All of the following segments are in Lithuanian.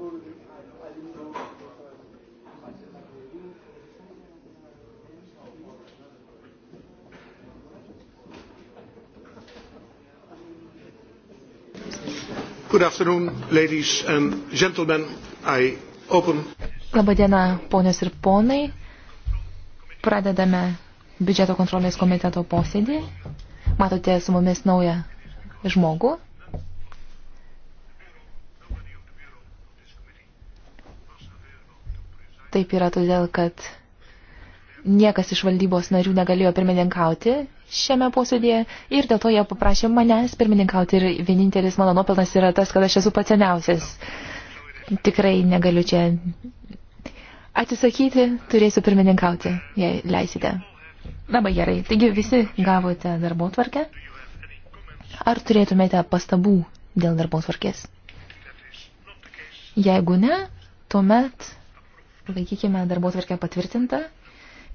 doğru değil. Ali'nin doğru. Good afternoon, ladies and gentlemen. I open. Labadiena, ponios ir ponai. Pradedame biudžeto kontrolės komiteto posėdį. Matote su mumis naują žmogų, Taip yra todėl, kad niekas iš valdybos narių negalėjo pirmininkauti šiame posėdėje ir dėl to jie paprašė manęs pirmininkauti ir vienintelis mano nuopelnas yra tas, kad aš esu pats seniausias. Tikrai negaliu čia atsisakyti, turėsiu pirmininkauti, jei leisite. Labai gerai, taigi visi gavote darbo tvarkę. Ar turėtumėte pastabų dėl darbo tvarkės? Jeigu ne, tuomet laikykime darbo tvarkę patvirtintą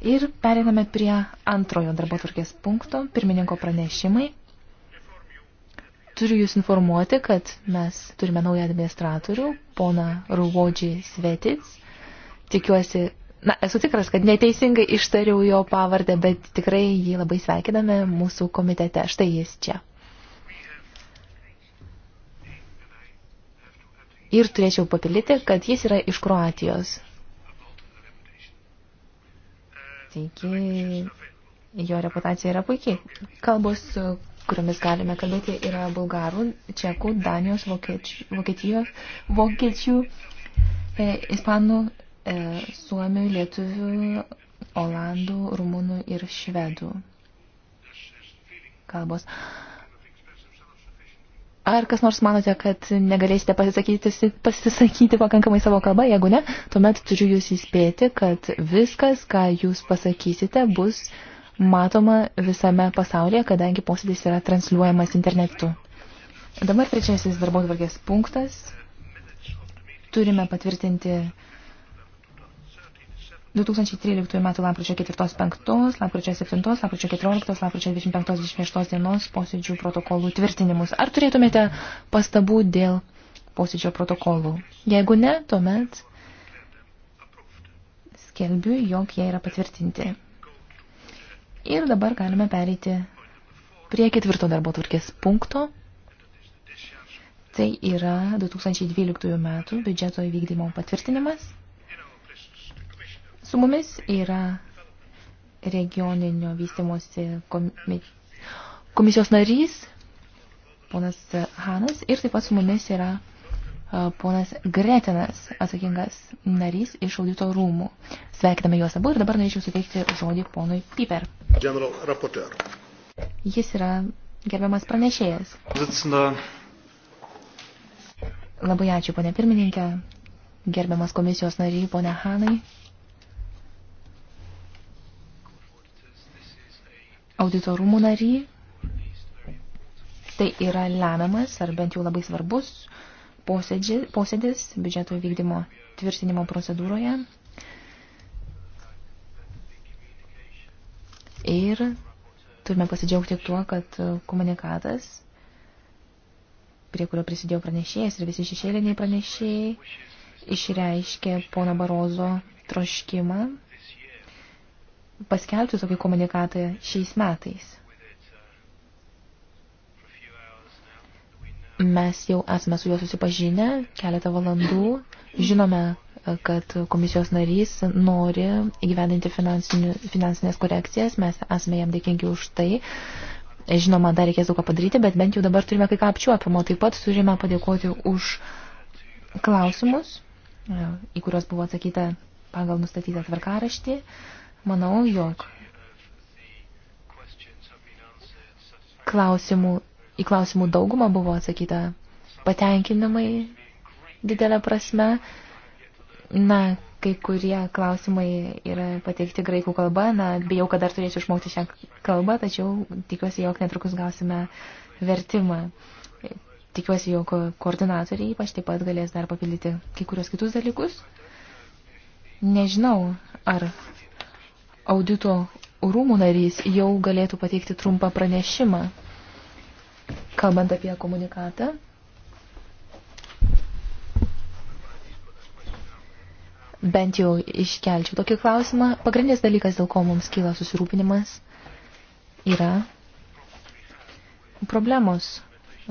ir pereiname prie antrojo darbo tvarkės punkto, pirmininko pranešimai. Turiu Jūs informuoti, kad mes turime naują administratorių, poną Ruvodžį Svetic. Tikiuosi, na, esu tikras, kad neteisingai ištariau jo pavardę, bet tikrai jį labai sveikiname mūsų komitete. Štai jis čia. ir turėčiau papildyti, kad jis yra iš Kroatijos. Taigi, jo reputacija yra puikiai. Kalbos, kuriomis galime kalbėti, yra bulgarų, čekų, danijos, vokiečių, vokietijos, vokiečių, e, ispanų, e, suomių, lietuvių, olandų, rumunų ir švedų kalbos. E, Ar kas nors manote, kad negalėsite pasisakyti, pasisakyti pakankamai savo kalbą? Jeigu ne, tuomet turiu jūs įspėti, kad viskas, ką jūs pasakysite, bus matoma visame pasaulyje, kadangi posėdis yra transliuojamas internetu. Dabar trečiasis darbo tvarkės punktas. Turime patvirtinti 2013 m. lapkričio 4-5, lapkričio 7, lapkričio 14, lapkričio 25-26 dienos posėdžių protokolų tvirtinimus. Ar turėtumėte pastabų dėl posėdžio protokolų? Jeigu ne, tuomet skelbiu, jog jie yra patvirtinti. Ir dabar galime pereiti prie ketvirto darbo tvarkės punkto. Tai yra 2012 metų biudžeto įvykdymo patvirtinimas. Su mumis yra regioninio vystimosi komisijos narys, ponas Hanas, ir taip pat su mumis yra ponas Gretinas, atsakingas narys iš audito rūmų. Sveikiname juos abu ir dabar norėčiau suteikti žodį ponui Piper. General Rapporteur. Jis yra gerbiamas pranešėjas. Zitsna. Labai ačiū, ponė pirmininkė, gerbiamas komisijos nariai, ponė Hanai. auditorumų narį. Tai yra lemiamas, ar bent jau labai svarbus posėdži, posėdis biudžeto vykdymo tvirtinimo procedūroje. Ir turime pasidžiaugti tuo, kad komunikatas, prie kurio prisidėjo pranešėjas ir visi šešėliniai pranešėjai, išreiškė pono Barozo troškimą paskelbti tokį komunikatą šiais metais. Mes jau esame su juo susipažinę keletą valandų, žinome, kad komisijos narys nori įgyvendinti finansinės korekcijas, mes esame jam dėkingi už tai. Žinoma, dar reikės daug ką padaryti, bet bent jau dabar turime kai ką apčiuopimo. Taip pat turime padėkoti už klausimus, į kuriuos buvo atsakyta pagal nustatytą tvarkaraštį. Manau, jog klausimų, į klausimų daugumą buvo atsakyta patenkinamai didelę prasme. Na, kai kurie klausimai yra pateikti graikų kalba, na, bijau, kad dar turėsiu išmokti šią kalbą, tačiau tikiuosi, jog netrukus gausime vertimą. Tikiuosi, jog koordinatoriai ypač taip pat galės dar papildyti kai kurios kitus dalykus. Nežinau, ar audito rūmų narys jau galėtų pateikti trumpą pranešimą, kalbant apie komunikatą. Bent jau iškelčiau tokį klausimą. Pagrindinis dalykas, dėl ko mums kyla susirūpinimas, yra problemos,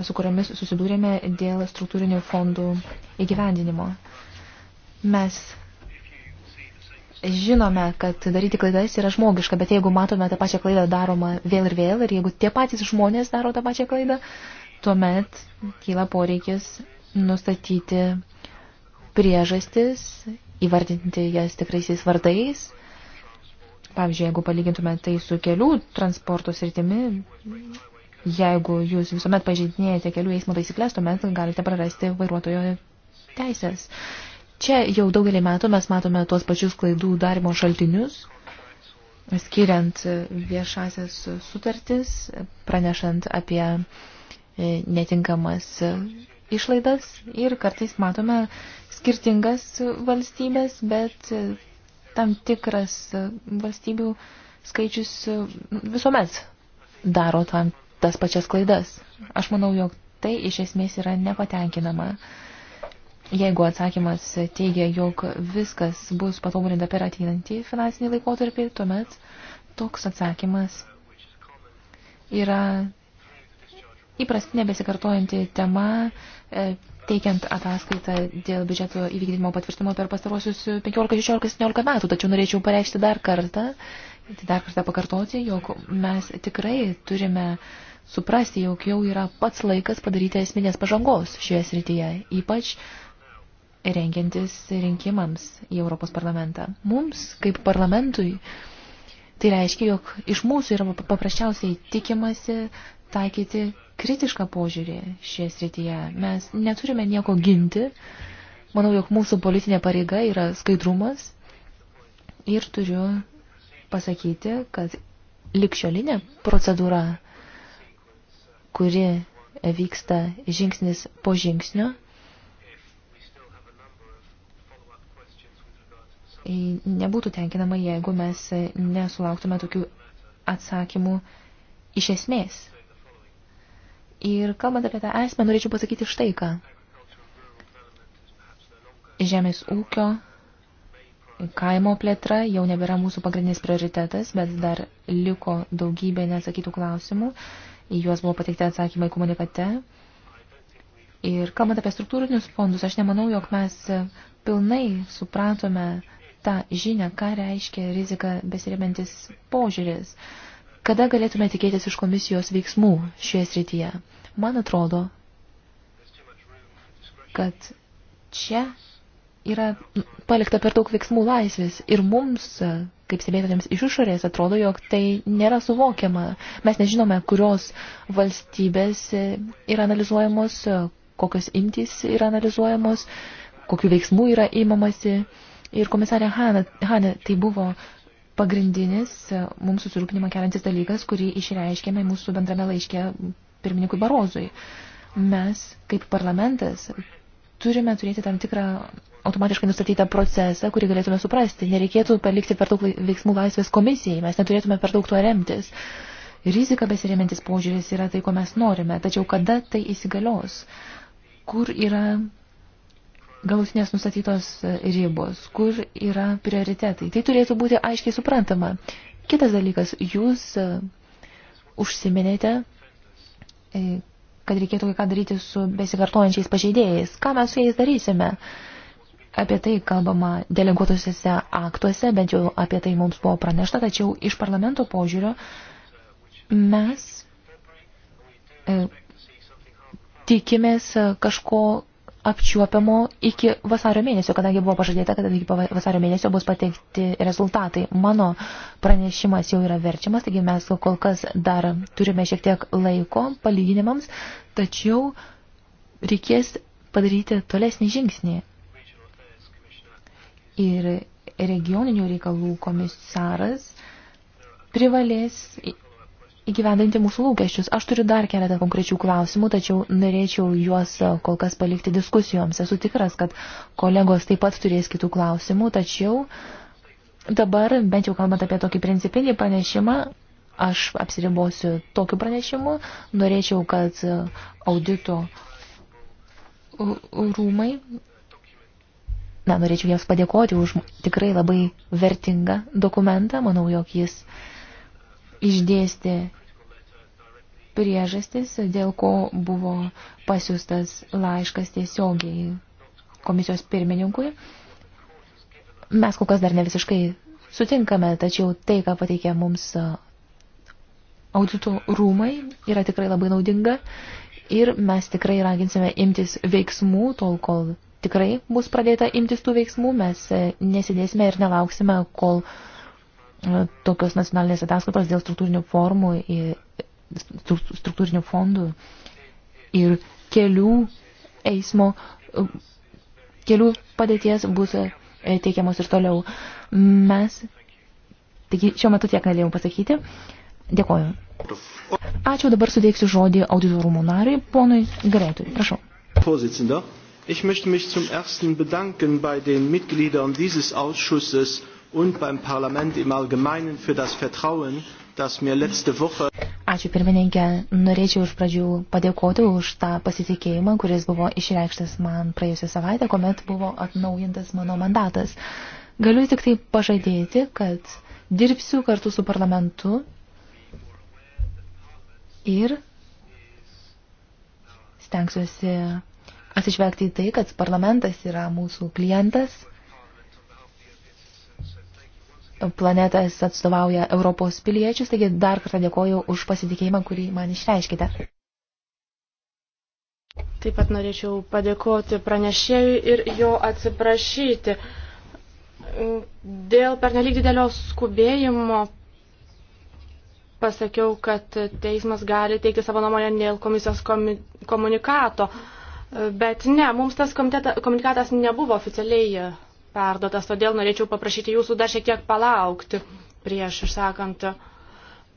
su kuriamis susidūrėme dėl struktūrinių fondų įgyvendinimo. Mes žinome, kad daryti klaidas yra žmogiška, bet jeigu matome tą pačią klaidą daromą vėl ir vėl, ir jeigu tie patys žmonės daro tą pačią klaidą, tuomet kyla poreikis nustatyti priežastis, įvardinti jas tikraisiais vardais. Pavyzdžiui, jeigu palygintume tai su kelių transporto sritimi, jeigu jūs visuomet pažeidinėjate kelių eismo taisyklės, tuomet galite prarasti vairuotojo teisės. Čia jau daugelį metų mes matome tuos pačius klaidų darimo šaltinius, skiriant viešasias sutartis, pranešant apie e, netinkamas išlaidas ir kartais matome skirtingas valstybės, bet e, tam tikras valstybių skaičius visuomet daro tam tas pačias klaidas. Aš manau, jog tai iš esmės yra nepatenkinama. Jeigu atsakymas teigia, jog viskas bus patobulinta per ateinantį finansinį laikotarpį, tuomet toks atsakymas yra įprastinė besikartojanti tema, e, teikiant ataskaitą dėl biudžeto įvykdymo patvirtimo per pastarosius 15, 16, 17 metų. Tačiau norėčiau pareikšti dar kartą, tai dar kartą pakartoti, jog mes tikrai turime suprasti, jog jau yra pats laikas padaryti esminės pažangos šioje srityje, ypač rengiantis rinkimams į Europos parlamentą. Mums, kaip parlamentui, tai reiškia, jog iš mūsų yra paprasčiausiai tikimasi taikyti kritišką požiūrį šioje srityje. Mes neturime nieko ginti. Manau, jog mūsų politinė pareiga yra skaidrumas. Ir turiu pasakyti, kad likščiolinė procedūra, kuri vyksta žingsnis po žingsnio, nebūtų tenkinama, jeigu mes nesulauktume tokių atsakymų iš esmės. Ir kalbant apie tą esmę, norėčiau pasakyti štai ką. Žemės ūkio kaimo plėtra jau nebėra mūsų pagrindinis prioritetas, bet dar liko daugybė nesakytų klausimų. Į juos buvo pateikti atsakymai komunikate. Ir kalbant apie struktūrinius fondus, aš nemanau, jog mes pilnai supratome, tą žinią, ką reiškia rizika besiremiantis požiūris. Kada galėtume tikėtis iš komisijos veiksmų šioje srityje? Man atrodo, kad čia yra palikta per daug veiksmų laisvės ir mums, kaip stebėtojams iš išorės, atrodo, jog tai nėra suvokiama. Mes nežinome, kurios valstybės yra analizuojamos, kokios imtys yra analizuojamos, kokiu veiksmu yra įmamasi. Ir komisarė Hanė, tai buvo pagrindinis e, mums susirūpinimą keliantis dalykas, kurį išreiškėme mūsų bendrame laiške pirmininkui Barozui. Mes, kaip parlamentas, turime turėti tam tikrą automatiškai nustatytą procesą, kurį galėtume suprasti. Nereikėtų palikti per daug veiksmų laisvės komisijai, mes neturėtume per daug tuo remtis. Rizika besiremiantis požiūris yra tai, ko mes norime, tačiau kada tai įsigalios? Kur yra galutinės nustatytos ribos, kur yra prioritetai. Tai turėtų būti aiškiai suprantama. Kitas dalykas, jūs e, užsiminėte, e, kad reikėtų ką daryti su besikartojančiais pažeidėjais. Ką mes su jais darysime? Apie tai kalbama deleguotusiuose aktuose, bent jau apie tai mums buvo pranešta, tačiau iš parlamento požiūrio mes e, tikimės kažko apčiuopiamo iki vasario mėnesio, kadangi buvo pažadėta, kad iki vasario mėnesio bus pateikti rezultatai. Mano pranešimas jau yra verčiamas, taigi mes kol kas dar turime šiek tiek laiko palyginimams, tačiau reikės padaryti tolesnį žingsnį. Ir regioninių reikalų komisaras privalės įgyvendinti mūsų lūkesčius. Aš turiu dar keletą konkrečių klausimų, tačiau norėčiau juos e, kol kas palikti diskusijoms. Esu tikras, kad kolegos taip pat turės kitų klausimų, tačiau dabar, bent jau kalbant apie tokį principinį pranešimą, aš apsiribosiu tokiu pranešimu. Norėčiau, kad e, audito rūmai. Na, norėčiau jiems padėkoti už tikrai labai vertingą dokumentą. Manau, jog jis uh, išdėstė priežastis, dėl ko buvo pasiūstas laiškas tiesiogiai komisijos pirmininkui. Mes kol kas dar ne visiškai sutinkame, tačiau tai, ką pateikė mums audito rūmai, yra tikrai labai naudinga ir mes tikrai raginsime imtis veiksmų, tol kol tikrai bus pradėta imtis tų veiksmų, mes e, nesidėsime ir nelauksime, kol uh, tokios nacionalinės ataskaitos dėl struktūrinių formų ir struktūrinių fondų ir kelių eismo, kelių padėties bus e, teikiamos ir toliau. Mes, taigi šiuo metu tiek galėjom pasakyti. Dėkoju. Ačiū, dabar suteiksiu žodį auditorumų nariui, ponui Gretui. Prašau. Vorsitzender, ich möchte mich zum ersten bedanken bei den Mitgliedern dieses Ausschusses und beim Parlament im Allgemeinen für das Vertrauen, das mir letzte Woche. Ačiū pirmininkė, norėčiau iš pradžių padėkoti už tą pasitikėjimą, kuris buvo išreikštas man praėjusią savaitę, kuomet buvo atnaujintas mano mandatas. Galiu tik tai pažadėti, kad dirbsiu kartu su parlamentu ir stengsiuosi atsižvelgti į tai, kad parlamentas yra mūsų klientas planetas atstovauja Europos piliečius, taigi dar kartą dėkoju už pasitikėjimą, kurį man išreiškite. Taip pat norėčiau padėkoti pranešėjui ir jo atsiprašyti. Dėl pernelyg didelio skubėjimo pasakiau, kad teismas gali teikti savo nuomonę dėl komisijos komi komunikato, bet ne, mums tas komunikatas nebuvo oficialiai perdotas, todėl norėčiau paprašyti jūsų dar šiek tiek palaukti prieš išsakant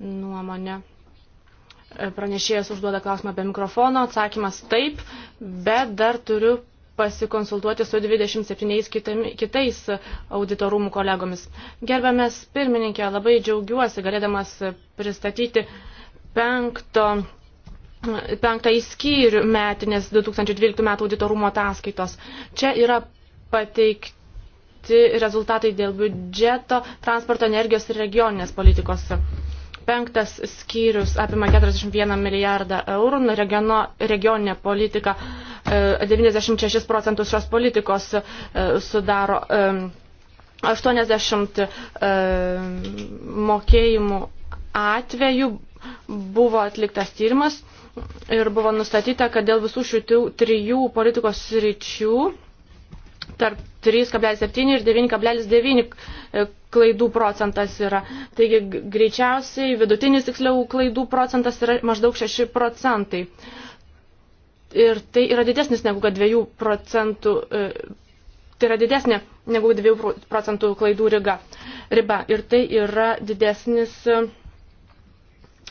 nuomonę. Pranešėjas užduoda klausimą be mikrofono, atsakymas taip, bet dar turiu pasikonsultuoti su 27 kitais auditorumų kolegomis. Gerbiamės pirmininkė, labai džiaugiuosi galėdamas pristatyti penkto, penktą įskyrių metinės 2012 metų auditorumo ataskaitos. Čia yra pateikti pasiekti rezultatai dėl biudžeto, transporto, energijos ir regioninės politikos. Penktas skyrius apima 41 milijardą eurų, regiono, regioninė politika 96 e, procentus šios politikos e, sudaro 80 e, mokėjimų atveju buvo atliktas tyrimas ir buvo nustatyta, kad dėl visų šių trijų politikos ryčių tarp 3,7 ir 9,9 e, klaidų procentas yra. Taigi greičiausiai vidutinis tiksliau klaidų procentas yra maždaug 6 procentai. Ir tai yra didesnis negu kad 2 procentų, e, tai yra didesnė negu 2 procentų klaidų riba. Ir tai yra didesnis e,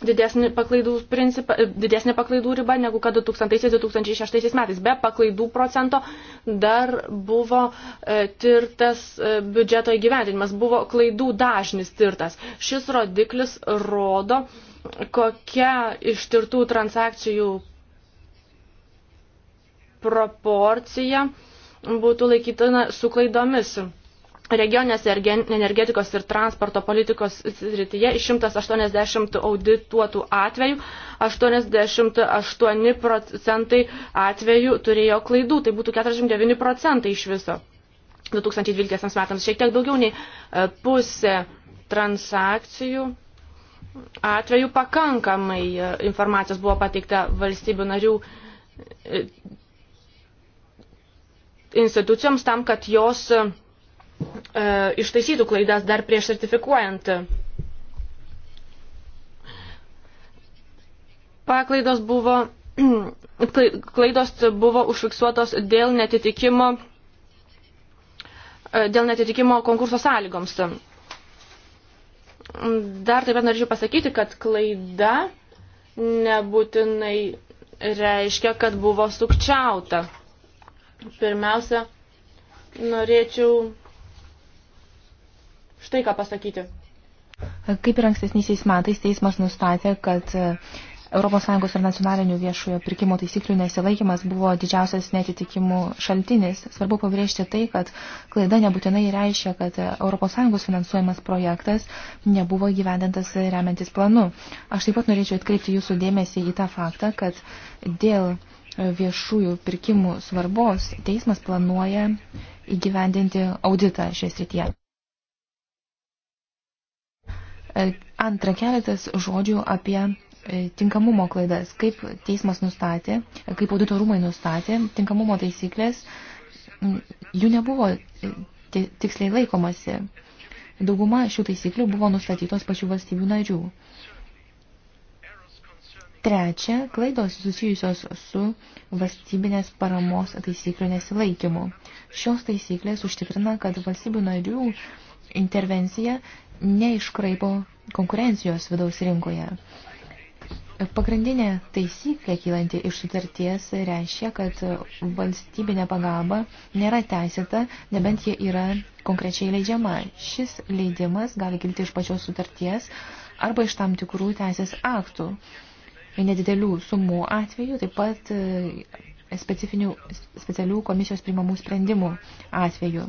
didesnė paklaidų, principa, e, didesnė paklaidų riba negu kad 2000-2006 metais. Be paklaidų procento dar buvo e, tirtas e, biudžeto įgyvendinimas, buvo klaidų dažnis tirtas. Šis rodiklis rodo, kokia ištirtų transakcijų proporcija būtų laikytina su klaidomis regioninės energetikos ir transporto politikos srityje iš 180 audituotų atvejų 88 procentai atvejų turėjo klaidų, tai būtų 49 procentai iš viso 2012 metams. Šiek tiek daugiau nei e, pusė transakcijų atveju pakankamai e, informacijos buvo pateikta valstybių narių e, institucijoms tam, kad jos E, ištaisytų klaidas dar prieš sertifikuojant. Paklaidos buvo, klaidos buvo užfiksuotos dėl netitikimo, e, dėl netitikimo konkurso sąlygoms. Dar taip pat norėčiau pasakyti, kad klaida nebūtinai reiškia, kad buvo sukčiauta. Pirmiausia, norėčiau štai ką pasakyti. Kaip ir ankstesniais metais teismas nustatė, kad ES ir nacionalinių viešojo pirkimo taisyklių nesilaikimas buvo didžiausias netitikimų šaltinis. Svarbu pabrėžti tai, kad klaida nebūtinai reiškia, kad ES finansuojamas projektas nebuvo gyvendintas remiantis planu. Aš taip pat norėčiau atkreipti jūsų dėmesį į tą faktą, kad dėl viešųjų pirkimų svarbos teismas planuoja įgyvendinti auditą šioje srityje. E, antra, keletas žodžių apie e, tinkamumo klaidas. Kaip teismas nustatė, e, kaip audito rūmai nustatė, tinkamumo taisyklės, jų nebuvo tiksliai laikomasi. Dauguma šių taisyklių buvo nustatytos pačių valstybių narių. Trečia, klaidos susijusios su valstybinės paramos taisyklių nesilaikymu. Šios taisyklės užtikrina, kad valstybių narių intervencija neiškraipo konkurencijos vidaus rinkoje. Pagrindinė taisyklė kylanti iš sutarties reiškia, kad valstybinė pagalba nėra teisėta, nebent jie yra konkrečiai leidžiama. Šis leidimas gali kilti iš pačios sutarties arba iš tam tikrų teisės aktų. Nedidelių sumų atveju taip pat e, specialių komisijos primamų sprendimų atveju.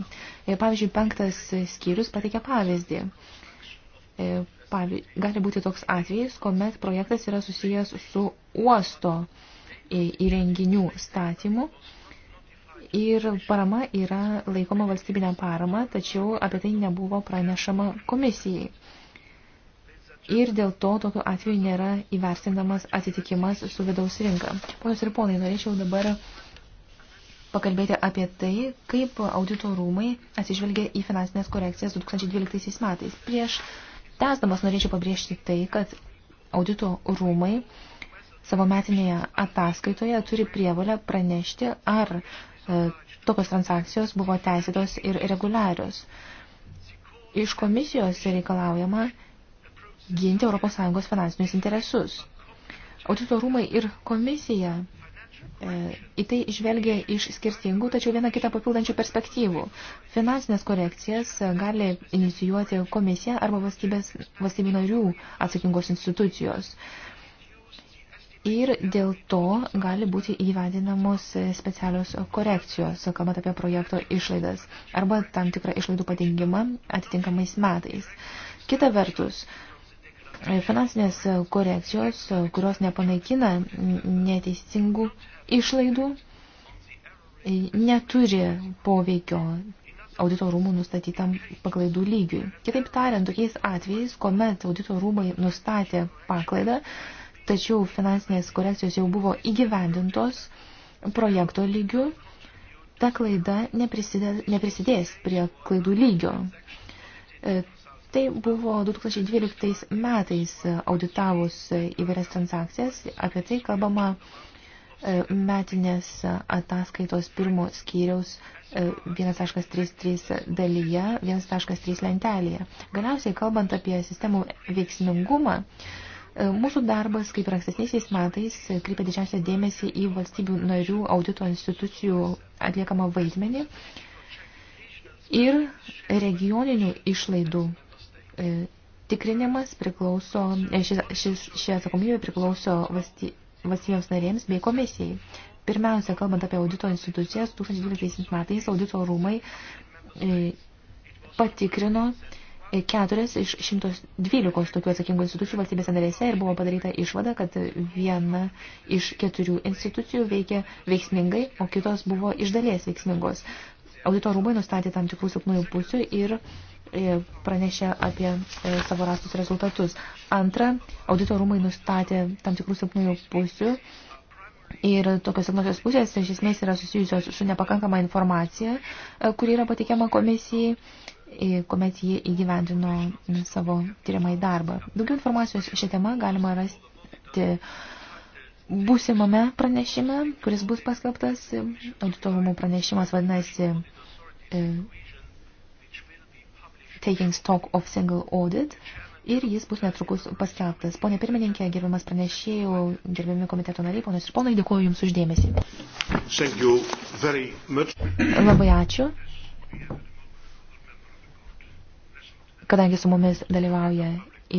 E, pavyzdžiui, penktas skyrius pateikia pavyzdį. E, pavyzdžiui, gali būti toks atvejis, kuomet projektas yra susijęs su uosto įrenginių statymu ir parama yra laikoma valstybinė parama, tačiau apie tai nebuvo pranešama komisijai. Ir dėl to tokiu atveju nėra įvertinamas atitikimas su vidaus rinka. Ponios ir ponai, norėčiau dabar pakalbėti apie tai, kaip audito rūmai atsižvelgia į finansinės korekcijas 2012 metais. Prieš Tęsdamas norėčiau pabrėžti tai, kad audito rūmai savo metinėje ataskaitoje turi prievolę pranešti, ar e, tokios transakcijos buvo teisėtos ir reguliarios. Iš komisijos reikalaujama ginti ES finansinius interesus. Audito rūmai ir komisija E, į tai žvelgia iš skirtingų, tačiau viena kitą papildančių perspektyvų. Finansinės korekcijas gali inicijuoti komisija arba valstybės, valstybių narių atsakingos institucijos. Ir dėl to gali būti įvedinamos specialios korekcijos, kalbant apie projekto išlaidas arba tam tikrą išlaidų padengimą atitinkamais metais. Kita vertus, Finansinės korekcijos, kurios nepanaikina neteisingų išlaidų, neturi poveikio audito rūmų nustatytam paklaidų lygiui. Kitaip tariant, tokiais atvejais, kuomet audito rūmai nustatė paklaidą, tačiau finansinės korekcijos jau buvo įgyvendintos projekto lygiu, ta klaida neprisidės prie klaidų lygio. E, Tai buvo 2012 metais auditavus įvairias transakcijas, apie tai kalbama e, metinės ataskaitos pirmo skyriaus 1.33 e, dalyje, 1.3 lentelėje. Galiausiai, kalbant apie sistemų veiksmingumą, e, mūsų darbas, kaip ir ankstesniais metais, kreipia didžiausią dėmesį į valstybių narių audito institucijų atliekamą vaidmenį ir regioninių išlaidų E, tikrinimas priklauso, ši, e, ši, ši atsakomybė priklauso valsty, valstybėms narėms bei komisijai. Pirmiausia, kalbant apie audito institucijas, 2012 metais audito rūmai e, patikrino keturias iš 112 tokių atsakingų institucijų valstybėse narėse ir buvo padaryta išvada, kad viena iš keturių institucijų veikia veiksmingai, o kitos buvo iš dalies veiksmingos. Audito rūmai nustatė tam tikrų silpnųjų pusių ir E, pranešė apie e, savo rastus rezultatus. Antra, audito rūmai nustatė tam tikrų silpnųjų pusių ir tokios silpnosios pusės iš esmės yra susijusios su nepakankama informacija, e, kuri yra pateikiama komisijai kuomet jie įgyvendino savo tyrimą į darbą. Daugiau informacijos šią temą galima rasti būsimame pranešime, kuris bus paskelbtas. Auditorumų pranešimas vadinasi Taking Stock of Single Audit ir jis bus netrukus paskelbtas. Pone pirmininkė, gerbiamas pranešėjų, gerbiami komiteto nariai, ponios ir ponai, dėkuoju Jums uždėmesį. Labai ačiū. Kadangi su mumis dalyvauja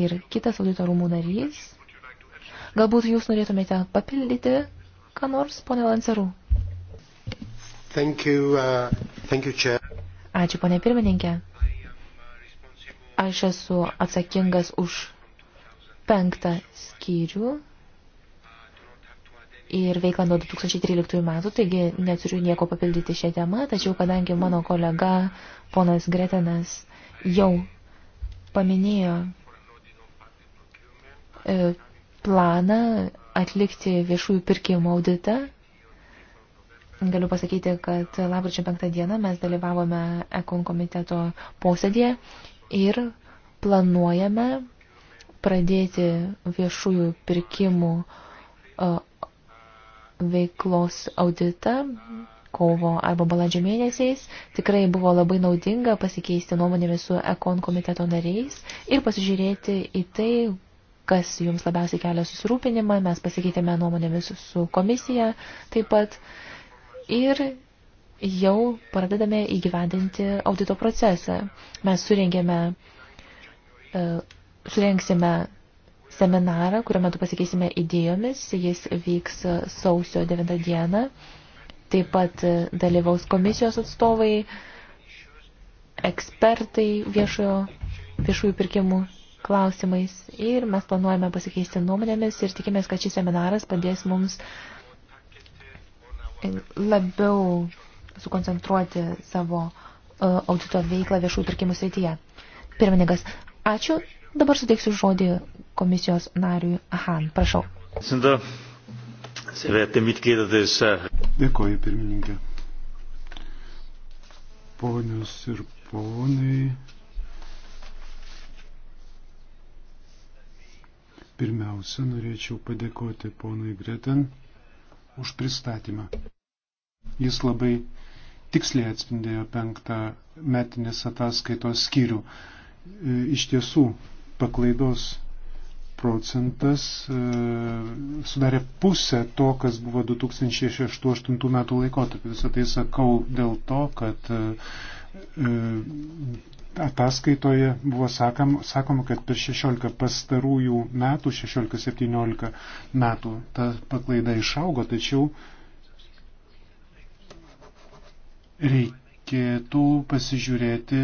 ir kitas audito rūmų narys, galbūt Jūs norėtumėte papildyti, ką nors, ponė Lancerų. Thank you, uh, thank you, chair. Ačiū, ponė pirmininkė. Aš esu atsakingas už penktą skyrių ir veiklą nuo 2013 metų, taigi neturiu nieko papildyti šią temą, tačiau kadangi mano kolega ponas Gretenas jau paminėjo e, planą atlikti viešųjų pirkimų auditą, galiu pasakyti, kad labrčio penktą dieną mes dalyvavome ekon komiteto posėdėje ir planuojame pradėti viešųjų pirkimų veiklos auditą kovo arba balandžio mėnesiais. Tikrai buvo labai naudinga pasikeisti nuomonėmis su ekon komiteto nariais ir pasižiūrėti į tai, kas jums labiausiai kelia susirūpinimą. Mes pasikeitėme nuomonėmis su komisija taip pat. Ir jau pradedame įgyvendinti audito procesą. Mes surengėme, e, surengsime seminarą, kurio metu pasikeisime idėjomis. Jis vyks sausio 9 dieną. Taip pat dalyvaus komisijos atstovai, ekspertai viešojo, viešųjų pirkimų klausimais ir mes planuojame pasikeisti nuomonėmis ir tikimės, kad šis seminaras padės mums labiau sukoncentruoti savo e, audito veiklą viešų pirkimų srityje. Pirmininkas, ačiū. Dabar suteiksiu žodį komisijos nariui Han. Prašau. Dėkoju, pirmininkė. Ponios ir ponai, Pirmiausia, norėčiau padėkoti ponui Greten už pristatymą. Jis labai tiksliai atspindėjo penktą metinės ataskaitos skyrių. E, iš tiesų, paklaidos procentas e, sudarė pusę to, kas buvo 2006-2008 metų laikotarpį. Visą tai sakau dėl to, kad e, ataskaitoje buvo sakam, sakoma, kad per 16 pastarųjų metų, 16-17 metų ta paklaida išaugo, tačiau reikėtų pasižiūrėti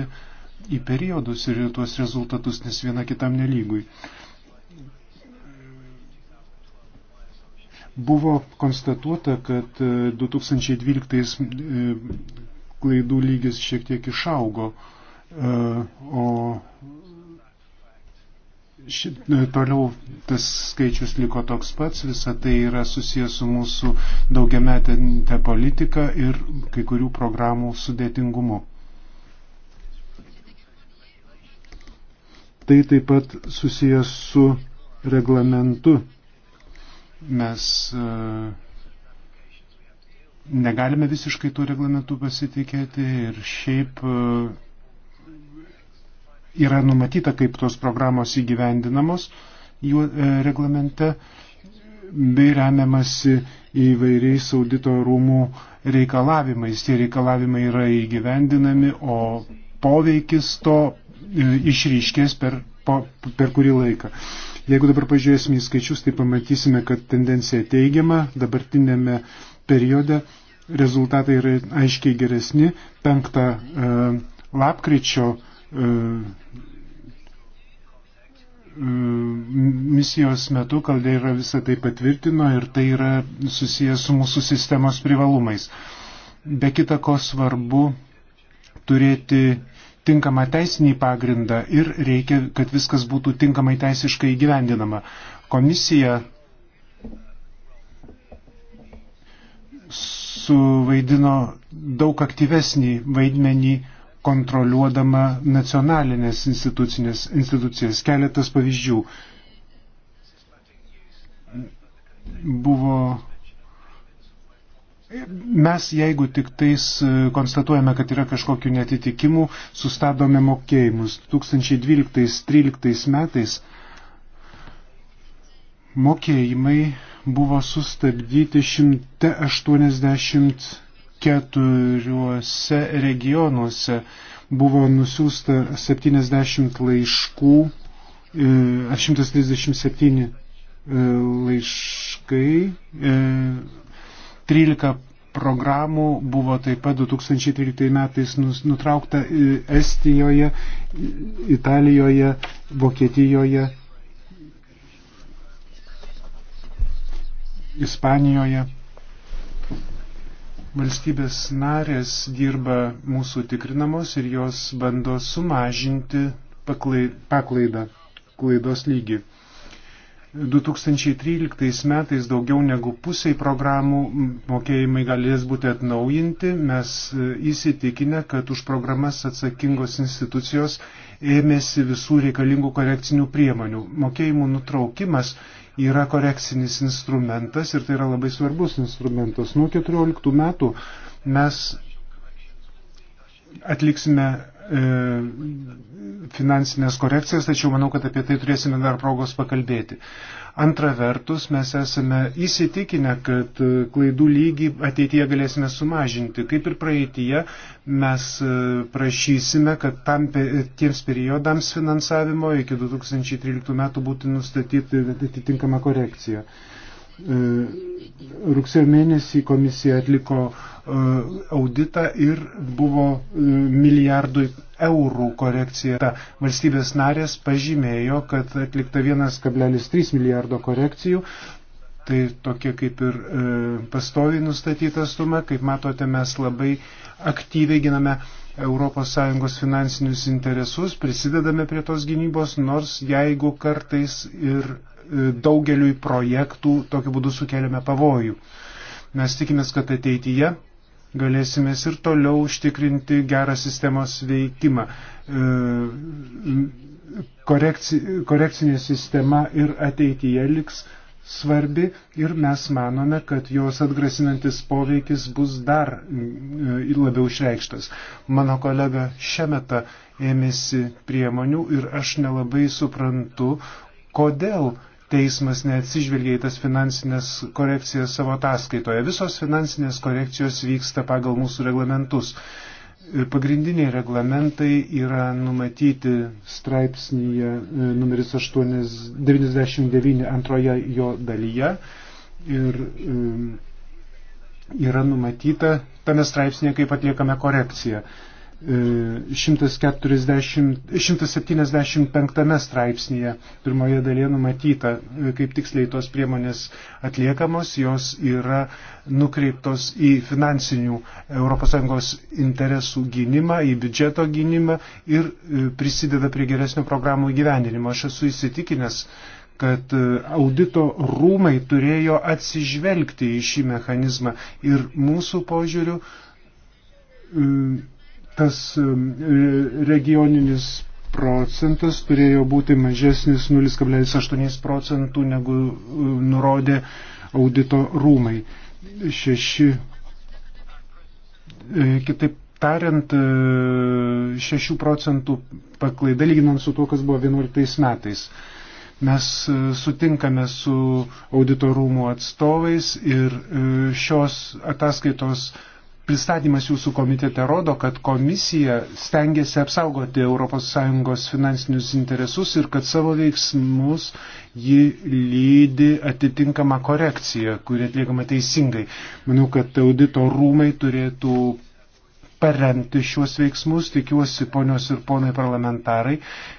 į periodus ir tuos rezultatus, nes viena kitam nelygui. Buvo konstatuota, kad 2012 e, e, klaidų lygis šiek tiek išaugo, e, o Šit, e, toliau tas skaičius liko toks pats, visa tai yra susijęs su mūsų daugiametė politika ir kai kurių programų sudėtingumu. Tai taip pat susijęs su reglamentu. Mes e, negalime visiškai tuo reglamentu pasitikėti ir šiaip e, yra numatyta, kaip tos programos įgyvendinamos jų e, reglamente, bei remiamasi įvairiais audito rūmų reikalavimais. Tie reikalavimai yra įgyvendinami, o poveikis to e, išryškės per, po, per kurį laiką. Jeigu dabar pažiūrėsime į skaičius, tai pamatysime, kad tendencija teigiama dabartinėme periode. Rezultatai yra aiškiai geresni. Penktą e, lapkričio e, misijos metu Kaldeira visą tai patvirtino ir tai yra susijęs su mūsų sistemos privalumais. Be kita ko svarbu turėti tinkamą teisinį pagrindą ir reikia, kad viskas būtų tinkamai teisiškai įgyvendinama. Komisija suvaidino daug aktyvesnį vaidmenį kontroliuodama nacionalinės institucijas. Keletas pavyzdžių. Buvo Mes, jeigu tik tais e, konstatuojame, kad yra kažkokių netitikimų, sustabdome mokėjimus. 2012-2013 metais mokėjimai buvo sustabdyti 180 keturiuose regionuose buvo nusiųsta 70 laiškų, 137 e, e, laiškai, 13 e, programų buvo taip pat 2013 metais nutraukta Estijoje, Italijoje, Vokietijoje, Ispanijoje. Valstybės narės dirba mūsų tikrinamos ir jos bando sumažinti paklaidą, klaidos lygį. 2013 metais daugiau negu pusiai programų mokėjimai galės būti atnaujinti. Mes e, įsitikinę, kad už programas atsakingos institucijos ėmėsi visų reikalingų korekcinių priemonių. Mokėjimų nutraukimas yra korekcinis instrumentas ir tai yra labai svarbus instrumentas. Nuo 14 metų mes atliksime E, finansinės korekcijas, tačiau manau, kad apie tai turėsime dar progos pakalbėti. Antra vertus, mes esame įsitikinę, kad klaidų lygį ateityje galėsime sumažinti. Kaip ir praeitie, mes e, prašysime, kad tam, tiems periodams finansavimo iki 2013 metų būtų nustatyti atitinkama korekcija. Uh, E, rugsėjo mėnesį komisija atliko e, auditą ir buvo e, milijardui eurų korekcija. Valstybės narės pažymėjo, kad atlikta 1,3 milijardo korekcijų. Tai tokie kaip ir e, pastoviai nustatyta suma, kaip matote, mes labai aktyviai giname ES finansinius interesus, prisidedame prie tos gynybos, nors jeigu kartais ir daugeliui projektų tokiu būdu sukeliame pavojų. Mes tikimės, kad ateityje galėsime ir toliau užtikrinti gerą sistemos veikimą. E, korekci, korekcinė sistema ir ateityje liks svarbi ir mes manome, kad jos atgrasinantis poveikis bus dar e, labiau išreikštas. Mano kolega Šemeta ėmėsi priemonių ir aš nelabai suprantu, kodėl teismas neatsižvelgia į tas finansinės korekcijas savo ataskaitoje. Visos finansinės korekcijos vyksta pagal mūsų reglamentus. Pagrindiniai reglamentai yra numatyti straipsnėje e, numeris 8, 99 antroje jo dalyje ir e, yra numatyta tame straipsnėje, kaip atliekame korekciją. 140, e, 175 straipsnėje pirmoje dalyje numatyta, e, kaip tiksliai tos priemonės atliekamos, jos yra nukreiptos į finansinių ES interesų gynimą, į biudžeto gynimą ir e, prisideda prie geresnio programų gyvendinimo. Aš esu įsitikinęs, kad audito rūmai turėjo atsižvelgti į šį mechanizmą ir mūsų požiūriu tas e, regioninis procentas turėjo būti mažesnis 0,8 procentų negu e, nurodė audito rūmai. Šeši, e, kitaip tariant, 6 procentų paklaida lyginant su to, kas buvo 11 metais. Mes sutinkame su auditorumo atstovais ir šios ataskaitos pristatymas jūsų komitete rodo, kad komisija stengiasi apsaugoti ES finansinius interesus ir kad savo veiksmus ji lydi atitinkama korekcija, kuri atliekama teisingai. Manau, kad audito rūmai turėtų paremti šiuos veiksmus, tikiuosi ponios ir ponai parlamentarai,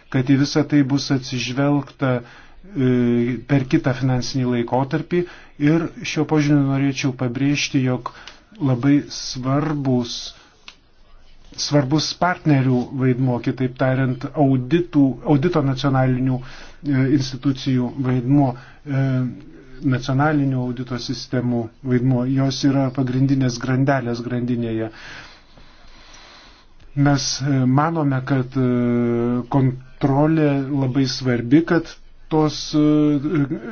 kad į visą tai bus atsižvelgta e, per kitą finansinį laikotarpį ir šio požiūriu norėčiau pabrėžti, jog labai svarbus, svarbus partnerių vaidmuo, kitaip tariant, auditų, audito nacionalinių e, institucijų vaidmuo, e, nacionalinių audito sistemų vaidmuo. Jos yra pagrindinės grandelės grandinėje. Mes e, manome, kad kontrolė labai svarbi, kad tos, e,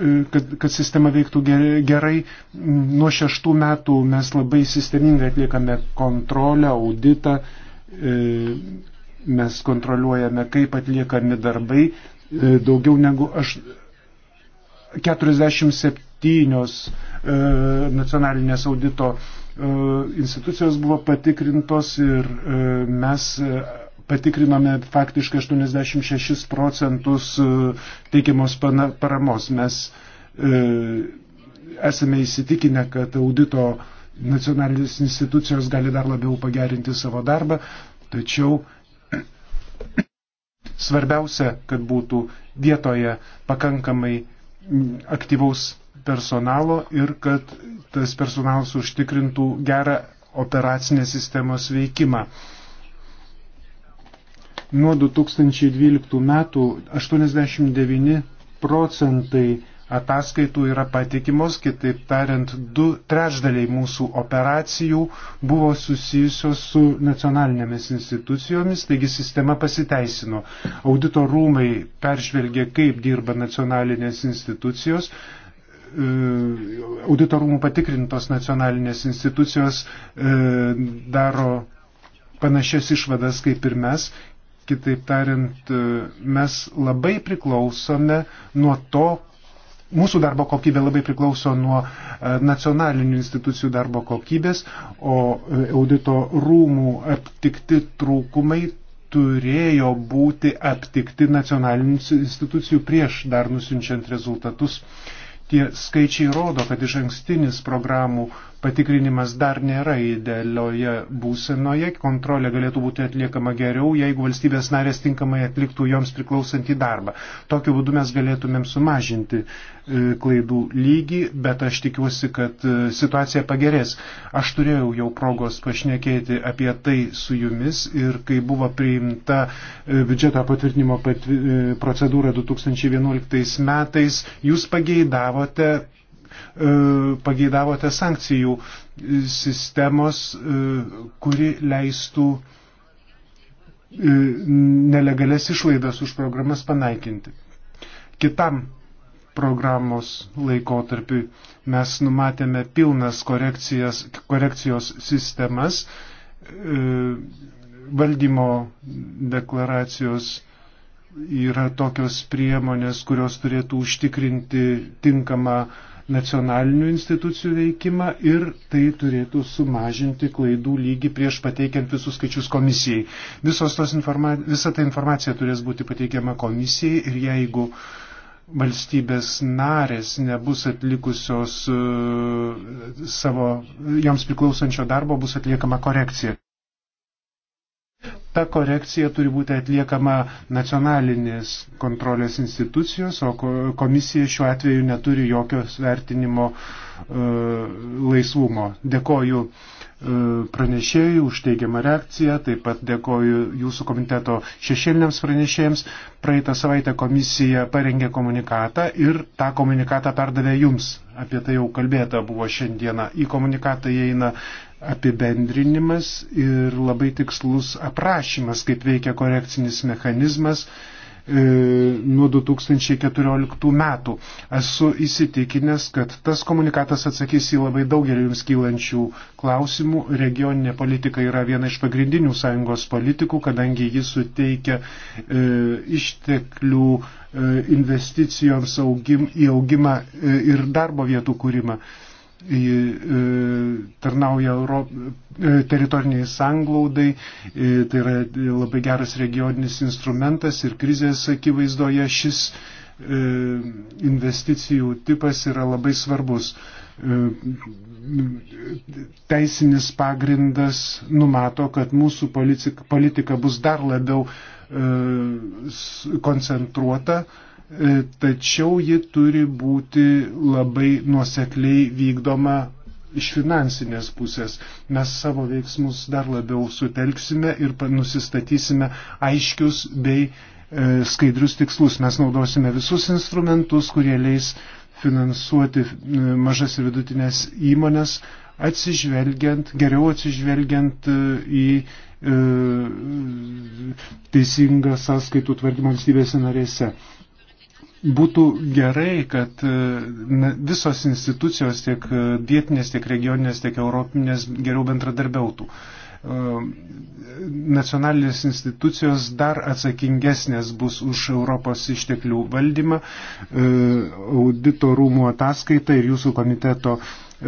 e, kad, kad sistema veiktų gerai. Nuo šeštų metų mes labai sistemingai atliekame kontrolę, auditą, e, mes kontroliuojame, kaip atliekami darbai. Daugiau negu aš, 47 nacionalinės audito institucijos buvo patikrintos ir mes patikrinome faktiškai 86 procentus e, teikiamos paramos. Mes e, esame įsitikinę, kad audito nacionalinės institucijos gali dar labiau pagerinti savo darbą, tačiau svarbiausia, kad būtų vietoje pakankamai aktyvaus personalo ir kad tas personalas užtikrintų gerą operacinės sistemos veikimą. Nuo 2012 metų 89 procentai ataskaitų yra patikimos, kitaip tariant, du trečdaliai mūsų operacijų buvo susijusios su nacionalinėmis institucijomis, taigi sistema pasiteisino. Audito rūmai peržvelgė, kaip dirba nacionalinės institucijos. E, audito rūmų patikrintos nacionalinės institucijos e, daro panašias išvadas kaip ir mes Kitaip tariant, e, mes labai priklausome nuo to, mūsų darbo kokybė labai priklauso nuo e, nacionalinių institucijų darbo kokybės, o e, audito rūmų aptikti trūkumai turėjo būti aptikti nacionalinių institucijų prieš dar nusinčiant rezultatus. Tie skaičiai rodo, kad iš ankstinis programų Patikrinimas dar nėra idealioje būsenoje, kontrolė galėtų būti atliekama geriau, jeigu valstybės narės tinkamai atliktų joms priklausantį darbą. Tokiu būdu mes galėtumėm sumažinti e, klaidų lygį, bet aš tikiuosi, kad e, situacija pagerės. Aš turėjau jau progos pašnekėti apie tai su jumis ir kai buvo priimta e, biudžeto patvirtinimo procedūra 2011 metais, jūs pageidavote E, pageidavote sankcijų sistemos, e, kuri leistų e, nelegales išlaidas už programas panaikinti. Kitam programos laikotarpiui mes numatėme pilnas korekcijos sistemas, valdymo deklaracijos yra tokios priemonės, kurios turėtų užtikrinti tinkamą nacionalinių institucijų veikimą ir tai turėtų sumažinti klaidų lygį prieš pateikiant visus skaičius komisijai. Informa visa ta informacija turės būti pateikiama komisijai ir jeigu valstybės narės nebus atlikusios e, savo joms priklausančio darbo, bus atliekama korekcija ta korekcija turi būti atliekama nacionalinės kontrolės institucijos, o komisija šiuo atveju neturi jokios vertinimo e, laisvumo. Dėkoju e, pranešėjų už teigiamą reakciją, taip pat dėkoju jūsų komiteto šešėliniams pranešėjams. Praeitą savaitę komisija parengė komunikatą ir tą komunikatą perdavė jums. Apie tai jau kalbėta buvo šiandieną. Į komunikatą įeina apibendrinimas ir labai tikslus aprašymas, kaip veikia korekcinis mechanizmas e, nuo 2014 metų. Esu įsitikinęs, kad tas komunikatas atsakys į labai daugelį jums kylančių klausimų. Regioninė politika yra viena iš pagrindinių sąjungos politikų, kadangi ji suteikia e, išteklių e, investicijoms augim, į augimą e, ir darbo vietų kūrimą. E, E, tarnauja Euro, e, teritoriniai sanglaudai, e, tai yra labai geras regioninis instrumentas ir krizės akivaizdoje šis investicijų tipas yra labai svarbus. Teisinis pagrindas numato, kad mūsų politika bus dar labiau koncentruota E, tačiau ji turi būti labai nuosekliai vykdoma iš finansinės pusės. Mes savo veiksmus dar labiau sutelksime ir nusistatysime aiškius bei e, skaidrius tikslus. Mes naudosime visus instrumentus, kurie leis finansuoti e, mažas ir vidutinės įmonės, atsižvelgiant, geriau atsižvelgiant į teisingą sąskaitų tvarkymą valstybėse narėse. Būtų gerai, kad e, visos institucijos, tiek e, vietinės, tiek regioninės, tiek europinės, geriau bendradarbiautų. E, nacionalinės institucijos dar atsakingesnės bus už Europos išteklių valdymą, audito rūmų ataskaita ir jūsų komiteto E,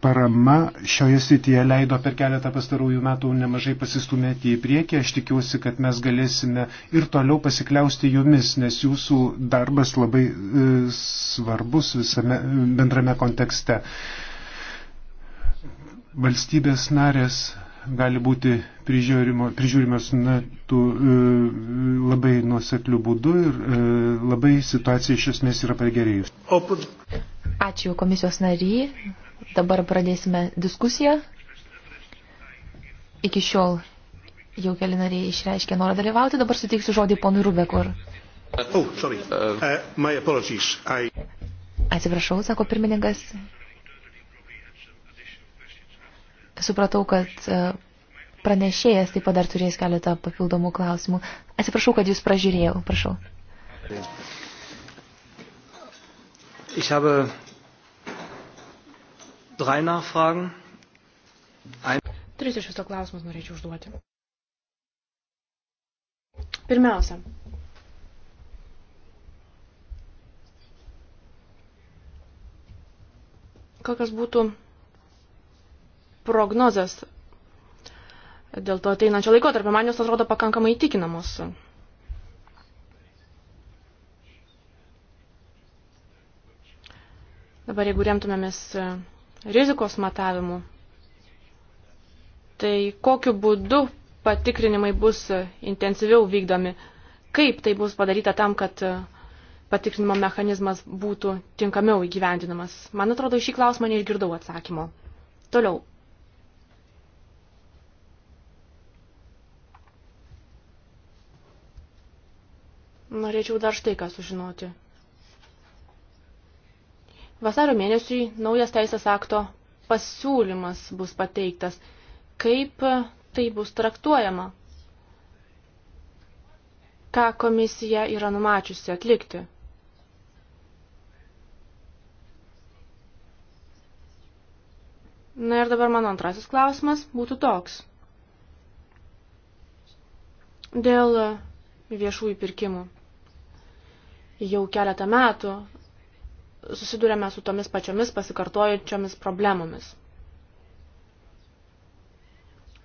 parama šioje srityje leido per keletą pastarųjų metų nemažai pasistumėti į priekį. Aš tikiuosi, kad mes galėsime ir toliau pasikliausti jumis, nes jūsų darbas labai e, svarbus visame bendrame kontekste. Valstybės narės gali būti prižiūrimas metu labai nuoseklių būdų ir e, labai situacija iš esmės yra pagerėjus. Ačiū komisijos nary. Dabar pradėsime diskusiją. Iki šiol jau keli nariai išreiškė norą dalyvauti. Dabar suteiksiu žodį ponui Rubekur. Oh, sorry. Uh, my apologies. I... Atsiprašau, sako pirmininkas. Supratau, kad uh, pranešėjas taip pat dar turės keletą papildomų klausimų. Atsiprašau, kad jūs pražiūrėjau. Prašau. Yeah. Ich habe drei Nachfragen. Ein Tris iš viso klausimus norėčiau užduoti. Pirmiausia. Kokios būtų prognozės dėl to ateinančio laikotarpio? Man jos atrodo pakankamai įtikinamos. Dabar jeigu remtumėmės e, rizikos matavimu, tai kokiu būdu patikrinimai bus e, intensyviau vykdomi, kaip tai bus padaryta tam, kad e, patikrinimo mechanizmas būtų tinkamiau įgyvendinamas. Man atrodo, šį klausimą neišgirdau atsakymo. Toliau. Norėčiau dar štai ką sužinoti. Vasario mėnesiui naujas teisės akto pasiūlymas bus pateiktas. Kaip tai bus traktuojama? Ką komisija yra numačiusi atlikti? Na ir dabar mano antrasis klausimas būtų toks. Dėl viešųjų pirkimų. Jau keletą metų susidurėme su tomis pačiomis pasikartojančiomis problemomis.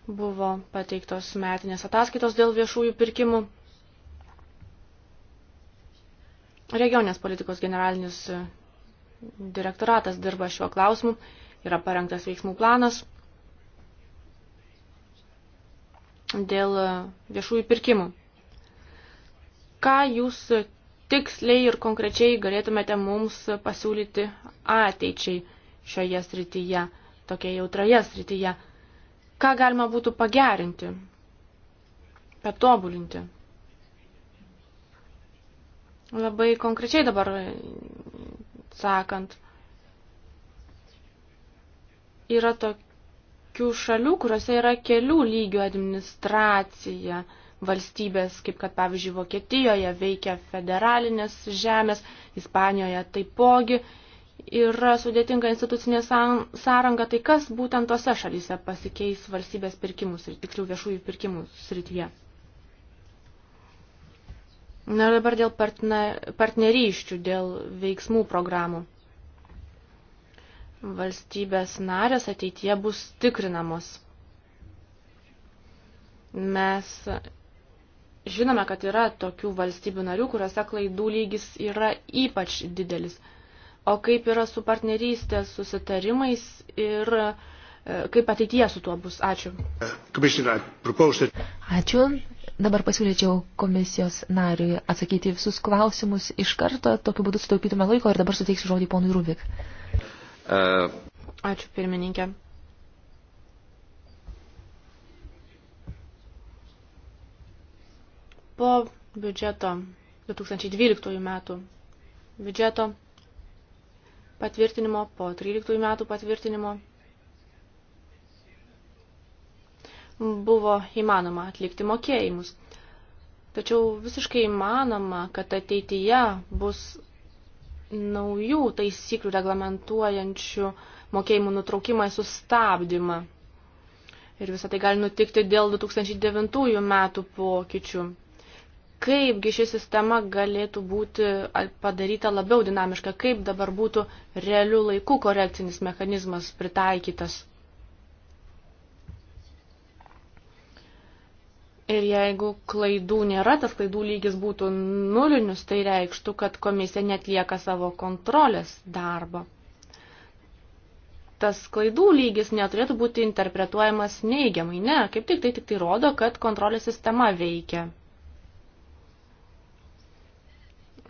Buvo pateiktos metinės ataskaitos dėl viešųjų pirkimų. Regionės politikos generalinis direktoratas dirba šiuo klausimu, yra parengtas veiksmų planas dėl viešųjų pirkimų. Ką jūs tiksliai ir konkrečiai galėtumėte mums pasiūlyti ateičiai šioje srityje, tokia jautraje srityje? Ką galima būtų pagerinti, patobulinti? Labai konkrečiai dabar sakant, yra tokių šalių, kuriuose yra kelių lygių administracija – valstybės, kaip kad pavyzdžiui Vokietijoje veikia federalinės žemės, Ispanijoje taipogi yra sudėtinga institucinė sąranga, tai kas būtent tose šalyse pasikeis valstybės pirkimus ir tiksliau viešųjų pirkimų srityje. Na ir dabar dėl partneryščių, dėl veiksmų programų. Valstybės narės ateityje bus tikrinamos mes Žinome, kad yra tokių valstybių narių, kuriuose klaidų lygis yra ypač didelis. O kaip yra su partnerystės susitarimais ir e, kaip ateityje su tuo bus? Ačiū. Ačiū. Dabar pasiūlyčiau komisijos nariui atsakyti visus klausimus iš karto, tokiu būdu sutaupytume laiko ir dabar suteiksiu žodį ponui Rubik. Uh. E. Ačiū pirmininkė. Po biudžeto 2012 metų biudžeto patvirtinimo, po 13 metų patvirtinimo buvo įmanoma atlikti mokėjimus. Tačiau visiškai įmanoma, kad ateityje bus naujų taisyklių reglamentuojančių mokėjimų nutraukimą ir sustabdymą. Ir visą tai gali nutikti dėl 2009 metų pokyčių kaipgi ši sistema galėtų būti padaryta labiau dinamiška, kaip dabar būtų realių laikų korekcinis mechanizmas pritaikytas. Ir jeigu klaidų nėra, tas klaidų lygis būtų nulinius, tai reikštų, kad komisija netlieka savo kontrolės darbo. Tas klaidų lygis neturėtų būti interpretuojamas neigiamai, ne, kaip tik tai tik tai rodo, kad kontrolės sistema veikia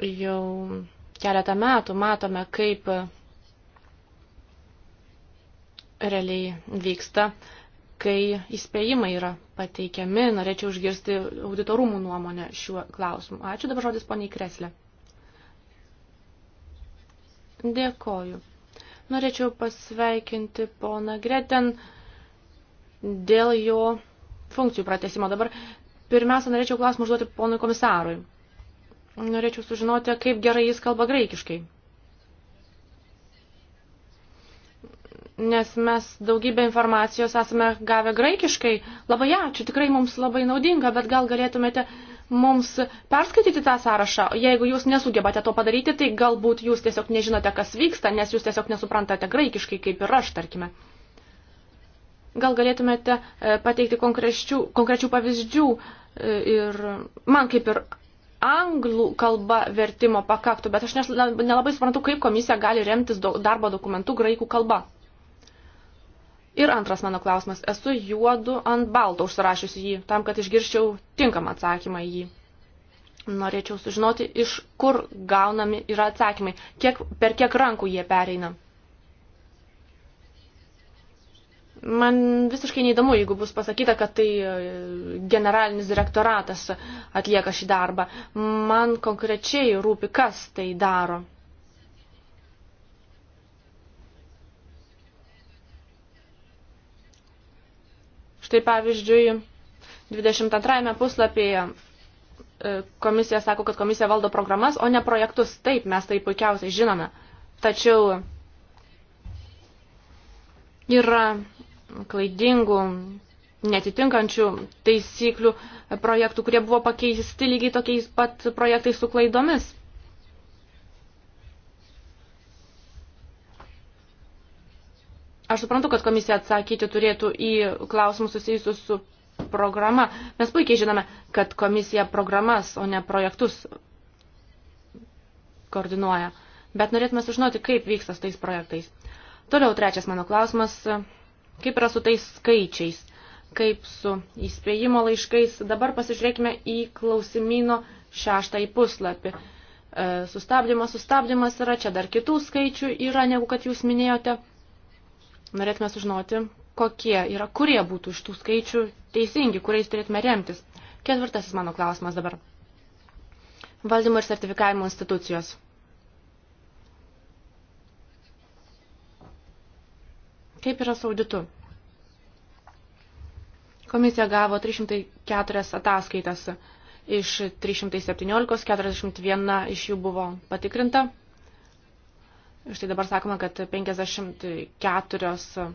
jau keletą metų matome, kaip realiai vyksta, kai įspėjimai yra pateikiami. Norėčiau užgirsti auditorumų nuomonę šiuo klausimu. Ačiū dabar žodis poniai Kreslė. Dėkoju. Norėčiau pasveikinti poną Greten dėl jo funkcijų pratesimo. Dabar pirmiausia, norėčiau klausimą užduoti ponui komisarui. Norėčiau sužinoti, kaip gerai jis kalba graikiškai. Nes mes daugybę informacijos esame gavę graikiškai. Labai ačiū, tikrai mums labai naudinga, bet gal galėtumėte mums perskaityti tą sąrašą. Jeigu jūs nesugebate to padaryti, tai galbūt jūs tiesiog nežinote, kas vyksta, nes jūs tiesiog nesuprantate graikiškai, kaip ir aš, tarkime. Gal galėtumėte e, pateikti konkrečių, konkrečių pavyzdžių e, ir man kaip ir anglų kalba vertimo pakaktų, bet aš nelabai suprantu, kaip komisija gali remtis darbo dokumentų graikų kalba. Ir antras mano klausimas. Esu juodu ant balto užsirašius jį, tam, kad išgirščiau tinkamą atsakymą į jį. Norėčiau sužinoti, iš kur gaunami yra atsakymai, kiek, per kiek rankų jie pereina. Man visiškai neįdomu, jeigu bus pasakyta, kad tai e, generalinis direktoratas atlieka šį darbą. Man konkrečiai rūpi, kas tai daro. Štai pavyzdžiui, 22 puslapyje e, komisija sako, kad komisija valdo programas, o ne projektus. Taip, mes tai puikiausiai žinome. Tačiau yra klaidingų, netitinkančių taisyklių projektų, kurie buvo pakeisti lygiai tokiais pat projektais su klaidomis. Aš suprantu, kad komisija atsakyti turėtų į klausimus susijusius su programa. Mes puikiai žinome, kad komisija programas, o ne projektus koordinuoja. Bet norėtume sužinoti, kaip vyksta su tais projektais. Toliau trečias mano klausimas Kaip yra su tais skaičiais, kaip su įspėjimo laiškais. Dabar pasižiūrėkime į klausimino šeštąjį puslapį. E, sustabdymas, sustabdymas yra, čia dar kitų skaičių yra, negu kad jūs minėjote. Norėtume sužinoti, kokie yra, kurie būtų iš tų skaičių teisingi, kuriais turėtume remtis. Ketvirtasis mano klausimas dabar. Valdymo ir sertifikavimo institucijos. Kaip yra su auditu? Komisija gavo 304 ataskaitas iš 317, 41 iš jų buvo patikrinta. Štai dabar sakoma, kad 54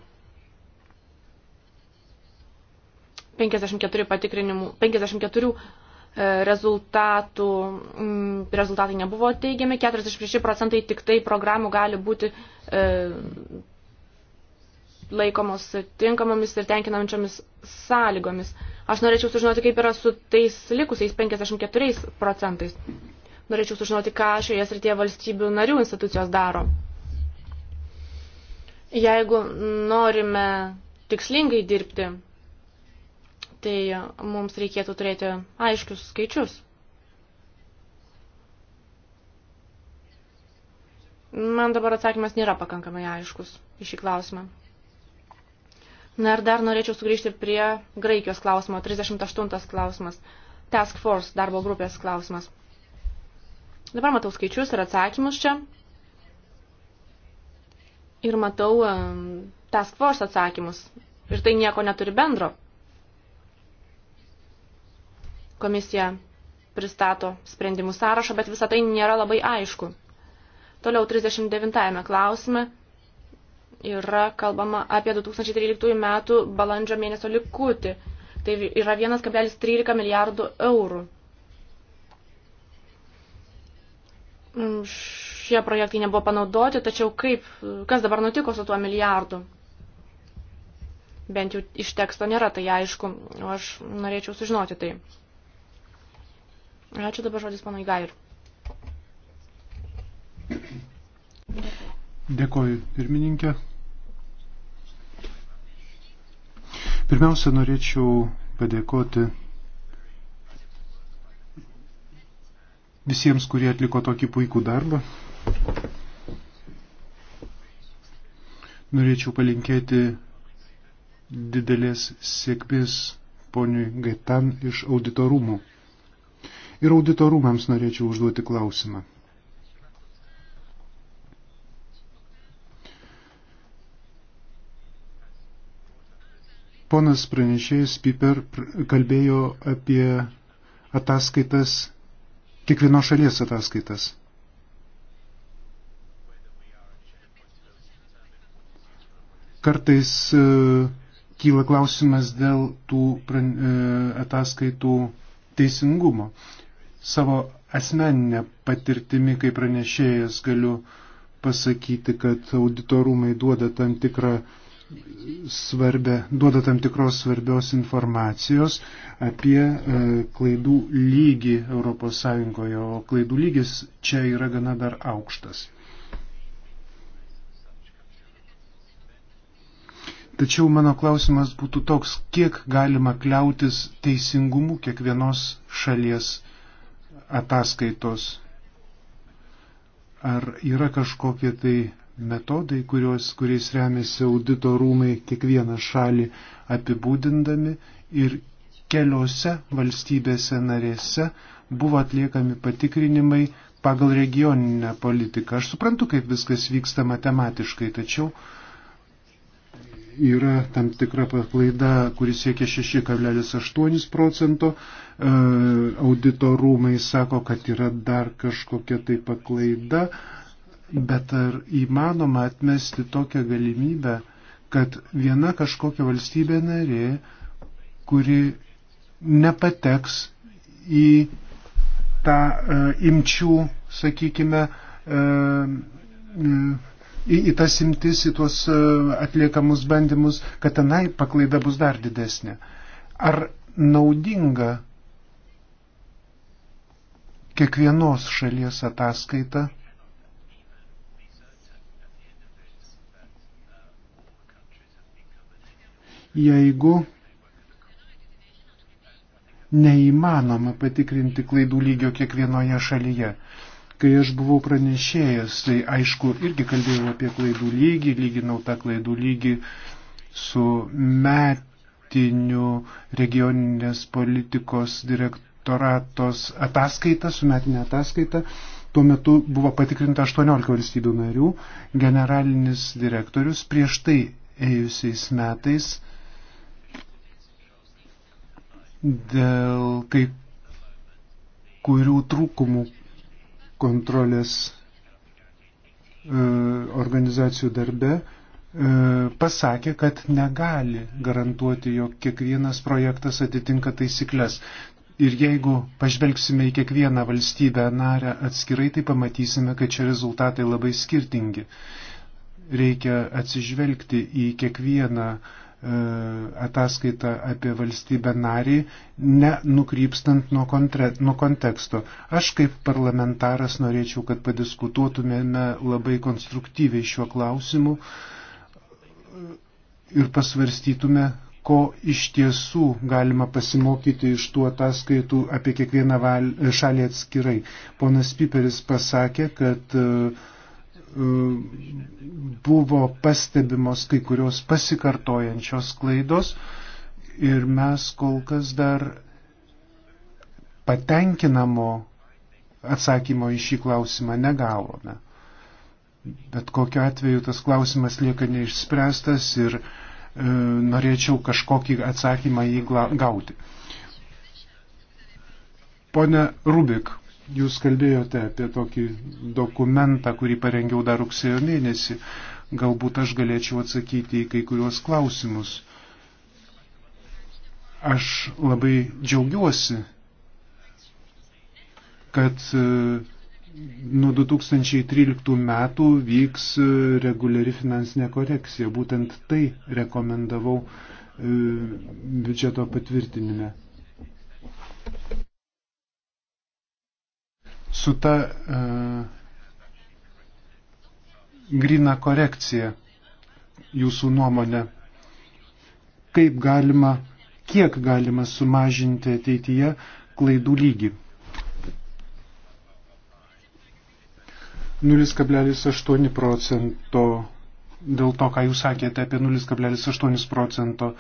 54 patikrinimų, 54 e, rezultatų, mm, rezultatai nebuvo teigiami, 46 procentai tik tai programų gali būti e, laikomos tinkamomis ir tenkinančiomis sąlygomis. Aš norėčiau sužinoti, kaip yra su tais likusiais 54 procentais. Norėčiau sužinoti, ką šioje srityje valstybių narių institucijos daro. Jeigu norime tikslingai dirbti, tai mums reikėtų turėti aiškius skaičius. Man dabar atsakymas nėra pakankamai aiškus į šį klausimą. Na ir dar norėčiau sugrįžti prie Graikijos klausimo, 38 klausimas, Task Force darbo grupės klausimas. Dabar matau skaičius ir atsakymus čia. Ir matau Task Force atsakymus. Ir tai nieko neturi bendro. Komisija pristato sprendimų sąrašą, bet visą tai nėra labai aišku. Toliau 39 klausime yra kalbama apie 2013 metų balandžio mėnesio likutį. Tai yra 1,13 milijardų eurų. Mm, šie projektai nebuvo panaudoti, tačiau kaip, kas dabar nutiko su tuo milijardu? Bent jau iš teksto nėra, tai aišku, aš norėčiau sužinoti tai. Ačiū dabar žodis panai Gair. Dėkoju pirmininkė. Pirmiausia, norėčiau padėkoti visiems, kurie atliko tokį puikų darbą. Norėčiau palinkėti didelės sėkmės poniui Gaitan iš auditorumų. Ir auditorumams norėčiau užduoti klausimą. Ponas pranešėjas Piper kalbėjo apie ataskaitas, kiekvieno šalies ataskaitas. Kartais e, kyla klausimas dėl tų e, ataskaitų teisingumo. Savo asmeninę patirtimį kaip pranešėjas galiu pasakyti, kad auditorumai duoda tam tikrą svarbę, duoda tam tikros svarbios informacijos apie e, klaidų lygį ES, o klaidų lygis čia yra gana dar aukštas. Tačiau mano klausimas būtų toks, kiek galima kliautis teisingumu kiekvienos šalies ataskaitos. Ar yra kažkokie tai metodai, kurios, kuriais remiasi audito rūmai kiekvieną šalį apibūdindami ir keliose valstybėse narėse buvo atliekami patikrinimai pagal regioninę politiką. Aš suprantu, kaip viskas vyksta matematiškai, tačiau yra tam tikra paklaida, kuris siekia 6,8 procento. E, audito rūmai sako, kad yra dar kažkokia tai paklaida. Bet ar įmanoma atmesti tokią galimybę, kad viena kažkokia valstybė narė, kuri nepateks į tą e, imčių, sakykime, e, e, į, į tas imtis, į tuos e, atliekamus bandymus, kad tenai paklaida bus dar didesnė. Ar naudinga kiekvienos šalies ataskaita jeigu neįmanoma patikrinti klaidų lygio kiekvienoje šalyje. Kai aš buvau pranešėjęs, tai aišku, irgi kalbėjau apie klaidų lygį, lyginau tą klaidų lygį su metiniu regioninės politikos direktoratos ataskaita, su metinė ataskaita. Tuo metu buvo patikrinta 18 valstybių narių, generalinis direktorius prieš tai ėjusiais metais dėl kai kurių trūkumų kontrolės e, organizacijų darbe e, pasakė, kad negali garantuoti, jog kiekvienas projektas atitinka taisyklės. Ir jeigu pažvelgsime į kiekvieną valstybę narę atskirai, tai pamatysime, kad čia rezultatai labai skirtingi. Reikia atsižvelgti į kiekvieną uh, E, ataskaitą apie valstybę narį, nenukrypstant nuo, kontre, nuo konteksto. Aš kaip parlamentaras norėčiau, kad padiskutuotumėme labai konstruktyviai šiuo klausimu e, ir pasvarstytume, ko iš tiesų galima pasimokyti iš tų ataskaitų apie kiekvieną šalį atskirai. Ponas Piperis pasakė, kad uh, buvo pastebimos kai kurios pasikartojančios klaidos ir mes kol kas dar patenkinamo atsakymo į šį klausimą negavome. Bet kokiu atveju tas klausimas lieka neišspręstas ir e, norėčiau kažkokį atsakymą jį gauti. Pone Rubik, Jūs kalbėjote apie tokį dokumentą, kurį parengiau dar rugsėjo mėnesį. Galbūt aš galėčiau atsakyti į kai kuriuos klausimus. Aš labai džiaugiuosi, kad e, nuo 2013 metų vyks e, reguliari finansinė korekcija. Būtent tai rekomendavau e, biudžeto patvirtinime su ta e, grina korekcija jūsų nuomonė? Kaip galima, kiek galima sumažinti ateityje klaidų lygį? 0,8 procento dėl to, ką jūs sakėte apie 0,8 procento,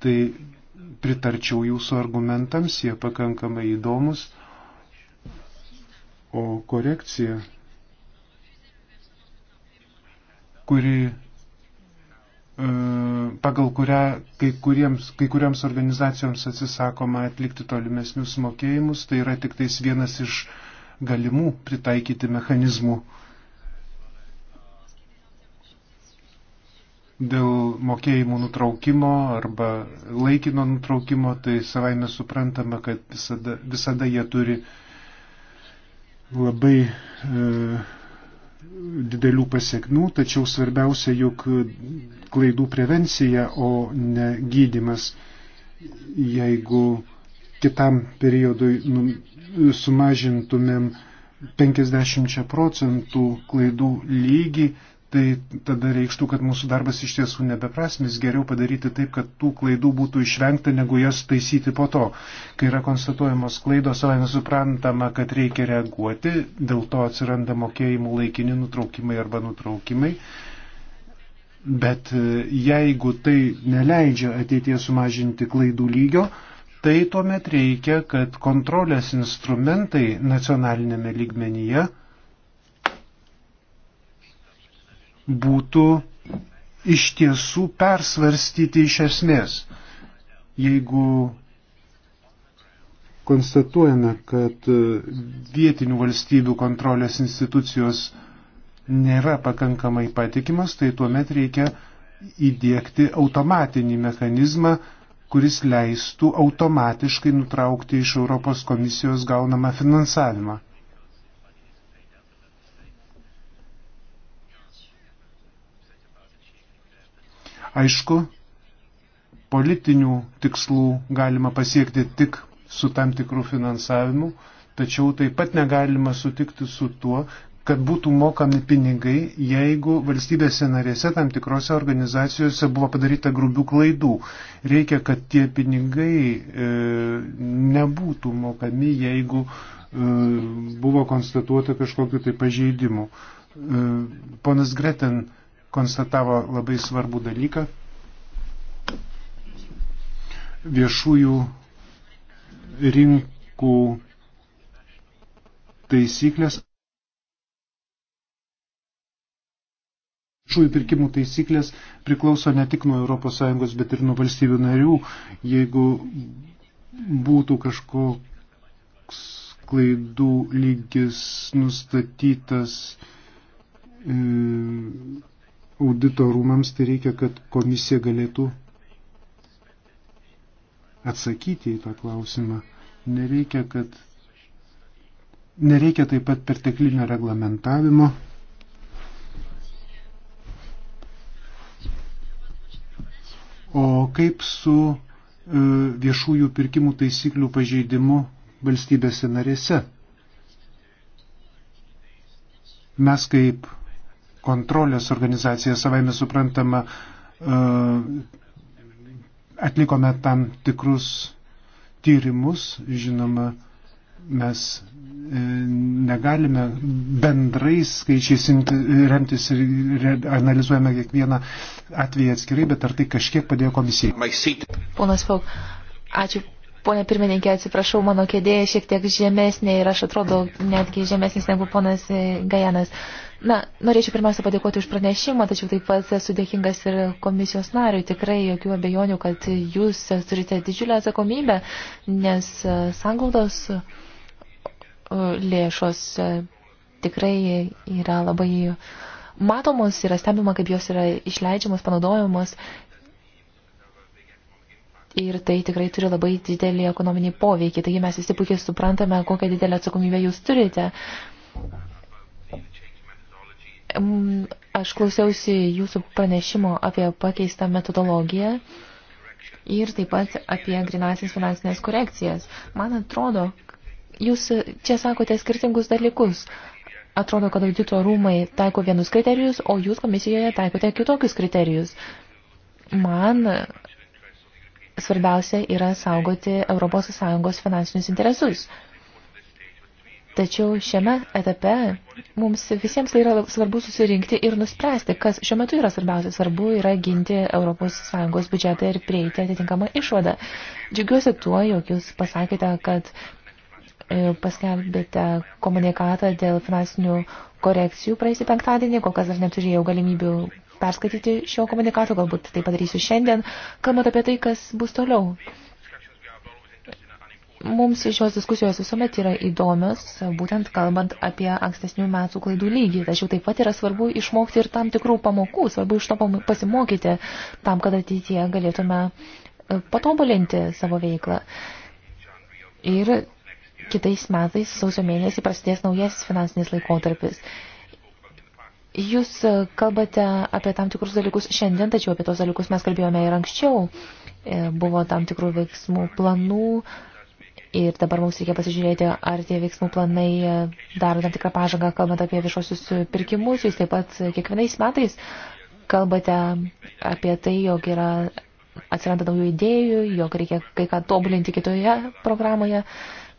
tai pritarčiau jūsų argumentams, jie pakankamai įdomus. O korekcija, kuri e, pagal kurią kai, kuriems, kai kuriams organizacijoms atsisakoma atlikti tolimesnius mokėjimus, tai yra tik tais vienas iš galimų pritaikyti mechanizmų dėl mokėjimų nutraukimo arba laikino nutraukimo, tai savaime suprantama, kad visada, visada jie turi uh, labai e, didelių pasiekmių, tačiau svarbiausia juk klaidų prevencija, o ne gydimas. Jeigu kitam periodui nu, sumažintumėm 50 procentų klaidų lygį, tai tada reikštų, kad mūsų darbas iš tiesų nebeprasmis, geriau padaryti taip, kad tų klaidų būtų išvengta, negu jas taisyti po to. Kai yra konstatuojamos klaidos, savai nesuprantama, kad reikia reaguoti, dėl to atsiranda mokėjimų laikini nutraukimai arba nutraukimai. Bet e, jeigu tai neleidžia ateitie sumažinti klaidų lygio, tai tuomet reikia, kad kontrolės instrumentai nacionalinėme lygmenyje būtų iš tiesų persvarstyti iš esmės. Jeigu konstatuojame, kad vietinių valstybių kontrolės institucijos nėra pakankamai patikimas, tai tuomet reikia įdėkti automatinį mechanizmą, kuris leistų automatiškai nutraukti iš Europos komisijos gaunamą finansavimą. Aišku, politinių tikslų galima pasiekti tik su tam tikrų finansavimu, tačiau taip pat negalima sutikti su tuo, kad būtų mokami pinigai, jeigu valstybėse narėse tam tikrose organizacijose buvo padaryta grubių klaidų. Reikia, kad tie pinigai e, nebūtų mokami, jeigu e, buvo konstatuota kažkokiu tai pažeidimu. E, ponas Greten konstatavo labai svarbų dalyką. Viešųjų rinkų taisyklės. Viešųjų pirkimų taisyklės priklauso ne tik nuo ES, bet ir nuo valstybių narių. Jeigu būtų kažkoks klaidų lygis nustatytas e, audito rūmams, tai reikia, kad komisija galėtų atsakyti į tą klausimą. Nereikia, kad nereikia taip pat perteklinio reglamentavimo. O kaip su e, viešųjų pirkimų taisyklių pažeidimu valstybėse narėse? Mes kaip kontrolės organizacija savaime suprantama e, atlikome tam tikrus tyrimus, žinoma, mes e, negalime bendrais skaičiais remtis ir analizuojame kiekvieną atvejį atskirai, bet ar tai kažkiek padėjo komisijai? Ponas Fauk, ačiū. Pone pirmininkė, atsiprašau, mano kėdėje šiek tiek žemesnė ir aš atrodo netgi žemesnis negu ponas Gajanas. Uh, Na, norėčiau pirmiausia padėkoti už pranešimą, tačiau taip pat esu dėkingas ir komisijos nariui. Tikrai jokių abejonių, kad jūs turite didžiulę atsakomybę, nes e, sanglaudos e, lėšos e, tikrai yra labai matomos, yra stebima, kaip jos yra išleidžiamos, panaudojamos. Ir tai tikrai turi labai didelį ekonominį poveikį. Taigi mes visi puikiai suprantame, kokią didelę atsakomybę jūs turite. Mm, aš klausiausi jūsų pranešimo apie pakeistą metodologiją ir taip pat apie grinasias finansinės korekcijas. Man atrodo, jūs čia sakote skirtingus dalykus. Atrodo, kad audito rūmai taiko vienus kriterijus, o jūs komisijoje taikote kitokius kriterijus. Man svarbiausia yra saugoti ES finansinius interesus. Tačiau šiame etape mums visiems tai yra svarbu susirinkti ir nuspręsti, kas šiuo metu yra svarbiausia. Svarbu yra ginti ES biudžetą ir prieiti atitinkamą išvadą. Džiugiuosi tuo, jog jūs pasakėte, kad e, paskelbėte komunikatą dėl finansinių korekcijų praėjusį penktadienį, kol kas dar neturėjau galimybių perskaityti šio komunikato, galbūt tai padarysiu šiandien, kalbant apie tai, kas bus toliau. Mums šios diskusijos visuomet yra įdomios, būtent kalbant apie ankstesnių metų klaidų lygį, tačiau taip pat yra svarbu išmokti ir tam tikrų pamokų, svarbu iš to pasimokyti tam, kad ateityje galėtume e, patobulinti savo veiklą. Ir kitais metais, sausio mėnesį, prasidės naujasis finansinis laikotarpis. Jūs e, kalbate apie tam tikrus dalykus šiandien, tačiau apie tos dalykus mes kalbėjome ir anksčiau. E, buvo tam tikrų veiksmų planų, Ir dabar mums reikia pasižiūrėti, ar tie veiksmų planai e, daro tam tikrą pažangą, kalbant apie viešosius pirkimus. Jūs taip pat e, kiekvienais metais kalbate apie tai, jog yra atsiranda naujų idėjų, jog reikia kai ką tobulinti kitoje programoje.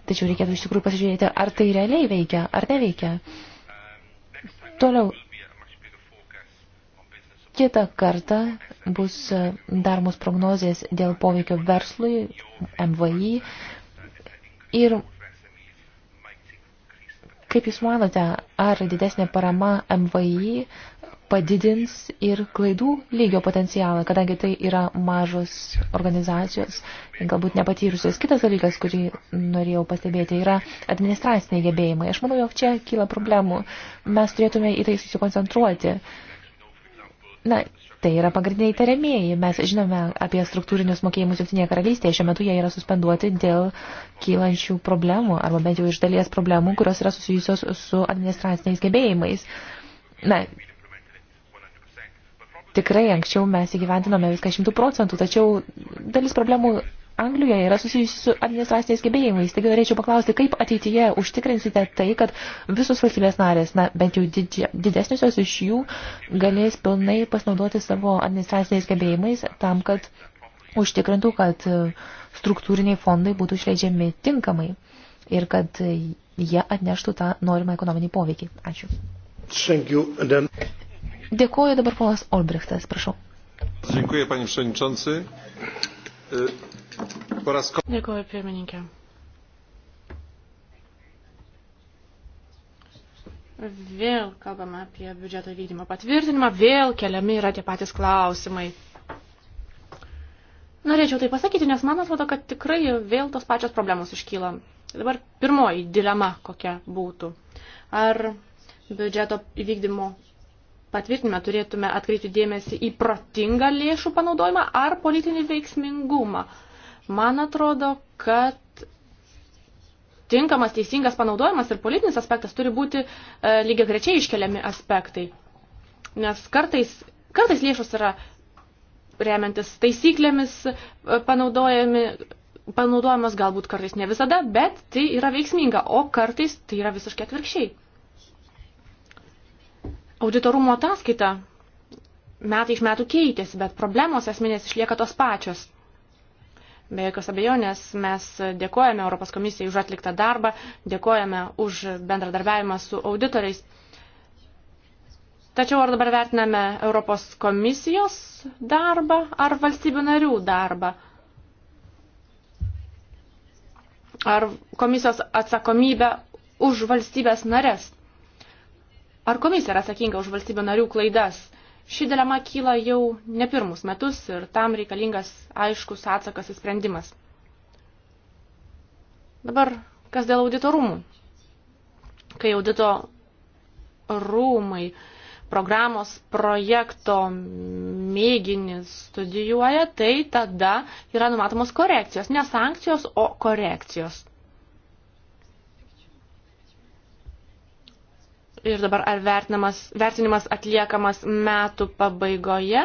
Tačiau reikėtų iš tikrųjų pasižiūrėti, ar tai realiai veikia, ar neveikia. Toliau. Kita karta bus e, daromos prognozijas dėl poveikio verslui, MVI, Ir kaip Jūs manote, ar didesnė parama MVI padidins ir klaidų lygio potencialą, kadangi tai yra mažos organizacijos, galbūt nepatyrusios. Kitas dalykas, kurį norėjau pastebėti, yra administraciniai gebėjimai. Aš manau, jog čia kyla problemų. Mes turėtume į tai susikoncentruoti. Uh, Na, tai yra pagrindiniai tariamieji. Mes žinome apie struktūrinius mokėjimus Junktinėje karalystėje. Šiuo metu jie yra suspenduoti dėl kylančių problemų, arba bent jau iš dalies problemų, kurios yra susijusios su administraciniais gebėjimais. Na, tikrai anksčiau mes įgyventinome viską šimtų procentų, tačiau dalis problemų Anglijoje yra susijusi su administraciniais gebėjimais. Taigi norėčiau paklausti, kaip ateityje užtikrinsite tai, kad visos valstybės narės, na, bent jau didžia, didesniosios iš jų, galės pilnai pasinaudoti savo administraciniais gebėjimais tam, kad užtikrintų, kad e, struktūriniai fondai būtų išleidžiami tinkamai ir kad jie atneštų tą norimą ekonominį poveikį. Ačiū. Thank you. Then... Dėkuoju dabar ponas Olbrichtas, prašau. Dziękuję panie przewodniczący. E, Dėkuoju, pirmininkė. Vėl kalbame apie biudžeto vykdymo patvirtinimą, vėl keliami yra tie patys klausimai. Norėčiau tai pasakyti, nes man atrodo, kad tikrai vėl tos pačios problemos iškyla. Dabar pirmoji dilema kokia būtų. Ar biudžeto įvykdymo patvirtinime turėtume atkreipti dėmesį į protingą lėšų panaudojimą ar politinį veiksmingumą. Man atrodo, kad tinkamas, teisingas panaudojimas ir politinis aspektas turi būti e, lygiai grečiai iškeliami aspektai. Nes kartais, kartais lėšos yra remiantis taisyklėmis e, panaudojami, panaudojamas galbūt kartais ne visada, bet tai yra veiksminga, o kartais tai yra visiškai atvirkščiai. Auditorumo ataskaita metai iš metų keitėsi, bet problemos esminės išlieka tos pačios. Be jokios abejonės mes dėkojame Europos komisijai už atliktą darbą, dėkojame už bendradarbiavimą su auditoriais. Tačiau ar dabar vertiname Europos komisijos darbą ar valstybių narių darbą? Ar komisijos atsakomybę už valstybės narės? Ar komisija yra atsakinga už valstybių narių klaidas? Ši dilema kyla jau ne pirmus metus ir tam reikalingas aiškus atsakas ir sprendimas. Dabar, kas dėl audito rūmų? Kai audito rūmai programos projekto mėginį studijuoja, tai tada yra numatomos korekcijos, ne sankcijos, o korekcijos. ir dabar ar vertinimas atliekamas metų pabaigoje,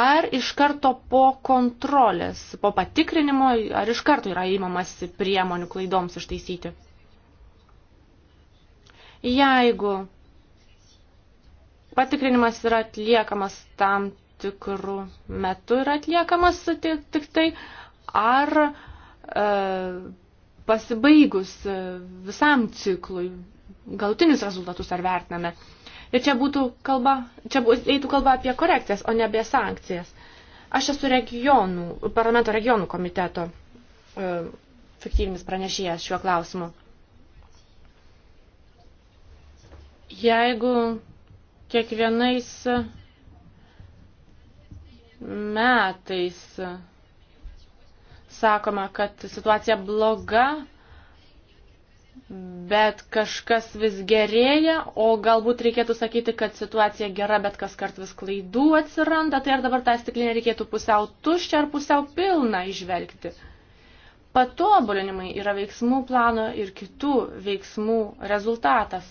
ar iš karto po kontrolės, po patikrinimo, ar iš karto yra įmamasi priemonių klaidoms ištaisyti. Jeigu patikrinimas yra atliekamas tam tikrų metų yra atliekamas tik, tik tai, ar e, pasibaigus visam ciklui galutinius rezultatus ar vertiname. Ir čia būtų kalba, čia eitų kalba apie korekcijas, o ne apie sankcijas. Aš esu regionų, parlamento regionų komiteto e, fiktyvinis pranešėjas šiuo klausimu. Jeigu kiekvienais metais sakoma, kad situacija bloga, bet kažkas vis gerėja, o galbūt reikėtų sakyti, kad situacija gera, bet kas kart vis klaidų atsiranda, tai ar dabar tą stiklinę reikėtų pusiau tuščią ar pusiau pilną išvelgti. Patobulinimai yra veiksmų plano ir kitų veiksmų rezultatas.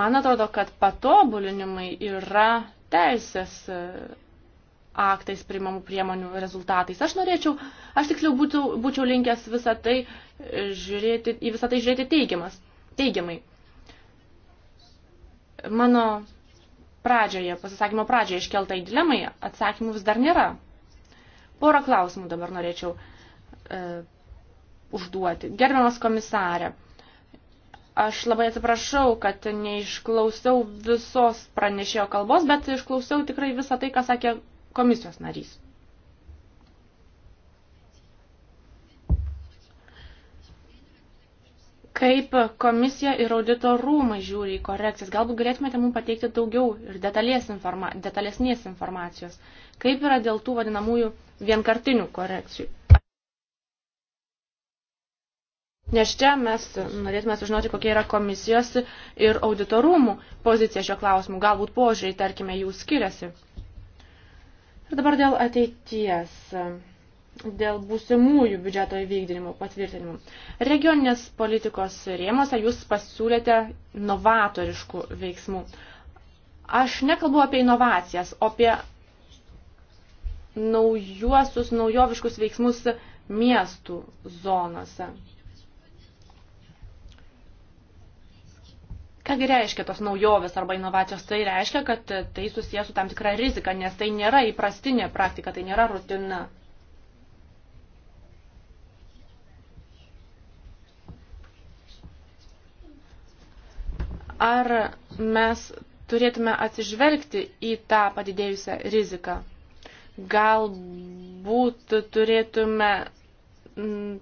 Man atrodo, kad patobulinimai yra teisės aktais primamų priemonių rezultatais. Aš norėčiau, aš tiksliau būčiau, būčiau linkęs visą tai e, žiūrėti, į visą tai žiūrėti teigiamas, teigiamai. Mano pradžioje, pasisakymo pradžioje iškeltai dilemai atsakymų vis dar nėra. Porą klausimų dabar norėčiau e, užduoti. Gerbiamas komisarė, Aš labai atsiprašau, kad neišklausiau visos pranešėjo kalbos, bet išklausiau tikrai visą tai, ką sakė komisijos narys. Kaip komisija ir audito rūmai žiūri į korekcijas? Galbūt galėtumėte mums pateikti daugiau ir informa detalesnės informacijos. Kaip yra dėl tų vadinamųjų vienkartinių korekcijų? Nes čia mes norėtume sužinoti, kokia yra komisijos ir auditorumų pozicija šio klausimu. Galbūt požiūriai, tarkime, jų skiriasi. Ir dabar dėl ateities, dėl būsimųjų biudžeto įvykdinimo patvirtinimų. Regioninės politikos rėmose jūs pasiūlėte novatoriškų veiksmų. Aš nekalbu apie inovacijas, o apie naujuosius, naujoviškus veiksmus miestų zonose. Kągi reiškia tos naujovės arba inovacijos? Tai reiškia, kad tai susijęs su tam tikra rizika, nes tai nėra įprastinė praktika, tai nėra rutina. Ar mes turėtume atsižvelgti į tą padidėjusią riziką? Galbūt turėtume mm,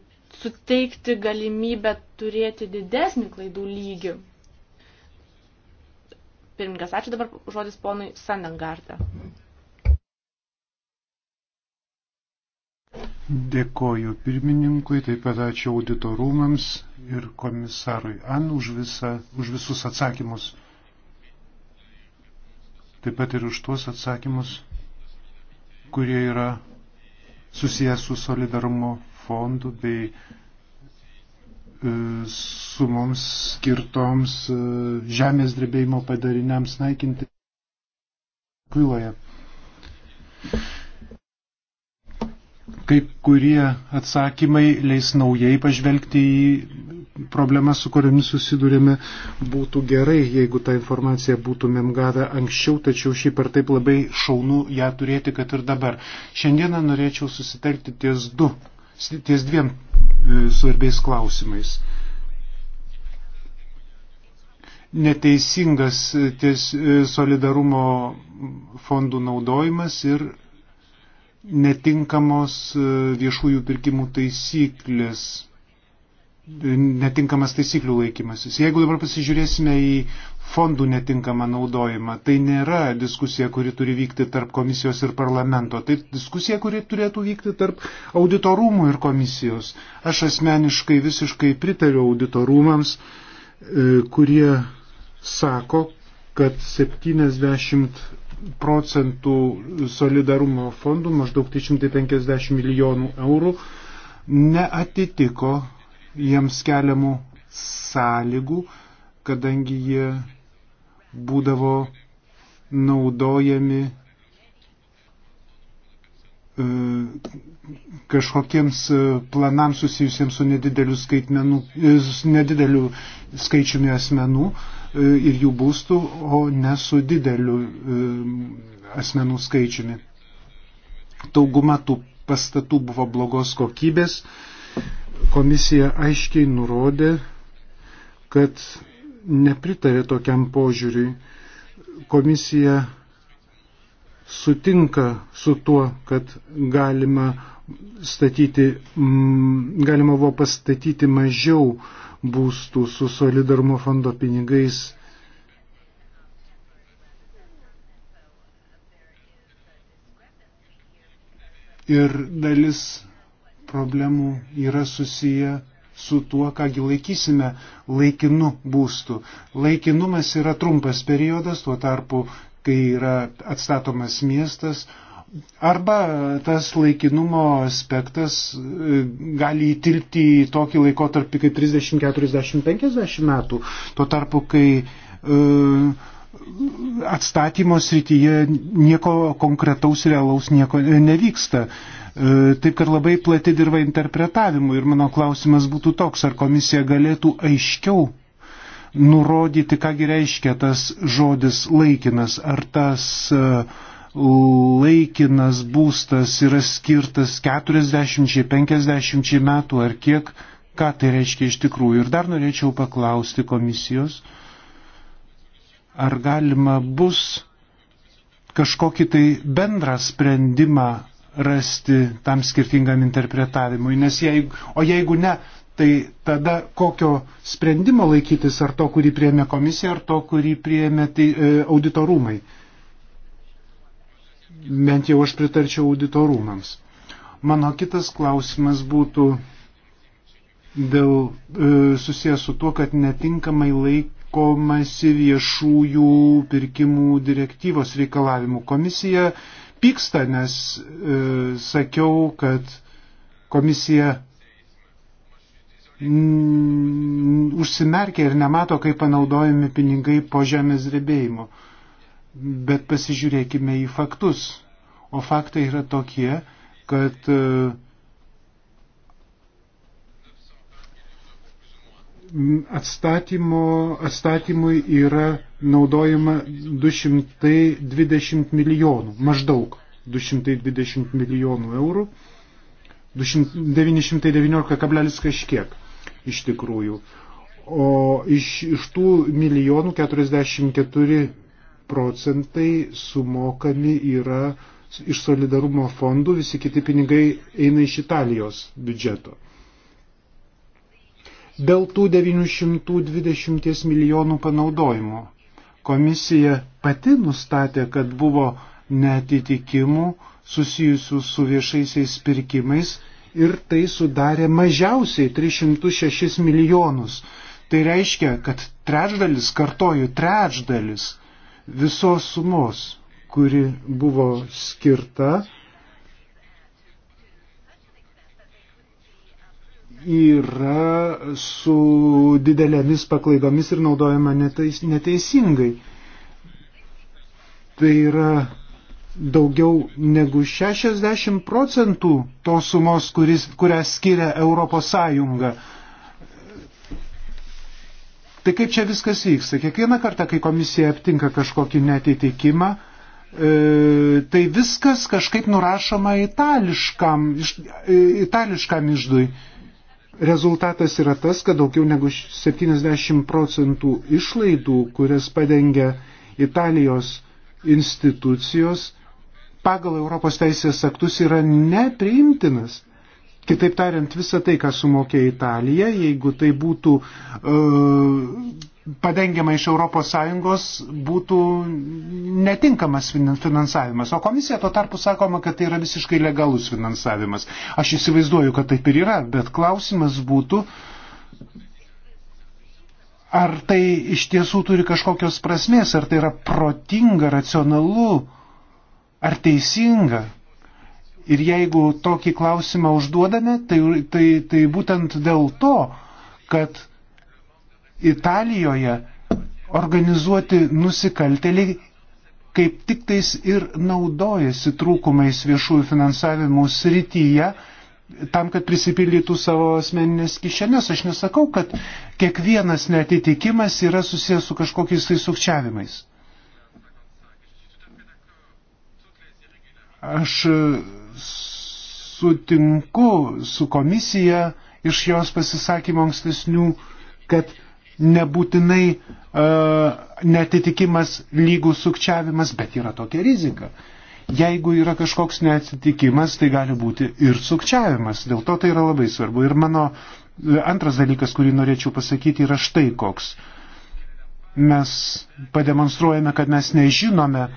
suteikti galimybę turėti didesnį klaidų lygį. Pirmingas, ačiū dabar žodis ponui Sandangartą. Dėkoju pirmininkui, taip pat ačiū auditorumams ir komisarui An už, visą, už visus atsakymus. Taip pat ir už tuos atsakymus, kurie yra susijęs su solidarumo fondu bei E, sumoms skirtoms e, žemės drebėjimo padariniams naikinti Kviloje. Kai kurie atsakymai leis naujai pažvelgti į problemas, su kuriamis susidurėme, būtų gerai, jeigu tą informaciją būtumėm gavę anksčiau, tačiau šiaip ar taip labai šaunu ją turėti, kad ir dabar. Šiandieną norėčiau susitelkti ties du, ties dviem E, svarbiais klausimais. Neteisingas ties, e, solidarumo fondų naudojimas ir netinkamos e, viešųjų pirkimų taisyklės, netinkamas taisyklių laikymasis. Jeigu dabar pasižiūrėsime į fondų netinkamą naudojimą. Tai nėra diskusija, kuri turi vykti tarp komisijos ir parlamento. Tai diskusija, kuri turėtų vykti tarp auditorumų ir komisijos. Aš asmeniškai visiškai pritariu auditorumams, e, kurie sako, kad 70 procentų solidarumo fondų, maždaug 350 milijonų eurų, neatitiko jiems keliamų sąlygų, kadangi jie būdavo naudojami e, kažkokiems e, planams susijusiems su nedideliu, e, nedideliu skaičiumi asmenų ir jų būstų, o ne su dideliu asmenų skaičiumi. Dauguma tų pastatų buvo blogos kokybės. Komisija aiškiai nurodė, kad nepritarė tokiam požiūriui. Komisija sutinka su tuo, kad galima, statyti, mm, galima buvo pastatyti mažiau būstų su solidarumo fondo pinigais. Ir dalis problemų yra susiję su tuo, kągi laikysime laikinu būstu. Laikinumas yra trumpas periodas, tuo tarpu, kai yra atstatomas miestas, Arba tas laikinumo aspektas e, gali įtilpti į tokį laikotarpį kaip 30, 40, 50 metų. Tuo tarpu, kai e, atstatymo srityje nieko konkretaus realaus nieko nevyksta. E, taip kad labai plati dirba interpretavimu ir mano klausimas būtų toks, ar komisija galėtų aiškiau nurodyti, kągi reiškia tas žodis laikinas, ar tas e, laikinas būstas yra skirtas 40-50 metų ar kiek, ką tai reiškia iš tikrųjų. Ir dar norėčiau paklausti komisijos, ar galima bus kažkokį tai bendrą sprendimą rasti tam skirtingam interpretavimui. Nes jeigu, o jeigu ne, tai tada kokio sprendimo laikytis, ar to, kurį priėmė komisija, ar to, kurį priėmė tai, e, auditorumai. Bent jau aš pritarčiau auditorumams. Mano kitas klausimas būtų dėl e, susijęs su tuo, kad netinkamai laikomasi viešųjų pirkimų direktyvos reikalavimų. Komisija e, pyksta, nes e, sakiau, kad komisija m, užsimerkia ir nemato, kaip panaudojami pinigai po žemės drebėjimo. Bet pasižiūrėkime į faktus. O faktai yra tokie, kad e, atstatymo, atstatymui yra naudojama 220 milijonų, maždaug 220 milijonų eurų, 919 kablelis kažkiek iš tikrųjų. O iš, iš tų milijonų 44 procentai sumokami yra iš solidarumo fondų, visi kiti pinigai eina iš Italijos biudžeto. Dėl tų 920 milijonų panaudojimo Komisija pati nustatė, kad buvo netitikimų susijusių su viešaisiais pirkimais ir tai sudarė mažiausiai 306 milijonus. Tai reiškia, kad trečdalis, kartoju, trečdalis visos sumos, kuri buvo skirta yra su didelėmis paklaidomis ir naudojama neteis, neteisingai. Tai yra daugiau negu 60 procentų tos sumos, kuris, kurią skiria Europos Sąjunga. Tai kaip čia viskas vyksta? Kiekvieną kartą, kai komisija aptinka kažkokį netitikimą, e, tai viskas kažkaip nurašoma itališkam, iš, e, itališkam išdui. E, Rezultatas yra tas, kad daugiau negu 70 procentų išlaidų, kurias padengia Italijos institucijos, pagal Europos teisės aktus yra nepriimtinas. Kitaip tariant, visa tai, ką sumokė Italija, jeigu tai būtų uh, padengiama iš ES, būtų netinkamas finansavimas. O komisija tuo tarpu sakoma, kad tai yra visiškai legalus finansavimas. Aš įsivaizduoju, kad taip ir yra, bet klausimas būtų, ar tai iš tiesų turi kažkokios prasmės, ar tai yra protinga, racionalu, ar teisinga. Ir jeigu tokį klausimą užduodame, tai, tai, tai būtent dėl to, kad Italijoje organizuoti nusikalteliai kaip tik tais ir naudojasi trūkumais viešųjų finansavimų srityje, tam, kad prisipildytų savo asmeninės kišenės. Aš nesakau, kad kiekvienas netitikimas yra susijęs su kažkokiais tai sukčiavimais. Aš sutinku su komisija iš jos pasisakymų ankstesnių, kad nebūtinai e, netitikimas lygų sukčiavimas, bet yra tokia rizika. Jeigu yra kažkoks netitikimas, tai gali būti ir sukčiavimas. Dėl to tai yra labai svarbu. Ir mano e, antras dalykas, kurį norėčiau pasakyti, yra štai koks. Mes pademonstruojame, kad mes nežinome,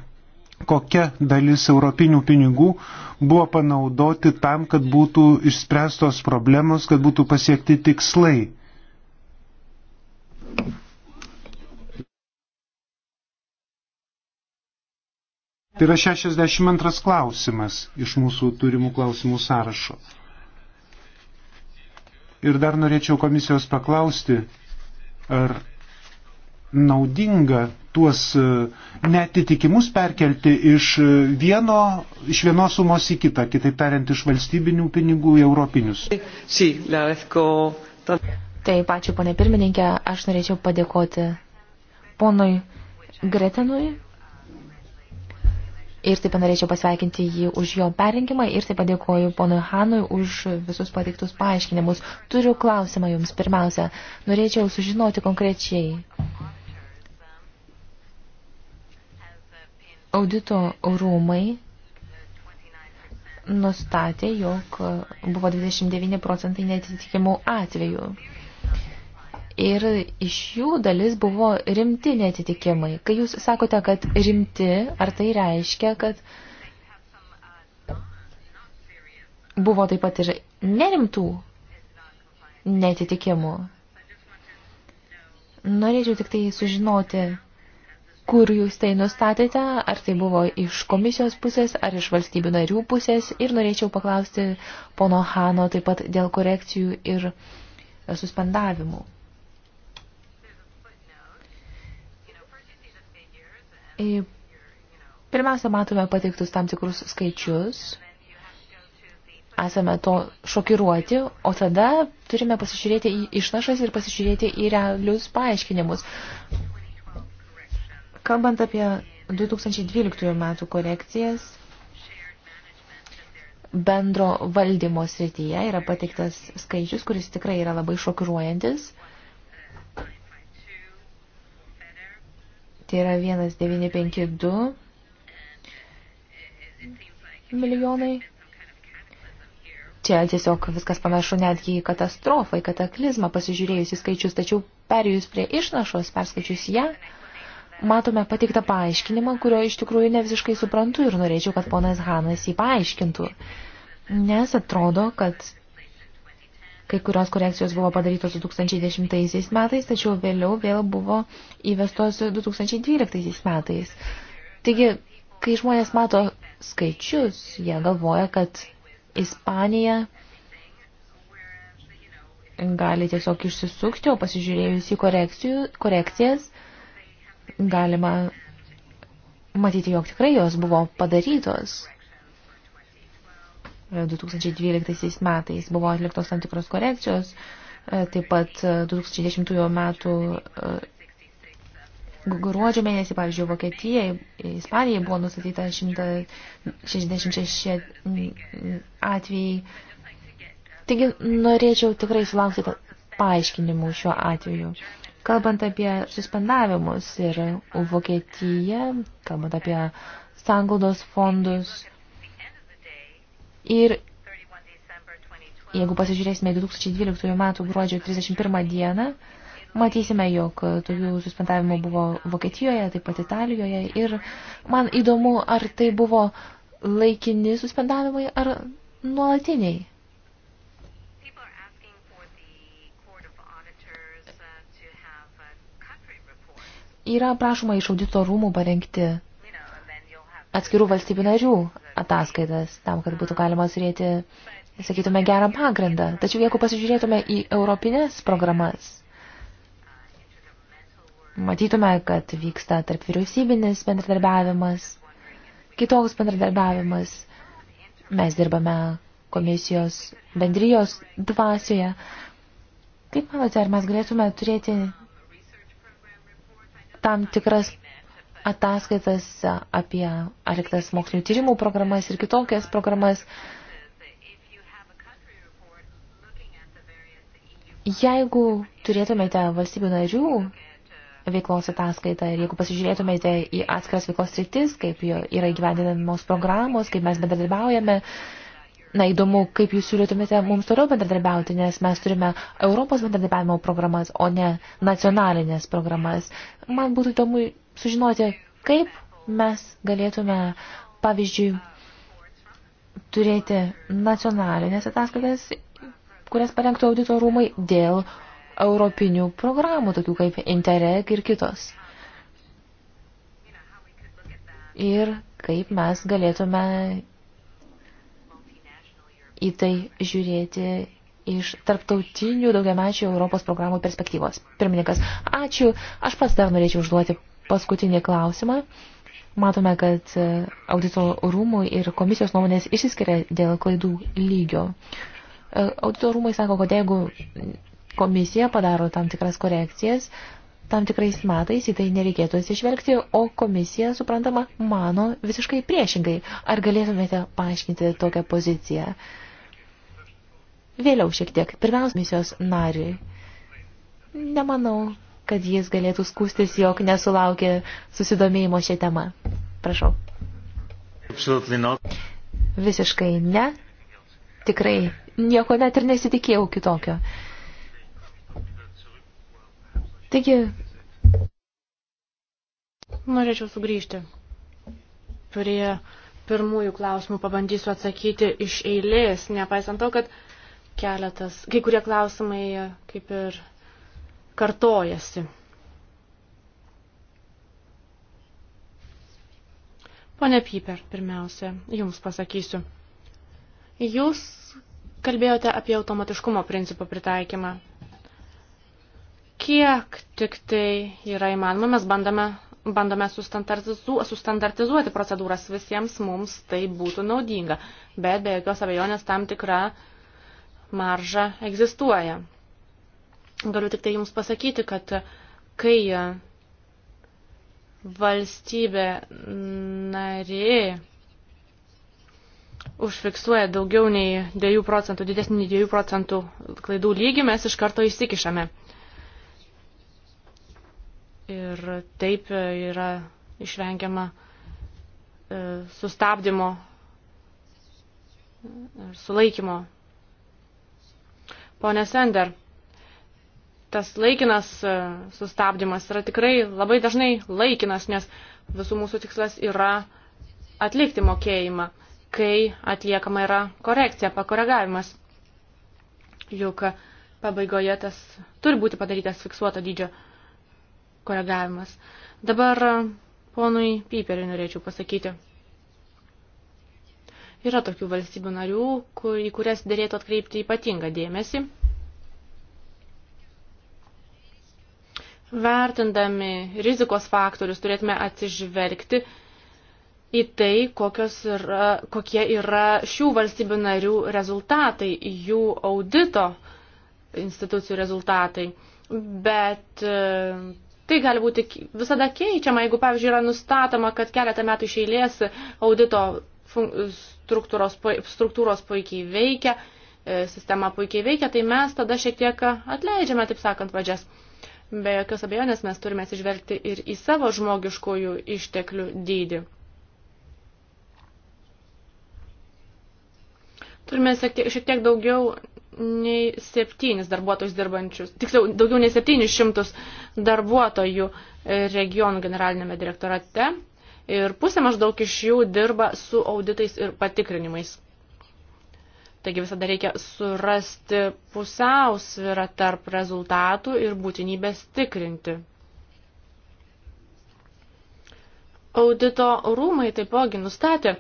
kokia dalis europinių pinigų buvo panaudoti tam, kad būtų išspręstos problemos, kad būtų pasiekti tikslai. Tai yra 62 klausimas iš mūsų turimų klausimų sąrašo. Ir dar norėčiau komisijos paklausti, ar naudinga tuos e, netitikimus perkelti iš, e, vieno, iš vienos sumos į kitą, kitaip tariant, iš valstybinių pinigų į europinius. Taip, ačiū ponė pirmininkė, aš norėčiau padėkoti ponui Gretenui ir taip norėčiau pasveikinti jį už jo perrinkimą ir taip padėkoju ponui Hanui už visus pateiktus paaiškinimus. Turiu klausimą jums pirmiausia. Norėčiau sužinoti konkrečiai Audito rūmai nustatė, jog buvo 29 procentai netitikimų atvejų. Ir iš jų dalis buvo rimti netitikimai. Kai jūs sakote, kad rimti, ar tai reiškia, kad buvo taip pat ir nerimtų netitikimų? Norėčiau tik tai sužinoti, kur jūs tai nustatėte, ar tai buvo iš komisijos pusės, ar iš valstybių narių pusės. Ir norėčiau paklausti pono Hano taip pat dėl korekcijų ir suspendavimų. E, pirmiausia, matome pateiktus tam tikrus skaičius, esame to šokiruoti, o tada turime pasižiūrėti į išnašas ir pasižiūrėti į realius paaiškinimus. Kalbant apie 2012 metų korekcijas, bendro valdymo srityje yra pateiktas skaičius, kuris tikrai yra labai šokiruojantis. Tai yra 1952 milijonai. Čia tiesiog viskas panašu netgi į katastrofą, į kataklizmą, pasižiūrėjus į skaičius, tačiau perėjus prie išnašos, perskaičius ją, ja, matome pateiktą paaiškinimą, kurio iš tikrųjų ne visiškai suprantu ir norėčiau, kad ponas Hanas jį paaiškintų. Nes atrodo, kad kai kurios korekcijos buvo padarytos 2010 metais, tačiau vėliau vėl buvo įvestos 2012 metais. Taigi, kai žmonės mato skaičius, jie galvoja, kad Ispanija gali tiesiog išsisukti, o pasižiūrėjus į korekcijas, galima matyti, jog tikrai jos buvo padarytos. 2012 metais buvo atliktos tam tikros korekcijos, e, taip pat 2010 e, metų e, gruodžio mėnesį, pavyzdžiui, Vokietijai, Ispanijai buvo nustatyta 166 atvejai. Taigi norėčiau tikrai sulaukti paaiškinimų šiuo atveju. Kalbant apie suspendavimus ir Vokietiją, kalbant apie sanglaudos fondus ir jeigu pasižiūrėsime 2012 metų gruodžio 31 dieną, matysime, jog tokių suspendavimų buvo Vokietijoje, taip pat Italijoje ir man įdomu, ar tai buvo laikini suspendavimai ar nuolatiniai. Yra prašoma iš audito rūmų parengti atskirų valstybių narių ataskaitas, tam, kad būtų galima turėti, sakytume, gerą pagrindą. Tačiau jeigu pasižiūrėtume į europinės programas, matytume, kad vyksta tarp vyriausybinis bendradarbiavimas, kitoks bendradarbiavimas. Mes dirbame komisijos bendrijos dvasioje. Kaip manote, ar mes galėtume turėti tam tikras ataskaitas apie atliktas mokslinio tyrimų programas ir kitokias programas. Jeigu turėtumėte valstybių narių veiklos ataskaitą ir jeigu pasižiūrėtumėte į atskiras veiklos sritis, kaip yra įgyvendinamos programos, kaip mes bendradarbiaujame, Na įdomu, kaip jūs siūlytumėte mums toliau bendradarbiauti, nes mes turime Europos bendradarbiavimo programas, o ne nacionalinės programas. Man būtų įdomu sužinoti, kaip mes galėtume, pavyzdžiui, turėti nacionalinės ataskaitas, kurias parengtų audito rūmai dėl europinių programų, tokių kaip Interreg ir kitos. Ir kaip mes galėtume į tai žiūrėti iš tarptautinių daugiamečių Europos programų perspektyvos. Pirmininkas, ačiū. Aš pats dar norėčiau užduoti paskutinį klausimą. Matome, kad e, audito rūmų ir komisijos nuomonės išsiskiria dėl klaidų lygio. E, audito rūmai sako, kad jeigu komisija padaro tam tikras korekcijas, tam tikrais metais į tai nereikėtų atsižvelgti, o komisija, suprantama, mano visiškai priešingai. Ar galėtumėte paaiškinti tokią poziciją? Uh, vėliau šiek tiek. Pirmiausia, misijos nariui. Nemanau, kad jis galėtų skūstis, jog nesulaukė susidomėjimo šią temą. Prašau. Visiškai ne. Tikrai nieko net ir nesitikėjau kitokio. Taigi, norėčiau sugrįžti prie pirmųjų klausimų, pabandysiu atsakyti iš eilės, nepaisant to, kad keletas, kai kurie klausimai kaip ir kartojasi. Pone Piper, pirmiausia, jums pasakysiu. Jūs kalbėjote apie automatiškumo principų pritaikymą. Kiek tik tai yra įmanoma, mes bandame, bandome sustandartizu, sustandartizuoti procedūras visiems mums, tai būtų naudinga. Bet be jokios abejonės tam tikra uh, marža egzistuoja. Galiu tik tai Jums pasakyti, kad kai valstybė narė užfiksuoja daugiau nei 2 procentų, didesnį nei 2 procentų klaidų lygį, mes iš karto įsikišame. Ir taip yra išvengiama e, sustabdymo ir e, sulaikymo Pone Sender, tas laikinas e, sustabdymas yra tikrai labai dažnai laikinas, nes visų mūsų tikslas yra atlikti mokėjimą, kai atliekama yra korekcija, pakoregavimas. Juk pabaigoje tas turi būti padarytas fiksuoto dydžio koregavimas. Dabar e, ponui Piperiui norėčiau pasakyti. Yra tokių valstybių narių, kur, į kurias dėlėtų atkreipti ypatingą dėmesį. Vertindami rizikos faktorius turėtume atsižvelgti į tai, yra, kokie yra šių valstybių narių rezultatai, jų audito institucijų rezultatai. Bet e, tai gali būti visada keičiama, jeigu, pavyzdžiui, yra nustatoma, kad keletą metų iš eilės audito struktūros, struktūros puikiai veikia, e, sistema puikiai veikia, tai mes tada šiek tiek atleidžiame, taip sakant, vadžias. Be jokios abejonės mes turime atsižvelgti ir į savo žmogiškųjų išteklių dydį. Turime šiek tiek, šiek tiek daugiau nei septynis darbuotojus dirbančius, tiksliau daugiau nei septynis šimtus darbuotojų regionų generalinėme direktorate ir pusė maždaug iš jų dirba su auditais ir patikrinimais. Taigi visada reikia surasti pusiausvyrą tarp rezultatų ir būtinybės tikrinti. Audito rūmai taipogi nustatė,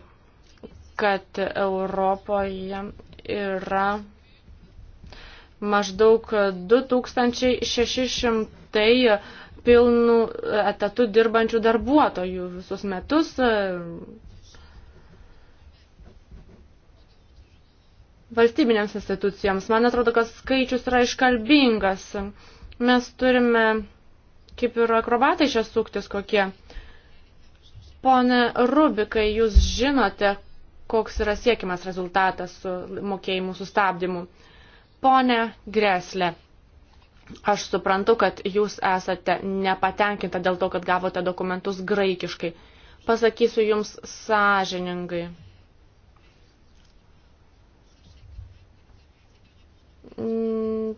kad Europoje yra maždaug 2600 pilnų etatų dirbančių darbuotojų visus metus. Valstybinėms institucijoms. Man atrodo, kad skaičius yra iškalbingas. Mes turime kaip ir akrobatai čia suktis kokie. Pone Rubikai, jūs žinote, koks yra siekiamas rezultatas su mokėjimų sustabdymu. Pone Greslė, Aš suprantu, kad jūs esate nepatenkinta dėl to, kad gavote dokumentus graikiškai. Pasakysiu jums sąžiningai. Mm,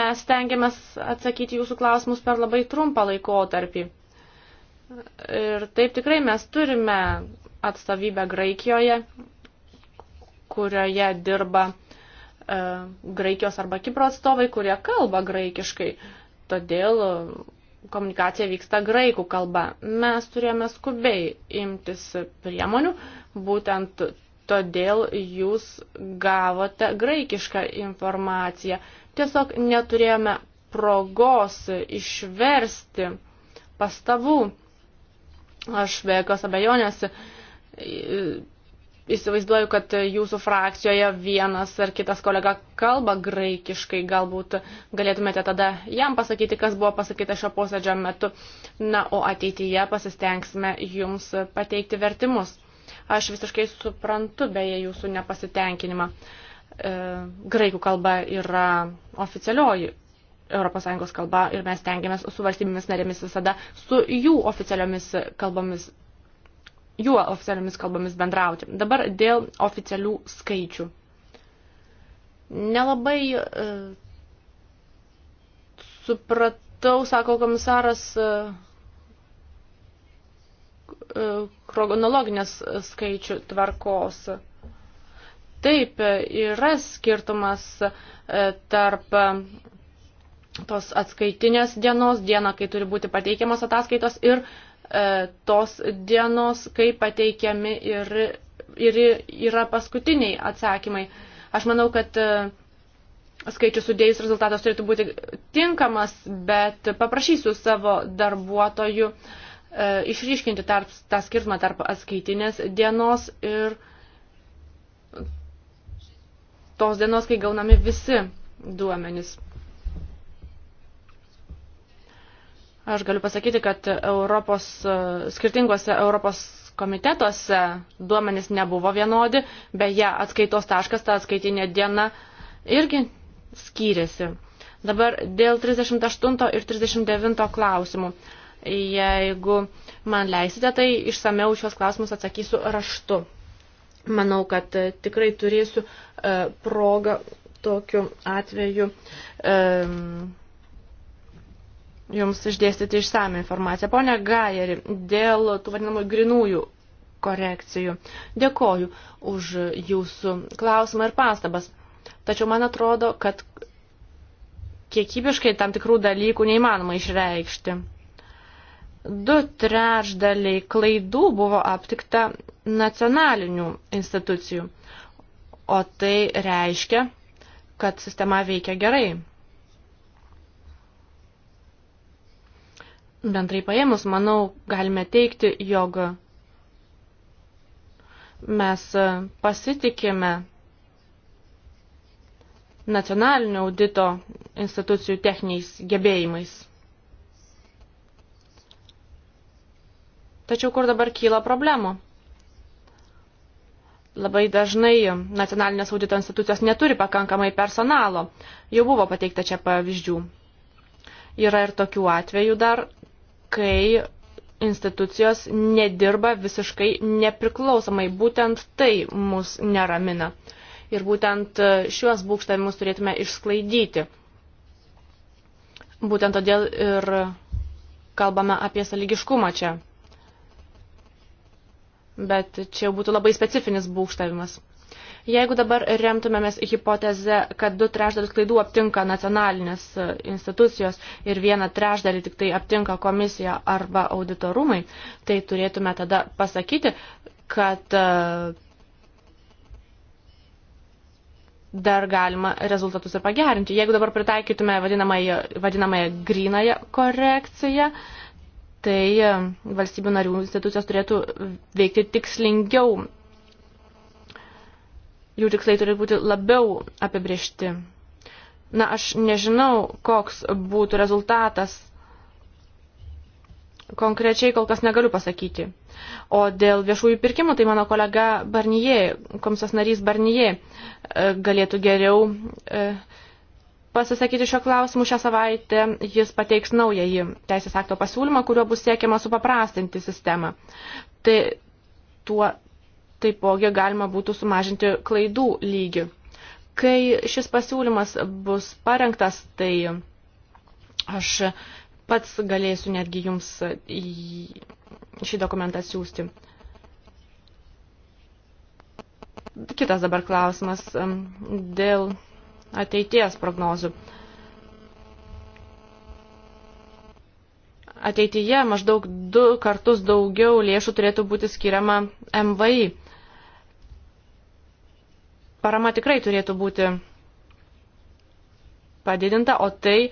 mes tengiamės atsakyti jūsų klausimus per labai trumpą laikotarpį. Ir taip tikrai mes turime atstovybę Graikijoje, kurioje dirba uh, E, Graikijos arba Kipro atstovai, kurie kalba graikiškai. Todėl e, komunikacija vyksta graikų kalba. Mes turėjome skubiai imtis priemonių, būtent todėl jūs gavote graikišką informaciją. Tiesiog neturėjome progos išversti pastabų. Aš be jokios abejonės e, įsivaizduoju, kad jūsų frakcijoje vienas ar kitas kolega kalba graikiškai, galbūt galėtumėte tada jam pasakyti, kas buvo pasakyta šio posėdžio metu. Na, o ateityje pasistengsime jums pateikti vertimus. Aš visiškai suprantu beje jūsų nepasitenkinimą. E, graikų kalba yra oficialioji ES kalba ir mes tengiamės su valstybėmis narėmis visada su jų oficialiomis kalbomis juo oficialiomis kalbomis bendrauti. Dabar dėl oficialių skaičių. Nelabai e, supratau, sako komisaras, e, kronologinės e, skaičių tvarkos. Taip, e, yra skirtumas e, tarp e, tos atskaitinės dienos, diena, kai turi būti pateikiamas ataskaitos ir e, E, tos dienos, kai pateikiami ir, ir yra paskutiniai atsakymai. Aš manau, kad e, skaičių sudėjus rezultatas turėtų būti tinkamas, bet paprašysiu savo darbuotojų e, išryškinti tarp, tą skirtumą tarp atskaitinės dienos ir tos dienos, kai gaunami visi duomenys. Aš galiu pasakyti, kad Europos, e, skirtinguose Europos komitetuose duomenys nebuvo vienodi, beje, atskaitos taškas, ta atskaitinė diena irgi skyrėsi. Dabar dėl 38 ir 39 klausimų. Jeigu man leisite, tai išsameu šios klausimus atsakysiu raštu. Manau, kad e, tikrai turėsiu e, progą tokiu atveju. E, jums išdėstyti išsame informaciją. Pone Gajeri, dėl tų vadinamų grinųjų korekcijų. Dėkoju už jūsų klausimą ir pastabas. Tačiau man atrodo, kad kiekybiškai tam tikrų dalykų neįmanoma išreikšti. Du trečdaliai klaidų buvo aptikta nacionalinių institucijų, o tai reiškia, kad sistema veikia gerai. Bendrai paėmus, manau, galime teikti, jog mes pasitikime nacionalinio audito institucijų techniniais gebėjimais. Tačiau kur dabar kyla problemų? Labai dažnai nacionalinės audito institucijos neturi pakankamai personalo. Jau buvo pateikta čia pavyzdžių. Yra ir tokių atvejų dar, kai institucijos nedirba visiškai nepriklausomai. Būtent tai mus neramina. Ir būtent e, šiuos būkštavimus turėtume išsklaidyti. Būtent todėl ir kalbame apie saligiškumą čia. Bet čia būtų labai specifinis būkštavimas. Jeigu dabar remtumėmės hipotezę, kad du trešdalius klaidų aptinka nacionalinės e, institucijos ir vieną trešdalį tik tai aptinka komisija arba auditorumai, tai turėtume tada pasakyti, kad e, dar galima rezultatus ir pagerinti. Jeigu dabar pritaikytume vadinamąją, vadinamąją grinąją korekciją, tai e, valstybių narių institucijos turėtų veikti tikslingiau jų tikslai turi būti labiau apibriešti. Na, aš nežinau, koks būtų rezultatas. Konkrečiai kol kas negaliu pasakyti. O dėl viešųjų pirkimų, tai mano kolega Barnyje, komisijos narys Barnyje, galėtų geriau e, pasisakyti šio klausimu šią savaitę. Jis pateiks naująjį teisės akto pasiūlymą, kuriuo bus siekiama supaprastinti sistemą. Tai tuo taipogi galima būtų sumažinti klaidų lygį. Kai šis pasiūlymas bus parengtas, tai aš pats galėsiu netgi jums šį dokumentą siūsti. Kitas dabar klausimas dėl ateities prognozių. Ateityje maždaug du kartus daugiau lėšų turėtų būti skiriama MVI parama tikrai turėtų būti padidinta, o tai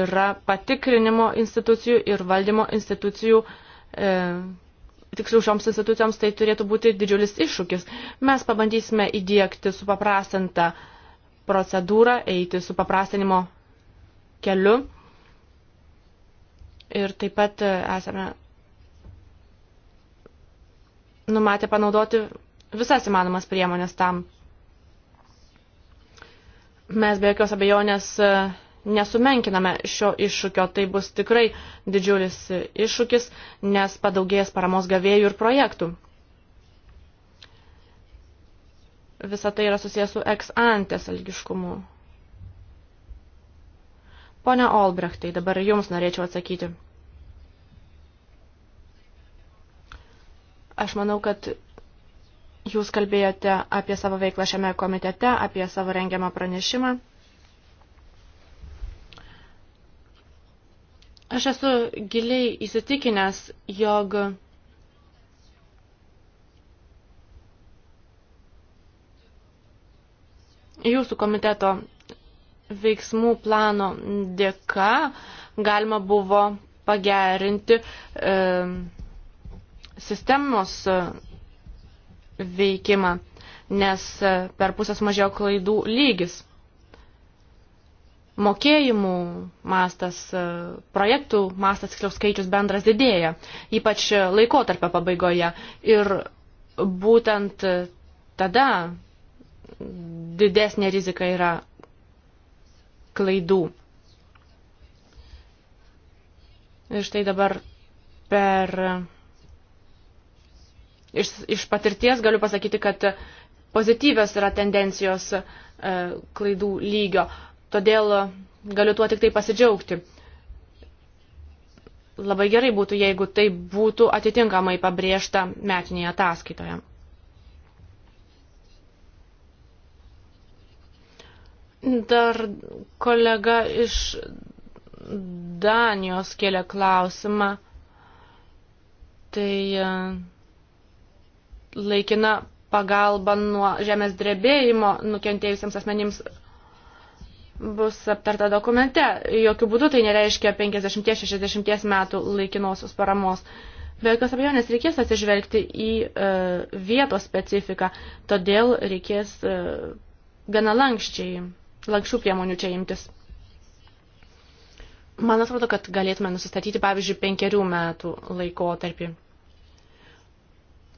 yra patikrinimo institucijų ir valdymo institucijų, e, tiksliau šioms institucijoms tai turėtų būti didžiulis iššūkis. Mes pabandysime įdėkti supaprastintą procedūrą, eiti su paprastinimo keliu. Ir taip pat e, esame numatę panaudoti visas įmanomas priemonės tam. Mes be jokios abejonės e, nesumenkiname šio iššūkio, tai bus tikrai didžiulis e, iššūkis, nes padaugės paramos gavėjų ir projektų. Visa tai yra susijęs su ex ante salgiškumu. Pone Olbrechtai, dabar jums norėčiau atsakyti. Aš manau, kad Jūs kalbėjote apie savo veiklą šiame komitete, apie savo rengiamą pranešimą. Aš esu giliai įsitikinęs, jog jūsų komiteto veiksmų plano dėka galima buvo pagerinti e, sistemos veikimą, nes e, per pusės mažiau klaidų lygis. Mokėjimų mastas, e, projektų mastas, tiksliau skaičius bendras didėja, ypač e, laikotarpio pabaigoje. Ir būtent tada didesnė rizika yra klaidų. Ir štai dabar per Iš, iš patirties galiu pasakyti, kad pozityvios yra tendencijos e, klaidų lygio. Todėl galiu tuo tik tai pasidžiaugti. Labai gerai būtų, jeigu tai būtų atitinkamai pabrėžta metinėje ataskaitoje. Dar kolega iš Danijos kėlė klausimą. Tai e, laikina pagalba nuo žemės drebėjimo nukentėjusiems asmenims bus aptarta dokumente. Jokių būdų tai nereiškia 50-60 metų laikinosios paramos. Be jokios abejonės reikės atsižvelgti į e, vietos specifiką, todėl reikės e, gana lankščiai, lankščių priemonių čia imtis. Man atrodo, kad galėtume nusistatyti, pavyzdžiui, penkerių metų laikotarpį.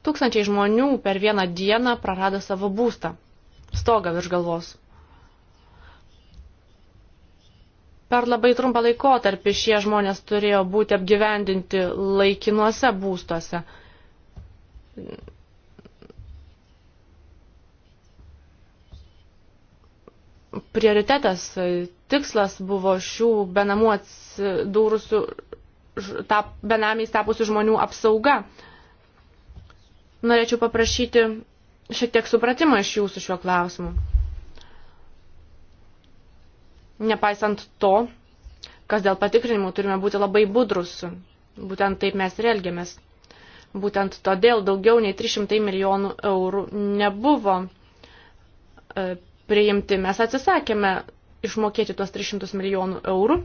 Tūkstančiai žmonių per vieną dieną prarado savo būstą, stogą virš galvos. Per labai trumpą laikotarpį šie žmonės turėjo būti apgyvendinti laikinuose būstuose. Prioritetas, tikslas buvo šių benamų atsidūrusių, ta, benamiais tapusių žmonių apsauga norėčiau paprašyti šiek tiek supratimo iš jūsų šiuo klausimu. Nepaisant to, kas dėl patikrinimų, turime būti labai budrus. Būtent taip mes ir elgiamės. Būtent todėl daugiau nei 300 milijonų eurų nebuvo e, priimti. Mes atsisakėme išmokėti tuos 300 milijonų eurų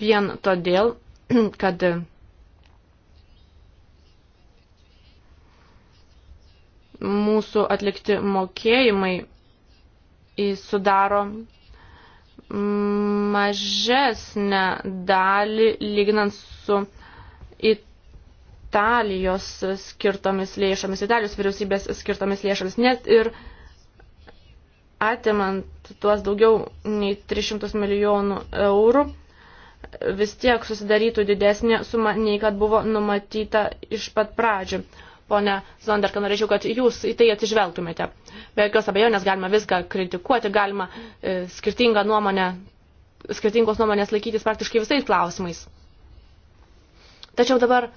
vien todėl, kad mūsų atlikti mokėjimai sudaro mažesnę dalį lyginant su Italijos skirtomis lėšomis, Italijos vyriausybės skirtomis lėšomis. Net ir atimant tuos daugiau nei 300 milijonų eurų, vis tiek susidarytų didesnė suma nei kad buvo numatyta iš pat pradžių. Pone Zonderka, norėčiau, kad jūs į tai atsižvelgtumėte. Be jokios abejonės galima viską kritikuoti, galima e, skirtingą nuomonę, skirtingos nuomonės laikytis praktiškai visais klausimais. Tačiau dabar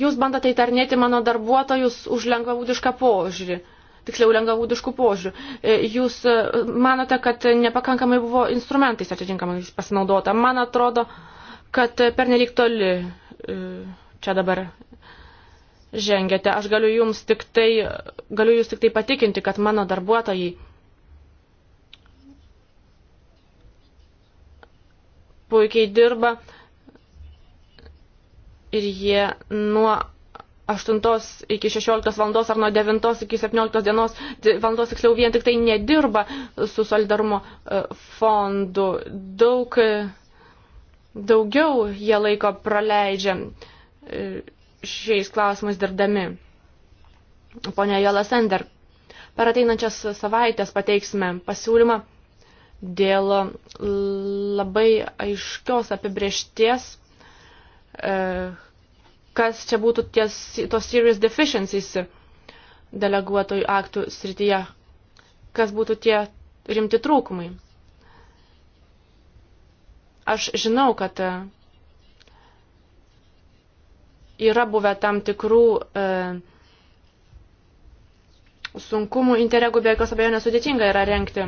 jūs bandote įtarnėti mano darbuotojus už lengvavūdišką požiūrį tiksliau lengvavūdiškų požiūrių. E, jūs e, manote, kad nepakankamai buvo instrumentais atitinkamai pasinaudota. Man atrodo, kad per nelik toli e, čia dabar žengiate. Aš galiu jums tik tai, galiu jūs tik tai patikinti, kad mano darbuotojai puikiai dirba ir jie nuo 8 iki 16 valandos ar nuo 9 iki 17 dienos valandos tiksliau vien tik tai nedirba su solidarumo e, fondu. Daug e, daugiau jie laiko praleidžia šiais klausimais dirbdami. Pone Jola Sender, per ateinančias savaitės pateiksime pasiūlymą dėl labai aiškios apibriešties, e, kas čia būtų ties, tos serious deficiencies deleguotojų aktų srityje, kas būtų tie rimti trūkumai. Aš žinau, kad yra buvę tam tikrų e, sunkumų interregų, be jokios abejonės sudėtinga yra renkti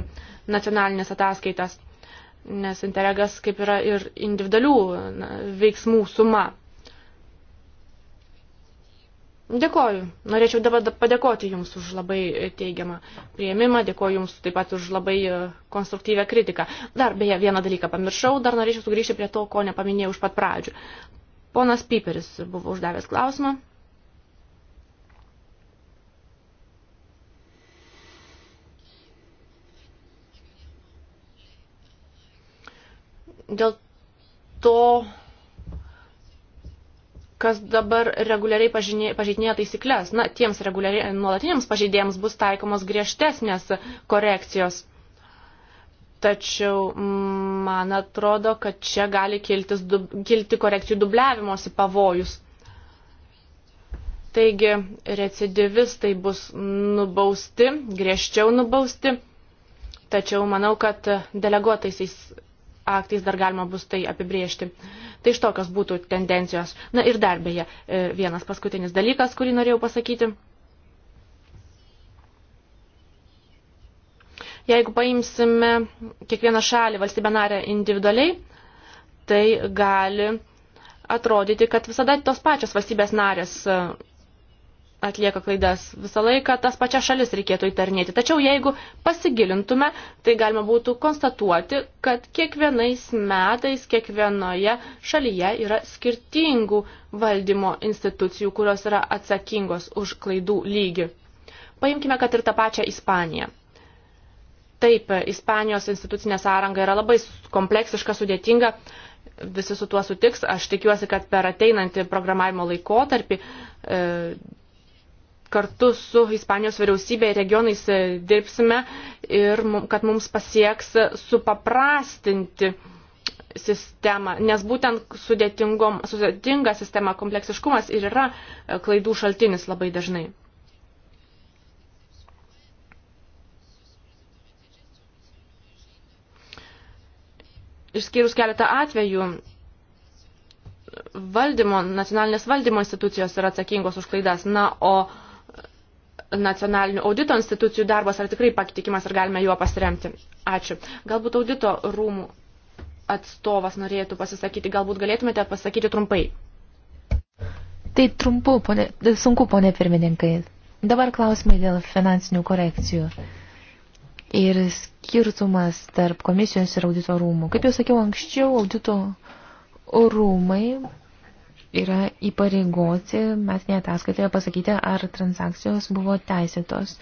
nacionalinės ataskaitas, nes interregas kaip yra ir individualių na, veiksmų suma. Dėkoju. Norėčiau dabar padėkoti Jums už labai teigiamą prieimimą, dėkoju Jums taip pat už labai e, konstruktyvę kritiką. Dar beje, vieną dalyką pamiršau, dar norėčiau sugrįžti prie to, ko nepaminėjau už pat pradžių. Ponas Piperis buvo uždavęs klausimą. Dėl to, kas dabar reguliariai pažeidinėja taisyklės, na, tiems reguliariai nuolatiniams pažeidėjams bus taikomos griežtesnės korekcijos. Tačiau mm, man atrodo, kad čia gali kiltis, kilti korekcijų dubliavimosi pavojus. Taigi recidivistai bus nubausti, griežčiau nubausti, tačiau manau, kad deleguotaisiais aktais dar galima bus tai apibriežti. Tai iš tokios būtų tendencijos. Na ir dar beje, e, vienas paskutinis dalykas, kurį norėjau pasakyti. Jeigu paimsime kiekvieną šalį valstybę narę individualiai, tai gali atrodyti, kad visada tos pačios valstybės narės e, atlieka klaidas. Visą laiką tas pačias šalis reikėtų įtarnėti. Tačiau jeigu pasigilintume, tai galima būtų konstatuoti, kad kiekvienais metais, kiekvienoje šalyje yra skirtingų valdymo institucijų, kurios yra atsakingos už klaidų lygį. Paimkime, kad ir tą pačią Ispaniją. Taip, Ispanijos institucinė sąranga yra labai kompleksiška, sudėtinga, visi su tuo sutiks. Aš tikiuosi, kad per ateinantį programavimo laikotarpį e, kartu su Ispanijos vyriausybė ir regionais e, dirbsime ir kad mums pasieks supaprastinti sistemą, nes būtent sudėtinga sistema kompleksiškumas ir yra e, klaidų šaltinis labai dažnai. išskyrus keletą atvejų, valdymo, nacionalinės valdymo institucijos yra atsakingos už klaidas, na, o nacionalinių audito institucijų darbas yra tikrai pakitikimas ir galime juo pasiremti. Ačiū. Galbūt audito rūmų atstovas norėtų pasisakyti, galbūt galėtumėte pasakyti trumpai. Tai trumpu, ponė, sunku, ponė pirmininkai. Dabar klausimai dėl finansinių korekcijų ir skirtumas tarp komisijos ir audito rūmų. Kaip jau sakiau anksčiau, audito rūmai yra įpareigoti metinėje ataskaitoje pasakyti, ar transakcijos buvo teisėtos.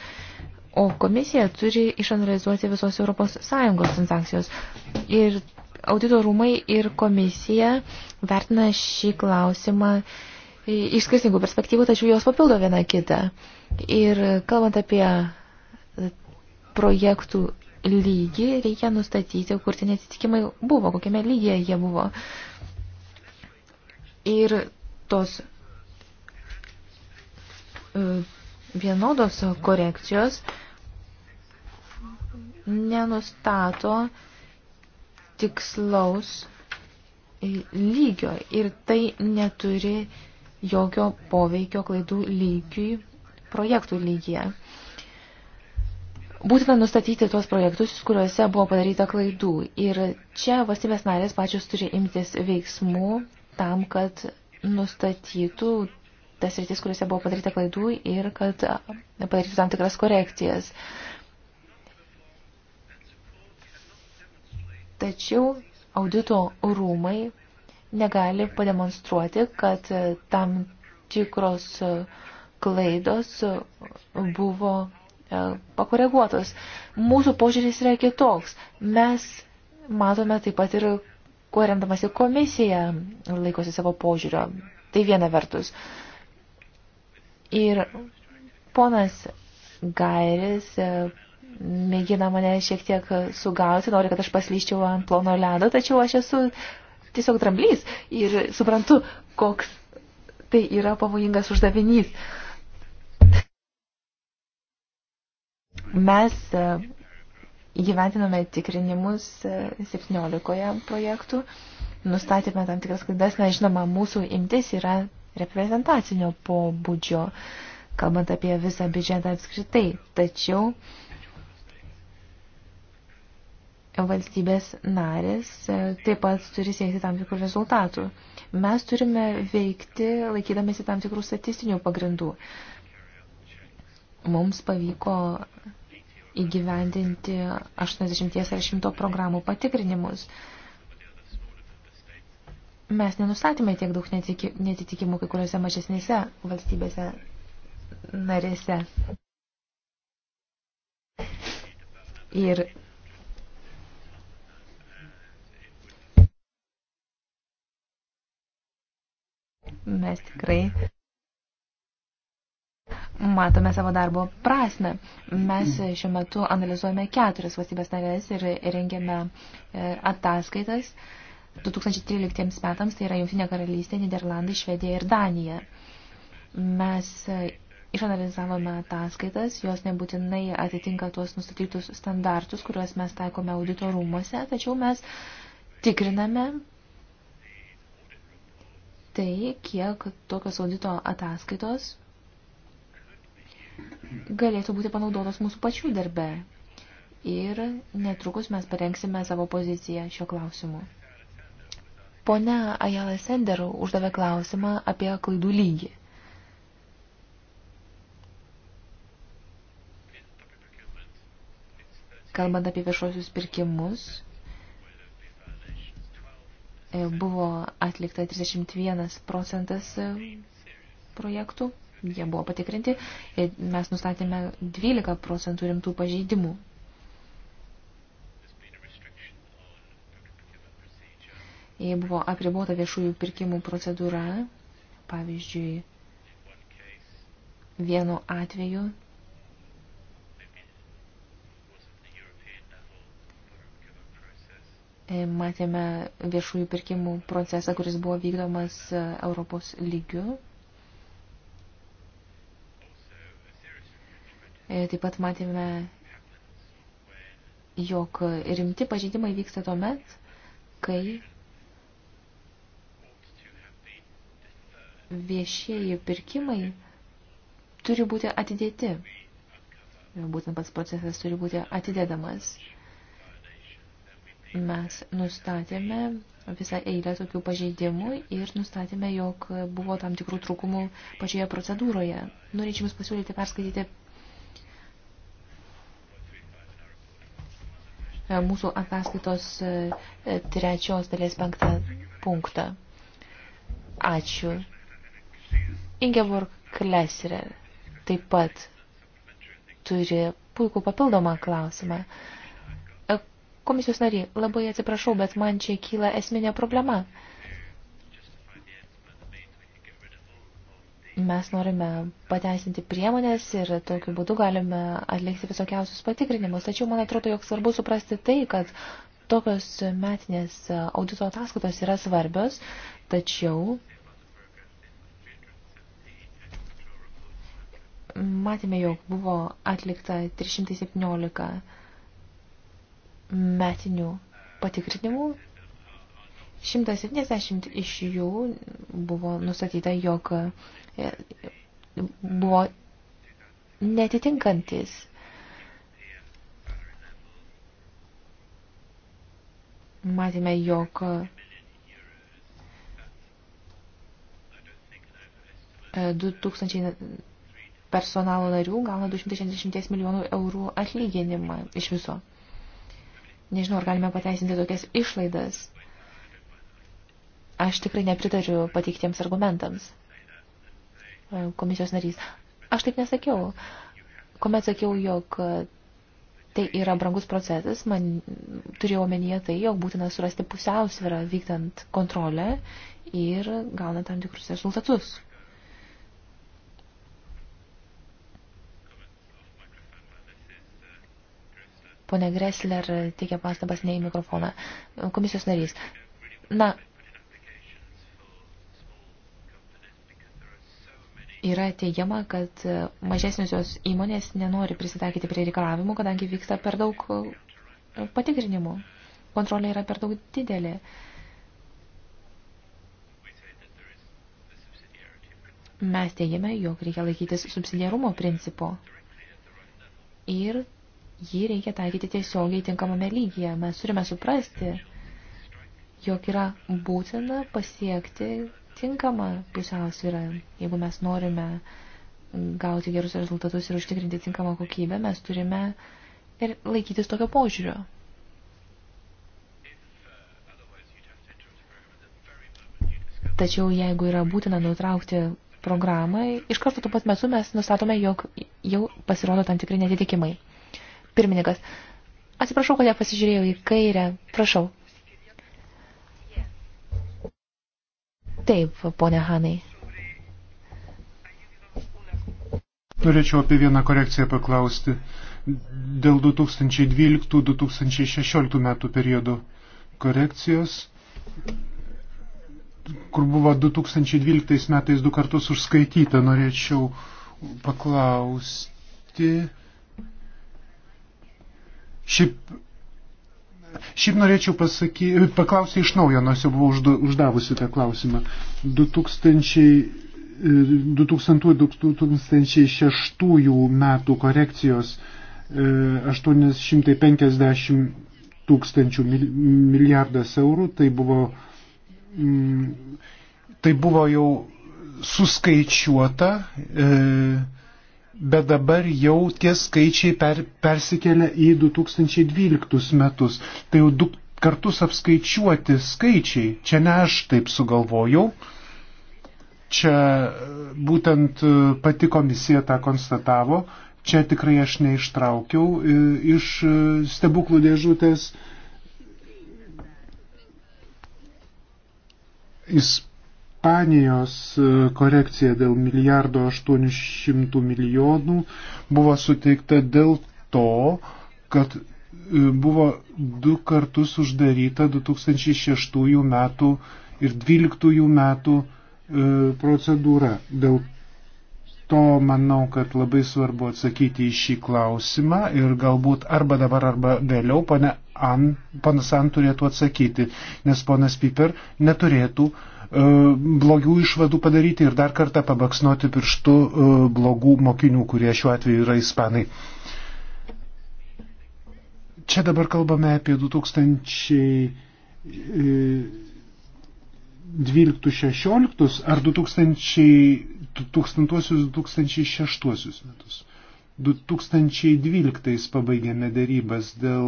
O komisija turi išanalizuoti visos Europos Sąjungos transakcijos. Ir audito rūmai ir komisija vertina šį klausimą iš skirtingų perspektyvų, tačiau jos papildo vieną kitą. Ir kalbant apie projektų lygį reikia nustatyti, kur tie netitikimai buvo, kokiame lygyje jie buvo. Ir tos e, vienodos korekcijos nenustato tikslaus e, lygio ir tai neturi jokio poveikio klaidų lygiui projektų lygyje. Būtina nustatyti tuos projektus, kuriuose buvo padaryta klaidų. Ir čia valstybės narės pačios turi imtis veiksmų tam, kad nustatytų tas rytis, kuriuose buvo padaryta klaidų ir kad padarytų tam tikras korekcijas. Tačiau audito rūmai negali pademonstruoti, kad tam tikros klaidos buvo E, pakoreguotos. Mūsų požiūris yra kitoks. Mes matome taip pat ir, kuo remdamasi komisija laikosi savo požiūrio. Tai viena vertus. Ir ponas Gairis e, mėgina mane šiek tiek sugauti, nori, kad aš paslyščiau ant plono ledo, tačiau aš esu tiesiog dramblys ir suprantu, koks tai yra pavojingas uždavinys. Uh, Mes e, gyventinome tikrinimus 17 e, projektų, nustatėme tam tikras klaidas, na, žinoma, mūsų imtis yra reprezentacinio pobūdžio, kalbant apie visą biudžetą apskritai. Tačiau valstybės narės e, taip pat turi siekti tam tikrų rezultatų. Mes turime veikti laikydamėsi tam tikrų statistinių pagrindų. Mums pavyko įgyvendinti 80 ar 100 programų patikrinimus. Mes nenustatėme tiek daug netitikimų kai kuriuose mažesnėse valstybėse narėse. Ir mes tikrai matome savo darbo prasme. Mes šiuo metu analizuojame keturias valstybės narės ir rengiame e, ataskaitas 2013 metams, tai yra Jungtinė karalystė, Niderlandai, Švedija ir Danija. Mes e, išanalizavome ataskaitas, jos nebūtinai atitinka tuos nustatytus standartus, kuriuos mes taikome audito rūmose, tačiau mes tikriname tai, kiek tokios audito ataskaitos galėtų būti panaudotos mūsų pačių darbe. Ir netrukus mes parengsime savo poziciją šio klausimu. Pone Ajala Sender uždavė klausimą apie klaidų lygį. Kalbant apie viešuosius pirkimus, e, buvo atlikta 31 procentas e, projektų jie buvo patikrinti, mes nustatėme 12 procentų rimtų pažeidimų. Jei buvo apribota viešųjų pirkimų procedūra, pavyzdžiui, vienu atveju e, matėme viešųjų pirkimų procesą, kuris buvo vykdomas e, Europos lygiu E, taip pat matėme, jog rimti pažeidimai vyksta tuomet, kai viešieji pirkimai turi būti atidėti. Būtent pats procesas turi būti atidėdamas. Mes nustatėme visą eilę tokių pažeidimų ir nustatėme, jog buvo tam tikrų trūkumų pačioje procedūroje. Norėčiau Jums pasiūlyti perskaityti E, mūsų ataskaitos e, e, trečios dalies penktą punktą. Ačiū. Ingeborg Klesrer taip pat turi puikų papildomą klausimą. Komisijos nariai, labai atsiprašau, bet man čia kyla esminė problema. mes norime pateisinti priemonės ir tokiu būdu galime atlikti visokiausius patikrinimus. Tačiau man atrodo, jog svarbu suprasti tai, kad tokios metinės audito ataskaitos yra svarbios, tačiau matėme, jog buvo atlikta 317 metinių patikrinimų 170 iš jų buvo nustatyta, jog e, buvo netitinkantis. Matėme, jog e, du tūkstančiai personalo narių gauna 260 milijonų eurų atlyginimą iš viso. Nežinau, ar galime pateisinti tokias išlaidas. Aš tikrai nepritariu pateiktiems argumentams. E, komisijos narys. Aš taip nesakiau. Komet sakiau, jog tai yra brangus procesas, man turėjau omenyje tai, jog būtina surasti pusiausvyrą vykdant kontrolę ir gaunant tam tikrus rezultatus. Pone Gressler teikia pastabas ne į mikrofoną. Komisijos narys. Na, Yra teigiama, kad e, mažesniosios įmonės nenori prisitaikyti prie reikalavimų, kadangi vyksta per daug e, patikrinimų. Kontrolė yra per daug didelė. Mes teigiame, jog reikia laikytis subsidiarumo principo. Ir jį reikia taikyti tiesiogiai tinkamame lygyje. Mes turime suprasti, jog yra būtina pasiekti tinkama pusiausvyrą, jeigu mes norime gauti gerus rezultatus ir užtikrinti tinkamą kokybę, mes turime ir laikytis tokio požiūrio. Tačiau jeigu yra būtina nutraukti programą, iš karto tuo pat metu mes nustatome, jog jau pasirodo tam tikri netitikimai. Pirmininkas, atsiprašau, kad nepasižiūrėjau į kairę. Prašau. Taip, ponia Hanai. Norėčiau apie vieną korekciją paklausti. Dėl 2012-2016 metų periodo korekcijos, kur buvo 2012 metais du kartus užskaityta, norėčiau paklausti. Šiaip Šiaip norėčiau pasaky, paklausti iš naujo, nors jau buvau uždu, uždavusi tą klausimą. 2000-2006 e, metų korekcijos 850 e, tūkstančių milijardas eurų, tai buvo, mm, tai buvo jau suskaičiuota. E, bet dabar jau tie skaičiai per, persikelia į 2012 metus. Tai jau du kartus apskaičiuoti skaičiai. Čia ne aš taip sugalvojau. Čia e, būtent e, pati komisija tą konstatavo. Čia tikrai aš neištraukiau e, iš stebuklų dėžutės. Jis Ispanijos e, korekcija dėl milijardo 800 milijonų buvo suteikta dėl to, kad e, buvo du kartus uždaryta 2006 metų ir 12 metų e, procedūra. Dėl to manau, kad labai svarbu atsakyti į šį klausimą ir galbūt arba dabar, arba vėliau pone An, ponas An turėtų atsakyti, nes ponas Piper neturėtų uh, E, blogių išvadų padaryti ir dar kartą pabaksnoti pirštų e, blogų mokinių, kurie šiuo atveju yra ispanai. Čia dabar kalbame apie 2012-16 e, ar 2000-2006 metus. 2012 pabaigėme darybas dėl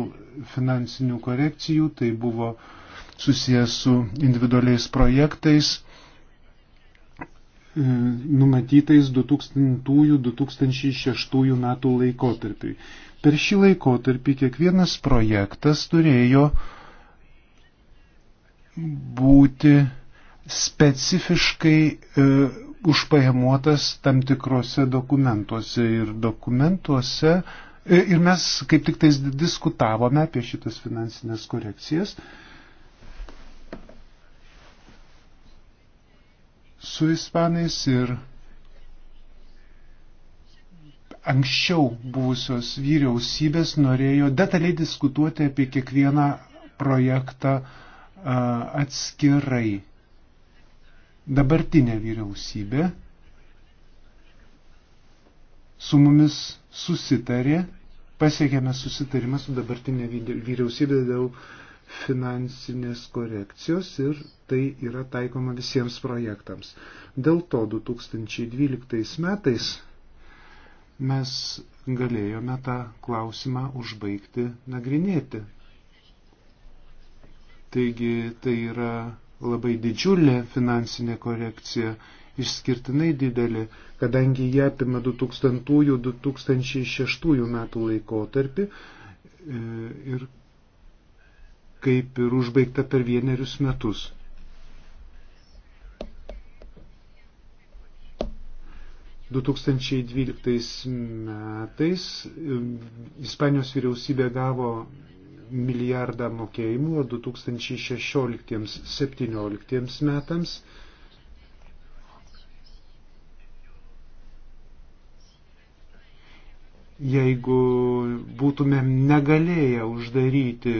finansinių korekcijų, tai buvo uh, susijęs su individualiais projektais e, numatytais 2000-2006 metų laikotarpiui. Per šį laikotarpį kiekvienas projektas turėjo būti specifiškai e, užpajamuotas tam tikrose dokumentuose ir dokumentuose. E, ir mes kaip tik tais diskutavome apie šitas finansinės korekcijas. E, su ispanais ir anksčiau buvusios vyriausybės norėjo detaliai diskutuoti apie kiekvieną projektą atskirai. Dabartinė vyriausybė su mumis susitarė, pasiekėme susitarimą su dabartinė vyriausybė dėl uh, finansinės korekcijos ir tai yra taikoma visiems projektams. Dėl to 2012 metais mes galėjome tą klausimą užbaigti nagrinėti. Taigi tai yra labai didžiulė finansinė korekcija, išskirtinai didelė, kadangi jie apima 2000-2006 metų laikotarpį e, ir kaip ir užbaigta per vienerius metus. – 2012 metais um, Ispanijos vyriausybė gavo milijardą mokėjimų, o 2016-2017 metams – jeigu būtumėm negalėję uždaryti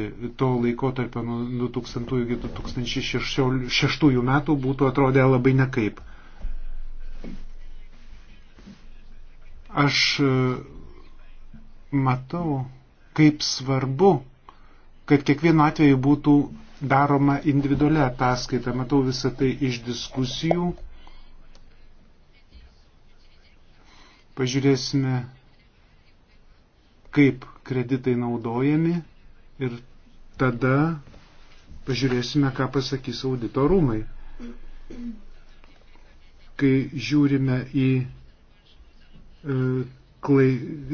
to laikotarpio nuo 2000 iki 2006 metų, būtų atrodę labai nekaip. Aš e, matau, kaip svarbu, kad kiekvienu atveju būtų daroma individualia ataskaita. Matau visą tai iš diskusijų. Pažiūrėsime kaip kreditai naudojami ir tada pažiūrėsime, ką pasakys auditorumai. Kai žiūrime į e, klai,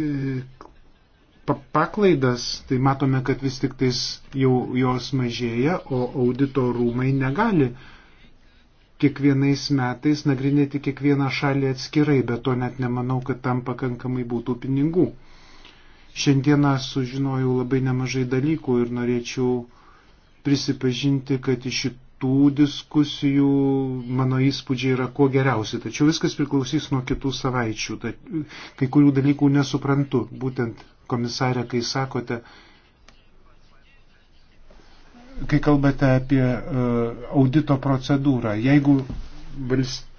e, paklaidas, tai matome, kad vis tik tais jau jos mažėja, o audito rūmai negali kiekvienais metais nagrinėti kiekvieną šalį atskirai, bet to net nemanau, kad tam pakankamai būtų pinigų. Šiandieną sužinojau labai nemažai dalykų ir norėčiau prisipažinti, kad iš šitų diskusijų mano įspūdžiai yra kuo geriausi. Tačiau viskas priklausys nuo kitų savaičių. Ta, kai kurių dalykų nesuprantu. Būtent komisarė, kai sakote, kai kalbate apie uh, audito procedūrą, jeigu valstybė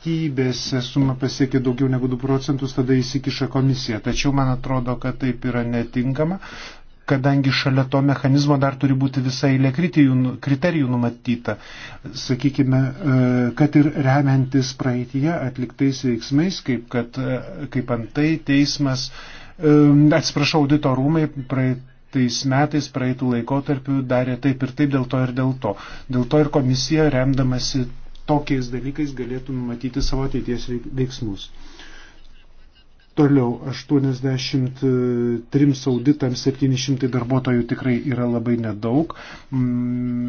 valstybėse suma pasiekia daugiau negu 2 procentus, tada įsikiša komisija. Tačiau man atrodo, kad taip yra netinkama, kadangi šalia to mechanizmo dar turi būti visai eilė kriterijų numatyta. Sakykime, e, kad ir remiantis praeitie atliktais veiksmais, kaip, kad, e, kaip antai teismas, e, atsiprašau, audito rūmai praeit tais metais praeitų laikotarpių darė taip ir taip dėl to ir dėl to. Dėl to ir komisija, remdamasi tokiais dalykais galėtų numatyti savo ateities veiksmus. Toliau 83 auditams 700 darbuotojų tikrai yra labai nedaug. Mm,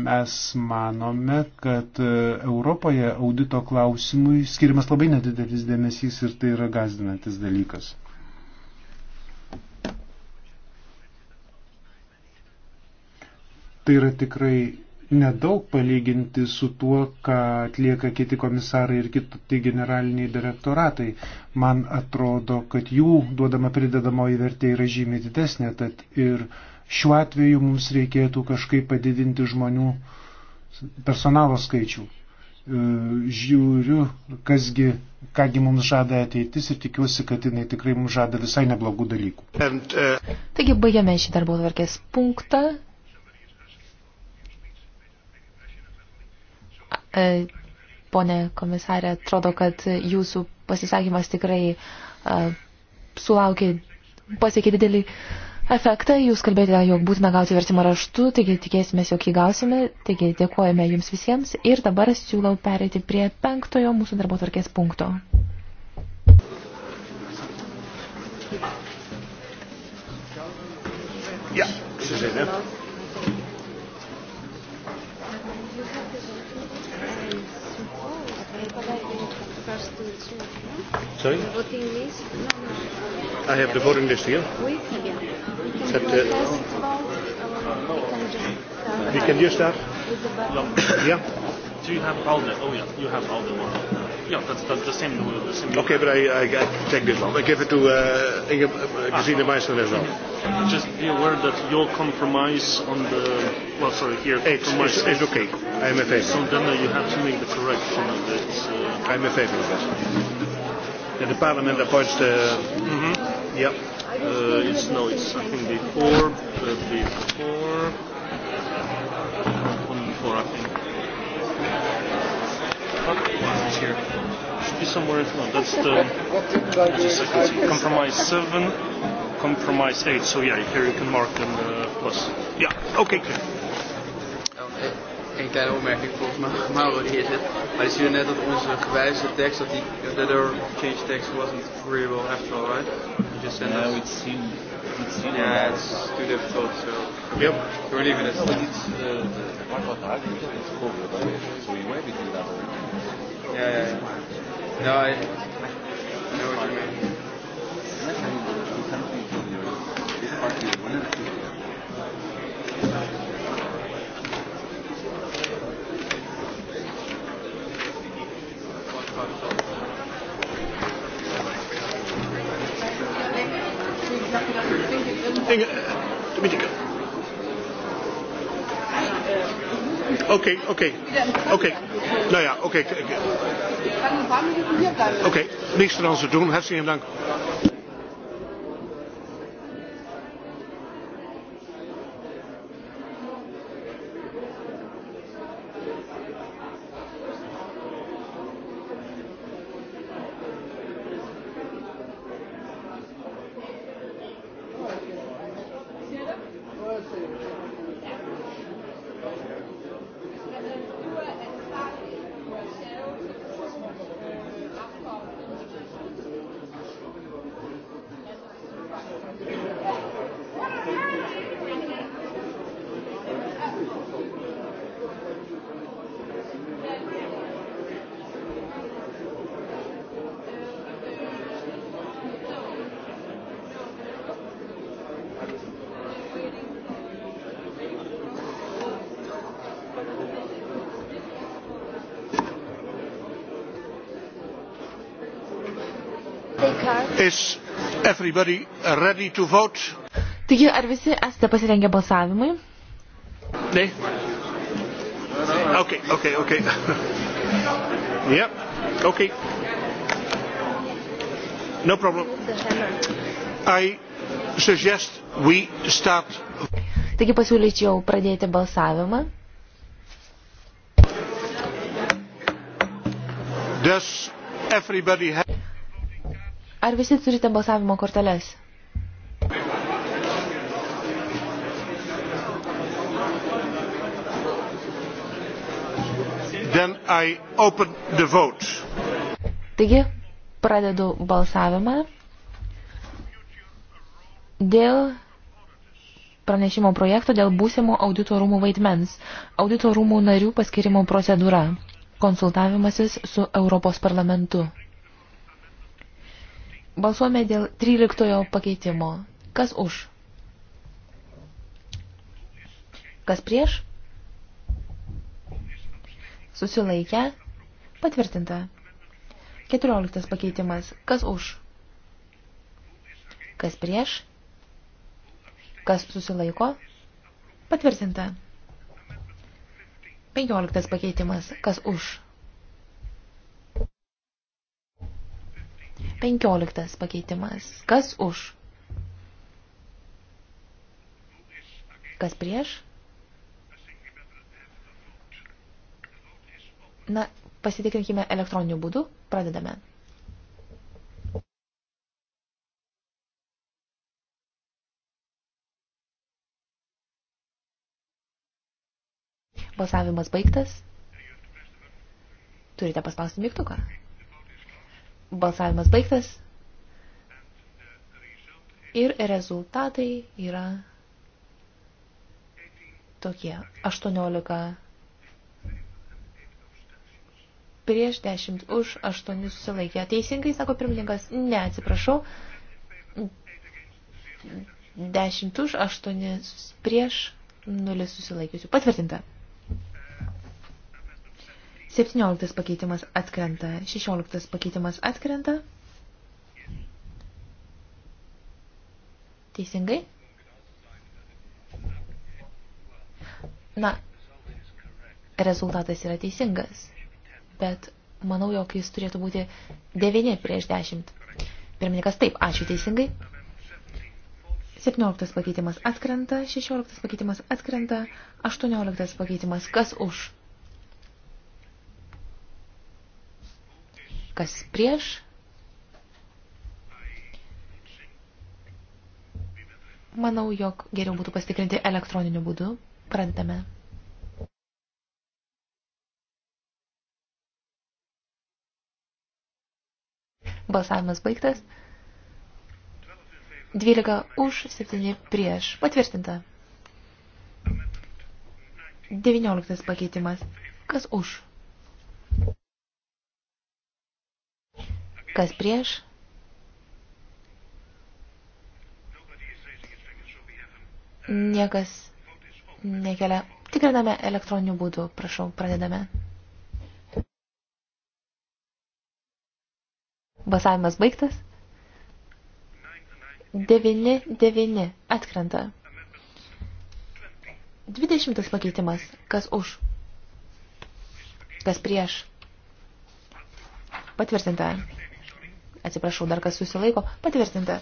mes manome, kad e, Europoje audito klausimui skirimas labai nedidelis dėmesys ir tai yra gazdinantis dalykas. Tai yra tikrai nedaug palyginti su tuo, ką atlieka kiti komisarai ir kiti generaliniai direktoratai. Man atrodo, kad jų duodama pridedamoji vertė yra žymiai didesnė, tad ir šiuo atveju mums reikėtų kažkaip padidinti žmonių personalo skaičių. E, žiūriu, kasgi, kągi mums žada ateitis ir tikiuosi, kad jinai tikrai mums žada visai neblogų dalykų. Taigi baigiame šį darbo tvarkės punktą. E, pone komisarė, atrodo, kad jūsų pasisakymas tikrai e, sulaukė, pasiekė didelį efektą. Jūs kalbėjote, jog būtina gauti vertimą raštu, taigi tikėsime, jog jį gausime. Taigi dėkojame jums visiems ir dabar siūlau perėti prie penktojo mūsų darbo tvarkės punkto. Ja, sehr, sehr, ne? abstention. No? Sorry? The voting list? No, no. I have the voting list here. We, yeah. We can Except, do a test vote or um, we can just start. Uh, we can just start? With the button. yeah. Do you have all the, oh yeah, you have all the one. Yeah, that's, that's the same. The same okay, but I, I, I take this one. I give it to uh, Inge, uh, Gesine ah, Meissner as well. Just be aware that your compromise on the, well, sorry, here, compromise it's, it's, it's okay. I am in favor. So then uh, you have to make the correction of it. Uh, I'm in favor of that. That the Parliament appoints the. Eh, mm-hmm. Yeah. Uh, it's no, it's I think before, uh, before, one before I think. Oh, it's here. It should be somewhere. No, that's the. Just a second. Compromise seven, compromise eight. So yeah, here you can mark them uh, plus. Yeah. Okay. Clear. Okay geen kleine opmerking volgens Mauro die hier zit. Maar die stuurde net dat onze gewijzigde tekst, dat die that our change text wasn't agreeable after all, right? You just send yeah, us. it seemed. It seemed yeah, it's too difficult, so. Yep. So we're leaving it. No, but it's uh, eh, the, the part about the argument is covered, right? So we were between that already. Yeah, yeah, yeah. No, I, I know what you mean. This part here, whenever Oké, okay, oké. Okay. Oké. Okay. Nou ja, oké. Okay. Oké, okay. niks eraan te doen. Hartstikke dank. Is everybody ready to vote? Taigi, ar visi esate pasirengę balsavimui? Ne. Okay, okay, okay. yep, okay. No problem. I suggest we start. Taigi pasiūlyčiau pradėti balsavimą. Does everybody have Ar visi turite balsavimo korteles? Then I open the vote. Taigi, pradedu balsavimą dėl pranešimo projekto dėl būsimo audito rūmų vaidmens, audito rūmų narių paskirimo procedūra, konsultavimasis su Europos parlamentu. Balsuojame dėl 13 pakeitimo. Kas už? Kas prieš? Susilaikę? Patvirtinta. 14 pakeitimas. Kas už? Kas prieš? Kas susilaiko? Patvirtinta. 15 pakeitimas. Kas už? Penkioliktas pakeitimas. Kas už? Kas prieš? Na, pasitikrinkime elektroniniu būdu. Pradedame. Balsavimas baigtas. Turite paspausti mygtuką. Balsavimas baigtas. Ir rezultatai yra tokie. 18 prieš 10 už 8 susilaikė. Teisingai, sako pirmininkas, ne, atsiprašau. 10 už 8 prieš 0 susilaikiusių. Patvirtinta. 17 pakeitimas atkrenta, 16 pakeitimas atkrenta. Teisingai? Na, rezultatas yra teisingas, bet manau, jog jis turėtų būti 9 prieš 10. Pirmininkas taip, ačiū teisingai. 17 pakeitimas atkrenta, 16 pakeitimas atkrenta, 18 pakeitimas kas už? kas prieš. Manau, jog geriau būtų pasitikrinti elektroniniu būdu. Prantame. Balsavimas baigtas. 12 už, 7 prieš. Patvirtinta. 19 pakeitimas. Kas už? Kas prieš? Niekas nekelia. Tikriname elektroniniu būdu. Prašau, pradedame. Basavimas baigtas. 9-9 atkrenta. 20 pakeitimas. Kas už? Kas prieš? Patvirtinta. Atsiprašau, dar kas susilaiko. Patvirtinta.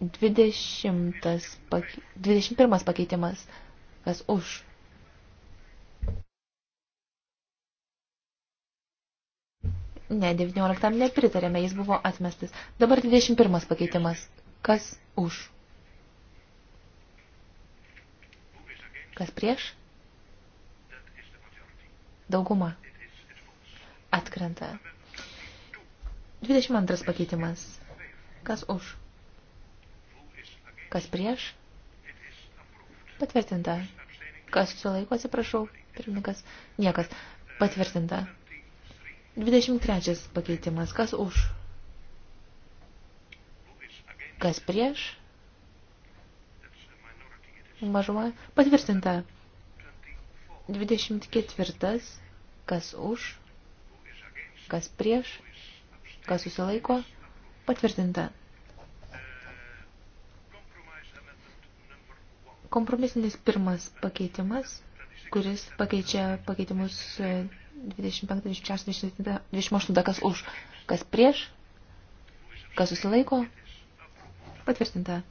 20, 21 pakeitimas. Kas už? Ne, 19 nepritarėme, jis buvo atmestas. Dabar 21 pakeitimas. Kas už? Kas prieš? Dauguma atkrenta. 22 pakeitimas. Kas už? Kas prieš? Patvirtinta. Kas sulaiko, atsiprašau, pirmininkas? Niekas. Patvirtinta. 23 pakeitimas. Kas už? Kas prieš? Mažuma. Patvirtinta. 24. Kas už? kas prieš, kas susilaiko, patvirtinta. Kompromisinis pirmas pakeitimas, kuris pakeičia pakeitimus 25, 26, 28, kas už, kas prieš, kas susilaiko, patvirtinta.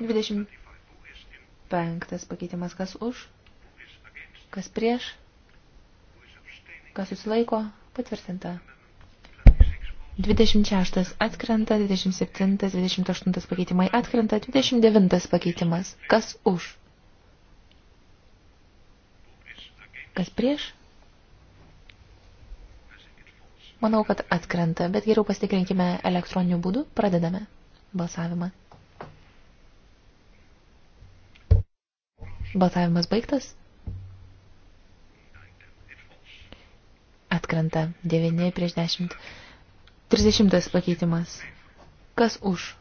25 pakeitimas, kas už, kas prieš, Kas susilaiko? Patvirtinta. 26 atkrenta, 27, 28 pakeitimai atkrenta, 29 pakeitimas. Kas už? Kas prieš? Manau, kad atkrenta, bet geriau pasitikrinkime elektroniniu būdu. Pradedame balsavimą. Balsavimas baigtas. atkrenta. 9 prieš 10. 30 pakeitimas. Kas už?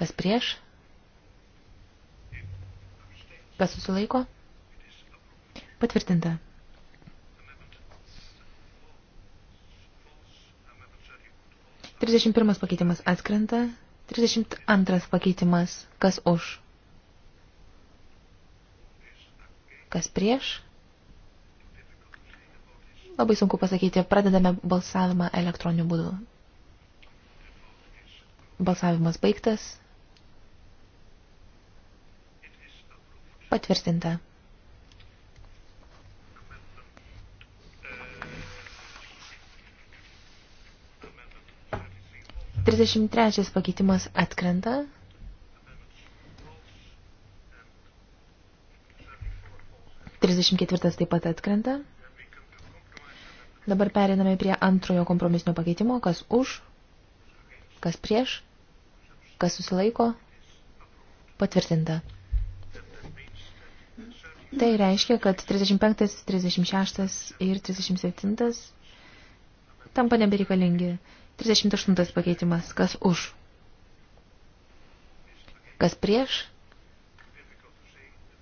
Kas prieš? Kas susilaiko? Patvirtinta. Trisdešimt pirmas pakeitimas atskrenta. Trisdešimt antras pakeitimas. Kas už? Kas prieš? Labai sunku pasakyti. Pradedame balsavimą elektroniniu būdu. Balsavimas baigtas. Patvirtinta. Trisdešimt trečias pakeitimas atkrenta. 34 taip pat atkrenta. Dabar periname prie antrojo kompromisinio pakeitimo, kas už, kas prieš, kas susilaiko, patvirtinta. Tai reiškia, kad 35, 36 ir 37 tampa nebereikalingi. 38 pakeitimas, kas už, kas prieš,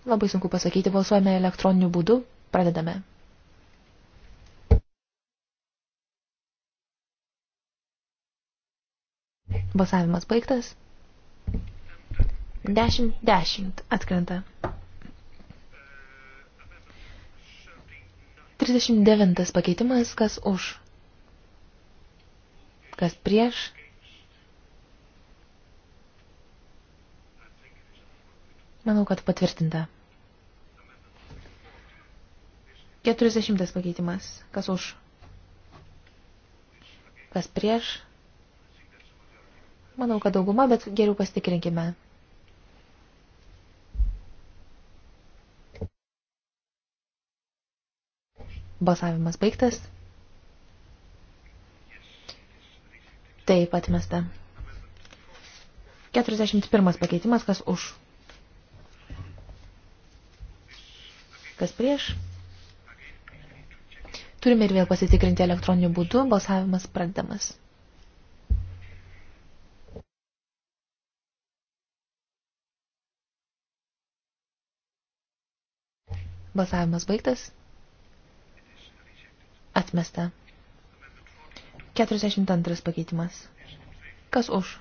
Labai sunku pasakyti, balsuojame elektroniniu būdu, pradedame. Balsavimas baigtas. 10-10 atkrenta. 39 pakeitimas, kas už, kas prieš, Manau, kad patvirtinta. 40 pakeitimas. Kas už? Kas prieš? Manau, kad dauguma, bet geriau pasitikrinkime. Balsavimas baigtas. Taip atmesta. 41 pakeitimas, kas už. kas prieš. Turime ir vėl pasitikrinti elektroniniu būdu, balsavimas pradedamas. Balsavimas baigtas. Atmesta. 42 pakeitimas. Kas už?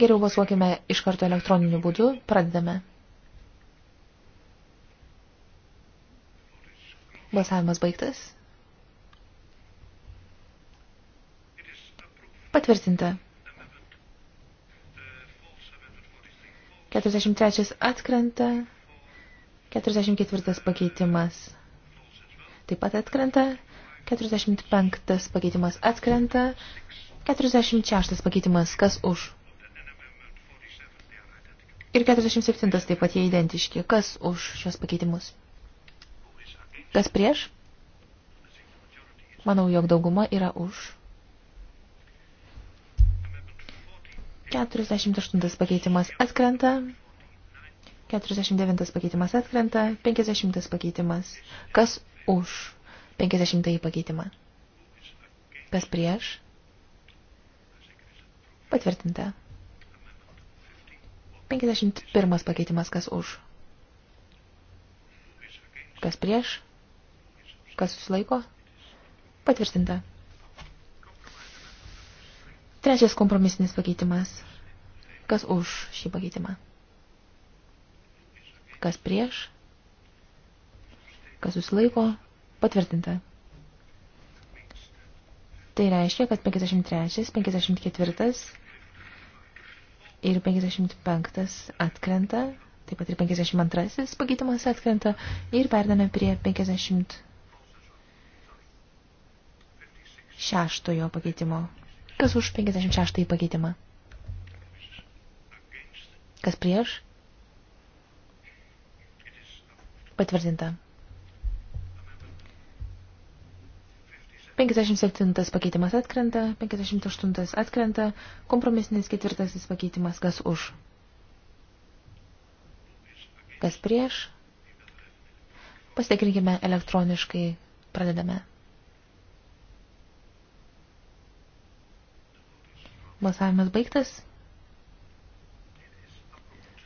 Geriau balsuokime iš karto elektroniniu būdu. Pradedame. Balsavimas baigtas. Patvirtinta. 43 atkrenta. 44 pakeitimas. Taip pat atkrenta. 45 pakeitimas atkrenta. 46 pakeitimas. Kas už? Ir 47 taip pat jie identiški. Kas už šios pakeitimus? Kas prieš? Manau, jog dauguma yra už. 48 pakeitimas atkrenta. 49 pakeitimas atkrenta. 50 pakeitimas. Kas už 50 pakeitimą? Kas prieš? Patvirtinta. 51 pakeitimas, kas už. Kas prieš? Kas susilaiko? Patvirtinta. Trečias kompromisinis pakeitimas. Kas už šį pakeitimą? Kas prieš? Kas susilaiko? Patvirtinta. Tai reiškia, kad 53, 54, ir 55 atkrenta, taip pat ir 52 pakeitimas atkrenta ir perdame prie 56 pakeitimo. Kas už 56 pakeitimą? Kas prieš? Patvirtinta. 57 pakeitimas atkrenta, 58 atkrenta, kompromisinis ketvirtasis pakeitimas kas už. Kas prieš? Pasitikrinkime elektroniškai, pradedame. Balsavimas baigtas.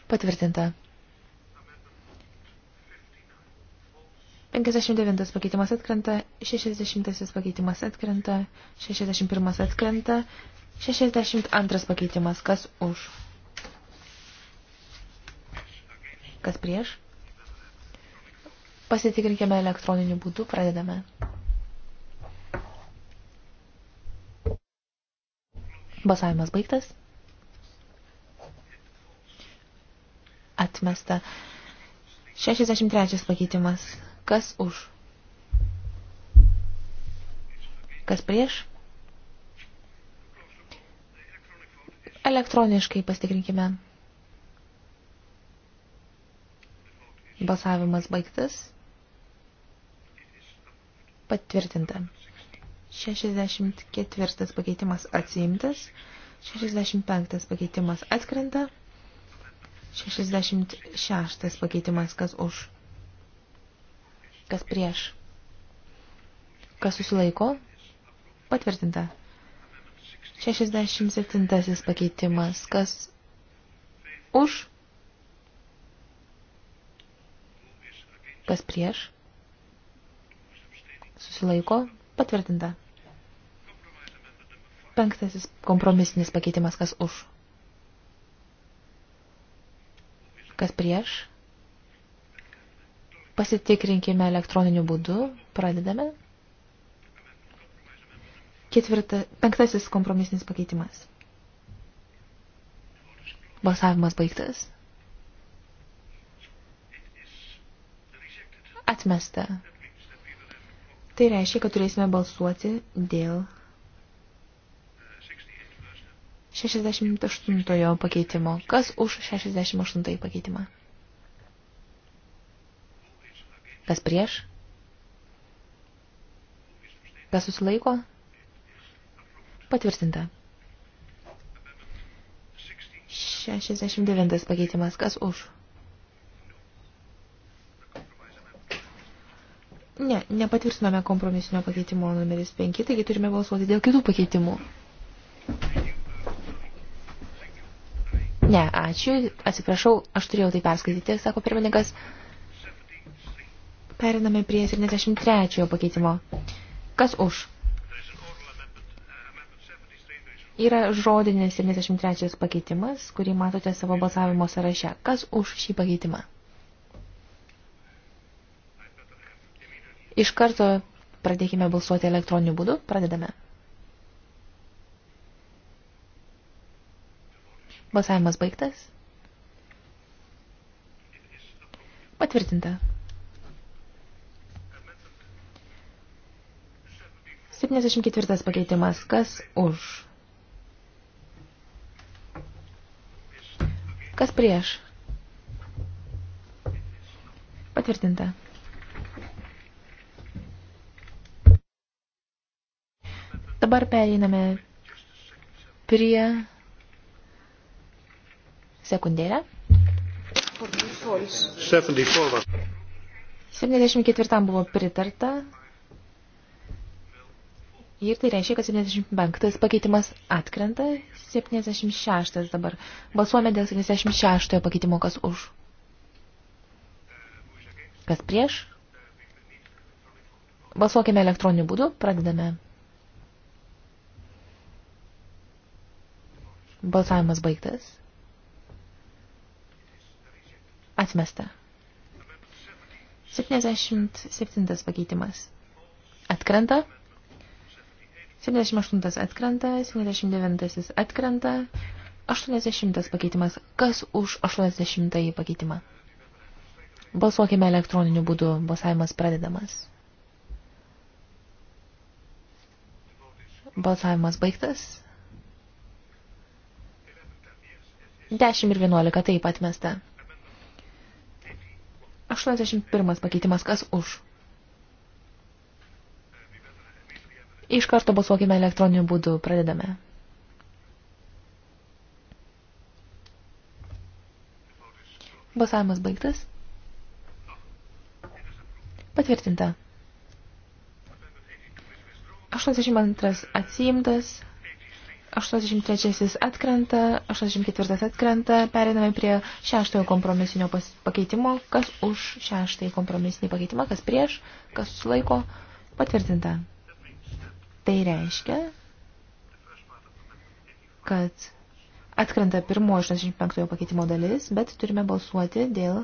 Patvirtinta. 59 pakeitimas atkrenta, 60 pakeitimas atkrenta, 61 atkrenta, 62 pakeitimas, kas už. Kas prieš? Pasitikrinkime elektroniniu būdu, pradedame. Basavimas baigtas. Atmesta. 63 pakeitimas. Kas už? Kas prieš? Elektroniškai pastikrinkime. Balsavimas baigtas. Patvirtinta. 64 pakeitimas atsiimtas. 65 pakeitimas atskrenta. 66 pakeitimas kas už Kas prieš? Kas susilaiko? Patvirtinta. 67 pakeitimas. Kas už? Kas prieš? Susilaiko? Patvirtinta. Penktasis kompromisinis pakeitimas. Kas už? Kas prieš? Pasitikrinkime elektroniniu būdu. Pradedame. Ketvirta, penktasis kompromisinis pakeitimas. Balsavimas baigtas. Atmesta. Tai reiškia, kad turėsime balsuoti dėl 68 pakeitimo. Kas už 68 pakeitimą? Kas prieš? Kas susilaiko? Patvirtinta. 69 pakeitimas. Kas už? Ne, nepatvirtinome kompromisinio pakeitimo numeris 5, taigi turime balsuoti dėl kitų pakeitimų. Ne, ačiū, atsiprašau, aš turėjau tai perskaityti, sako pirmininkas. Periname prie 73 pakeitimo. Kas už? Yra žodinis 73 pakeitimas, kurį matote savo balsavimo sąraše. Kas už šį pakeitimą? Iš karto pradėkime balsuoti elektroniniu būdu. Pradedame. Balsavimas baigtas. Patvirtinta. 74 pakeitimas. Kas už? Kas prieš? Patvirtinta. Dabar pereiname prie sekundėlę. 74 buvo pritarta, Ir tai reiškia, kad 75 pakeitimas atkrenta, 76 dabar. Balsuojame dėl 76 pakeitimo, kas už. Kas prieš? Balsuokime elektroniniu būdu, pradedame. Balsavimas baigtas. Atmesta. 77 pakeitimas. Atkrenta. 78 atkrenta, 79 atkrenta, 80 pakeitimas. Kas už 80 pakeitimą? Balsuokime elektroniniu būdu, balsavimas pradedamas. Balsavimas baigtas. 10 ir 11 taip atmesta. 81 pakeitimas. Kas už? Iš karto balsuokime elektroniniu būdu. Pradedame. Balsavimas baigtas. Patvirtinta. 82 atsiimtas, 83 atkrenta, 84 atkrenta, periname prie šeštojo kompromisinio pakeitimo, kas už šeštąjį kompromisinį pakeitimą, kas prieš, kas sulaiko, patvirtinta. Tai reiškia, kad atkrenta pirmo 85 pakeitimo dalis, bet turime balsuoti dėl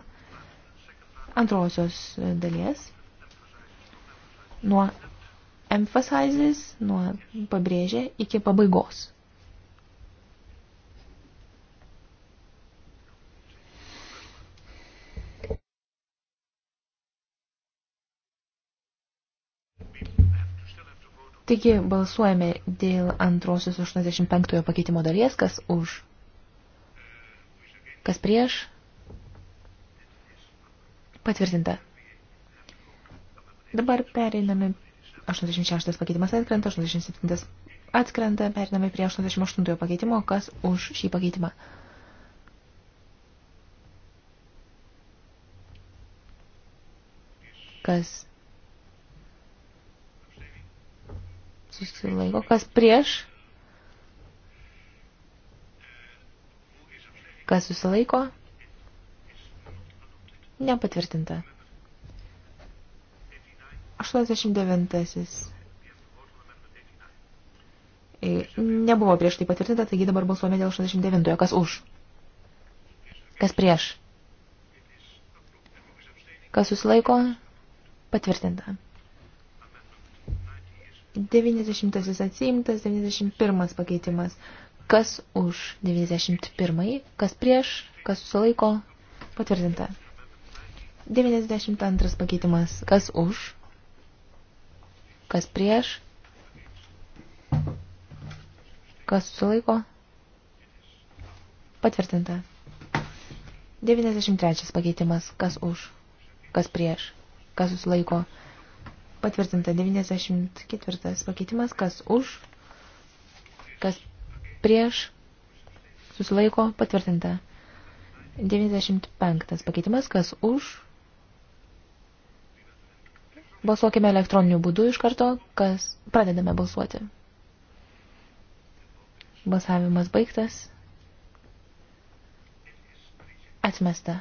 antrosios dalies nuo emphasizes, nuo pabrėžė iki pabaigos. Taigi balsuojame dėl antrosios 85 pakeitimo dalies, kas už, kas prieš, patvirtinta. Dabar pereiname 86 pakeitimas atkrenta, 87 atkrenta, periname prie 88 pakeitimo, kas už šį pakeitimą. Kas susilaiko, kas prieš, kas susilaiko, nepatvirtinta. 89. E, nebuvo prieš tai patvirtinta, taigi dabar balsuojame dėl 89. Kas už? Kas prieš? Kas susilaiko? Patvirtinta. 90 atsiimtas, 91 pakeitimas. Kas už 91, kas prieš, kas susilaiko, patvirtinta. 92 pakeitimas. Kas už, kas prieš, kas susilaiko, patvirtinta. 93 pakeitimas. Kas už, kas prieš, kas susilaiko, patvirtinta. Patvirtinta 94 pakeitimas, kas už, kas prieš, susilaiko, patvirtinta. 95 pakeitimas, kas už. Balsuokime elektroniniu būdu iš karto, kas pradedame balsuoti. Balsavimas baigtas. Atmesta.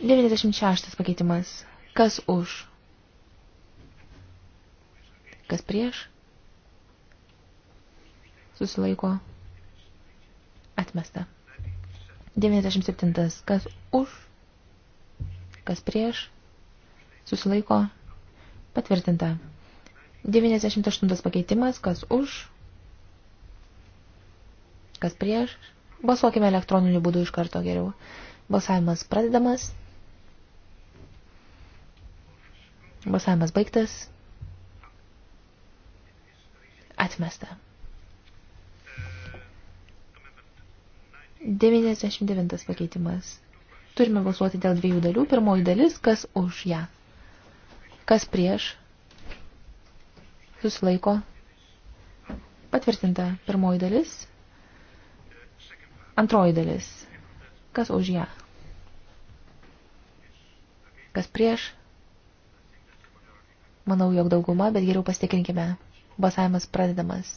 96 pakeitimas. Kas už? Kas prieš? Susilaiko. Atmesta. 97. Kas už? Kas prieš? Susilaiko. Patvirtinta. 98 pakeitimas. Kas už? Kas prieš? Balsuokime elektroniniu būdu iš karto geriau. Balsavimas pradedamas. Balsavimas baigtas. Atmesta. 99 pakeitimas. Turime balsuoti dėl dviejų dalių. Pirmoji dalis, kas už ją. Kas prieš? Susilaiko. Patvirtinta pirmoji dalis. Antroji dalis. Kas už ją? Kas prieš? Manau, jog dauguma, bet geriau pasitikrinkime. Balsavimas pradedamas.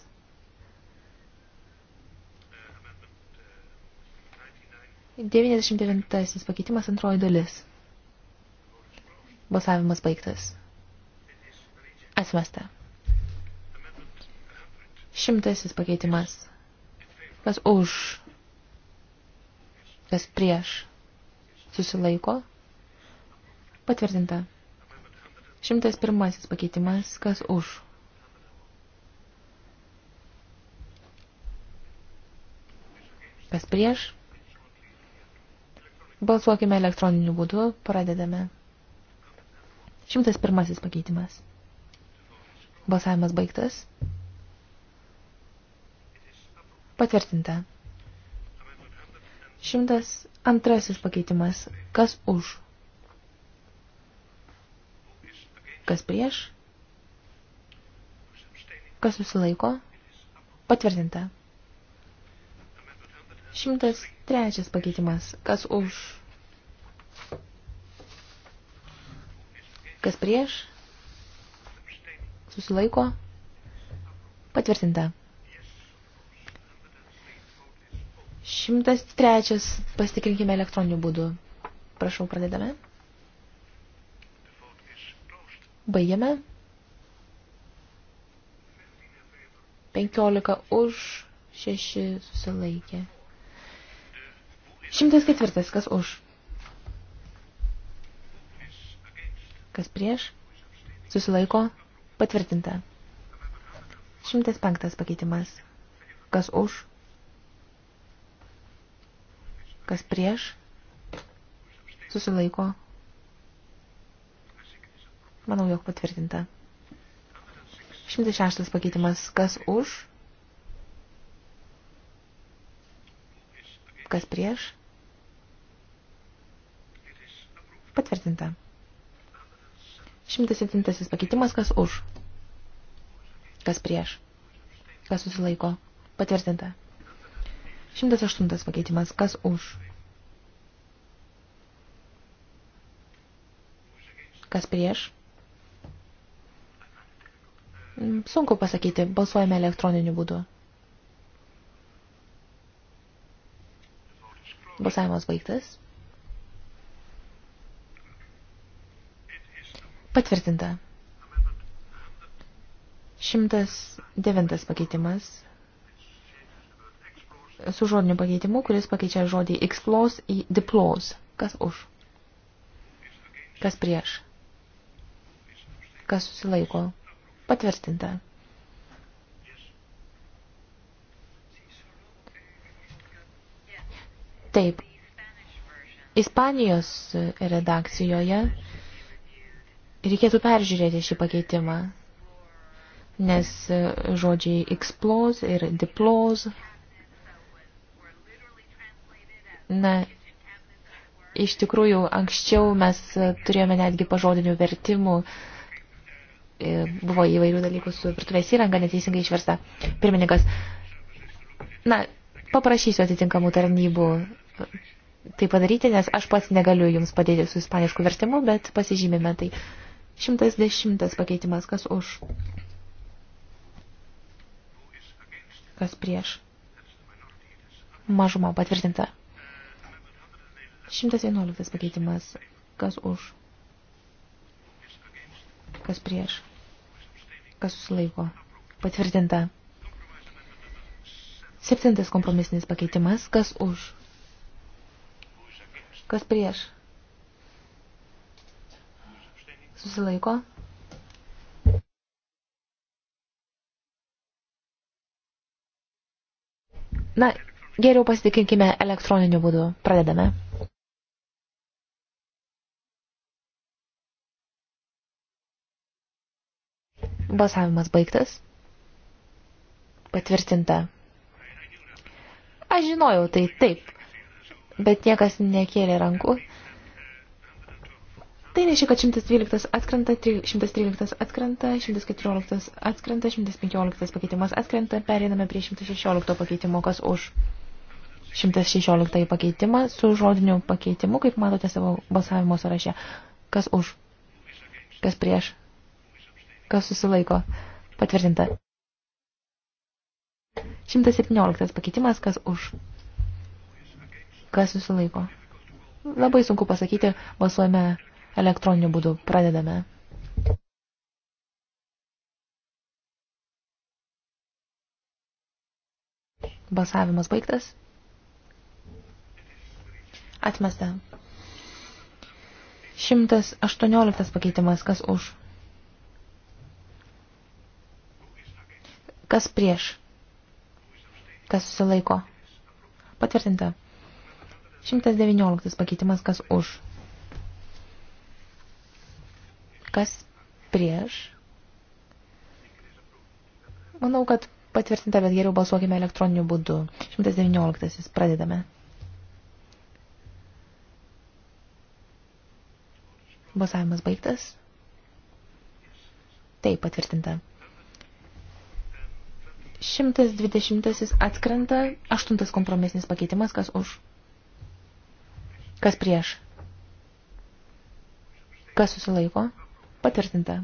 Devyniasdešimt devintasis pakeitimas antroji dalis. Balsavimas baigtas. Atmesta. Šimtasis pakeitimas. Kas už? Kas prieš? Susilaiko? Patvirtinta. Šimtas pirmasis pakeitimas, kas už. Kas prieš? Balsuokime elektroniniu būdu, pradedame. Šimtas pirmasis pakeitimas. Balsavimas baigtas. Patvirtinta. Šimtas antrasis pakeitimas. Kas už? Kas prieš? Kas susilaiko? Patvirtinta. 103 pakeitimas. Kas už? Kas prieš? Susilaiko? Patvirtinta. 103 pasitikrinkime elektroniniu būdu. Prašau, pradedame. Baigiame. 15 už, 6 susilaikė. 104. Kas už? Kas prieš? Susilaiko? Patvirtinta. 105. Pakeitimas. Kas už? Kas prieš? Susilaiko? Manau, jog patvirtinta. 106 pakeitimas. Kas už? Kas prieš? Patvirtinta. 107 pakeitimas. Kas už? Kas prieš? Kas susilaiko? Patvirtinta. 108 pakeitimas. Kas už? Kas prieš? Sunku pasakyti, balsuojame elektroniniu būdu. Balsavimas baigtas. Patvirtinta. 109 pakeitimas su žodiniu pakeitimu, kuris pakeičia žodį explose į diplose. Kas už? Kas prieš? Kas susilaiko? Patvirtinta. Taip. Ispanijos redakcijoje reikėtų peržiūrėti šį pakeitimą, nes žodžiai explose ir diplose na, iš tikrųjų anksčiau mes turėjome netgi pažodinių vertimų uh, E, buvo įvairių dalykų su virtuvės įranga neteisingai išversta. Pirmininkas, na, paprašysiu atitinkamų tarnybų e, tai padaryti, nes aš pats negaliu jums padėti su ispanišku vertimu, bet pasižymime tai. 110 pakeitimas, kas už? Kas prieš? Mažuma patvirtinta. 111 pakeitimas, kas už? Kas prieš? Kas susilaiko? Patvirtinta. Septintas kompromisinis pakeitimas. Kas už? Kas prieš? Susilaiko? Na, geriau pasitikinkime elektroniniu būdu. Pradedame. Balsavimas baigtas. Patvirtinta. Aš žinojau tai taip, bet niekas nekėlė rankų. Tai reiškia, kad 112 atkrenta, 113 atkrenta, 114 atkrenta, 115 pakeitimas atkrenta, pereiname prie 116 pakeitimo, kas už 116 pakeitimą su žodiniu pakeitimu, kaip matote savo balsavimo sąraše. Kas už, kas prieš, kas susilaiko, patvirtinta. 117 pakeitimas, kas už, kas susilaiko. Labai sunku pasakyti, balsuojame elektroniniu būdu, pradedame. Balsavimas baigtas. Atmesta. 118 pakeitimas, kas už, Kas prieš? Kas susilaiko? Patvirtinta. 119 pakeitimas, kas už. Kas prieš? Manau, kad patvirtinta, bet geriau balsuokime elektroniniu būdu. 119. Pradedame. Balsavimas baigtas. Taip, patvirtinta. 120 atkrenta, 8 kompromisinis pakeitimas, kas už, kas prieš, kas susilaiko, patvirtinta.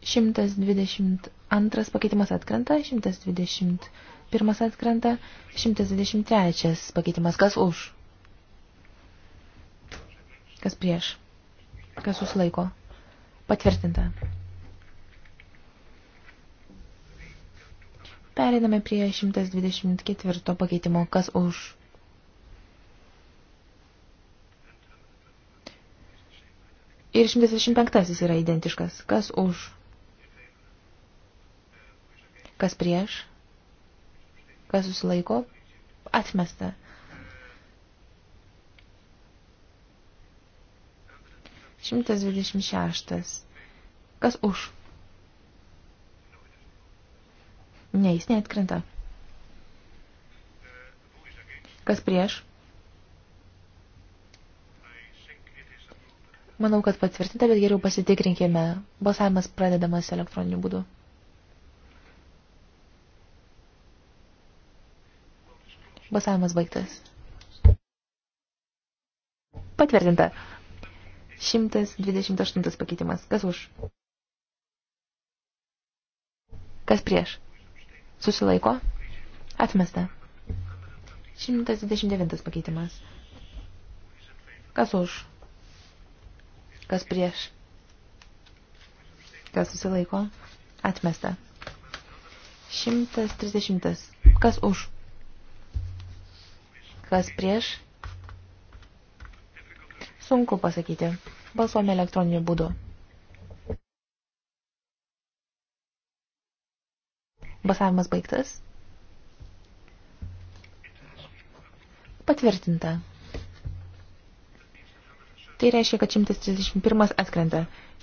122 pakeitimas atkrenta, 121 atkrenta, 123 pakeitimas, kas už, kas prieš, kas susilaiko, patvirtinta. Pereiname prie 124 pakeitimo. Kas už? Ir 125 yra identiškas. Kas už? Kas prieš? Kas susilaiko? Atmesta. Šimtas dvidešimt šeštas. Kas už? Ne, jis neatkrenta. Kas prieš? Manau, kad patvirtinta, bet geriau pasitikrinkime. Balsavimas pradedamas elektroniniu būdu. Balsavimas baigtas. Patvirtinta. 128 pakeitimas. Kas už? Kas prieš? Susilaiko? Atmesta. 129 pakeitimas. Kas už? Kas prieš? Kas susilaiko? Atmesta. 130. Kas už? Kas prieš? Sunku pasakyti. Balsuojame elektroniniu būdu. Basavimas baigtas. Patvirtinta. Tai reiškia, kad 131 atkrenta.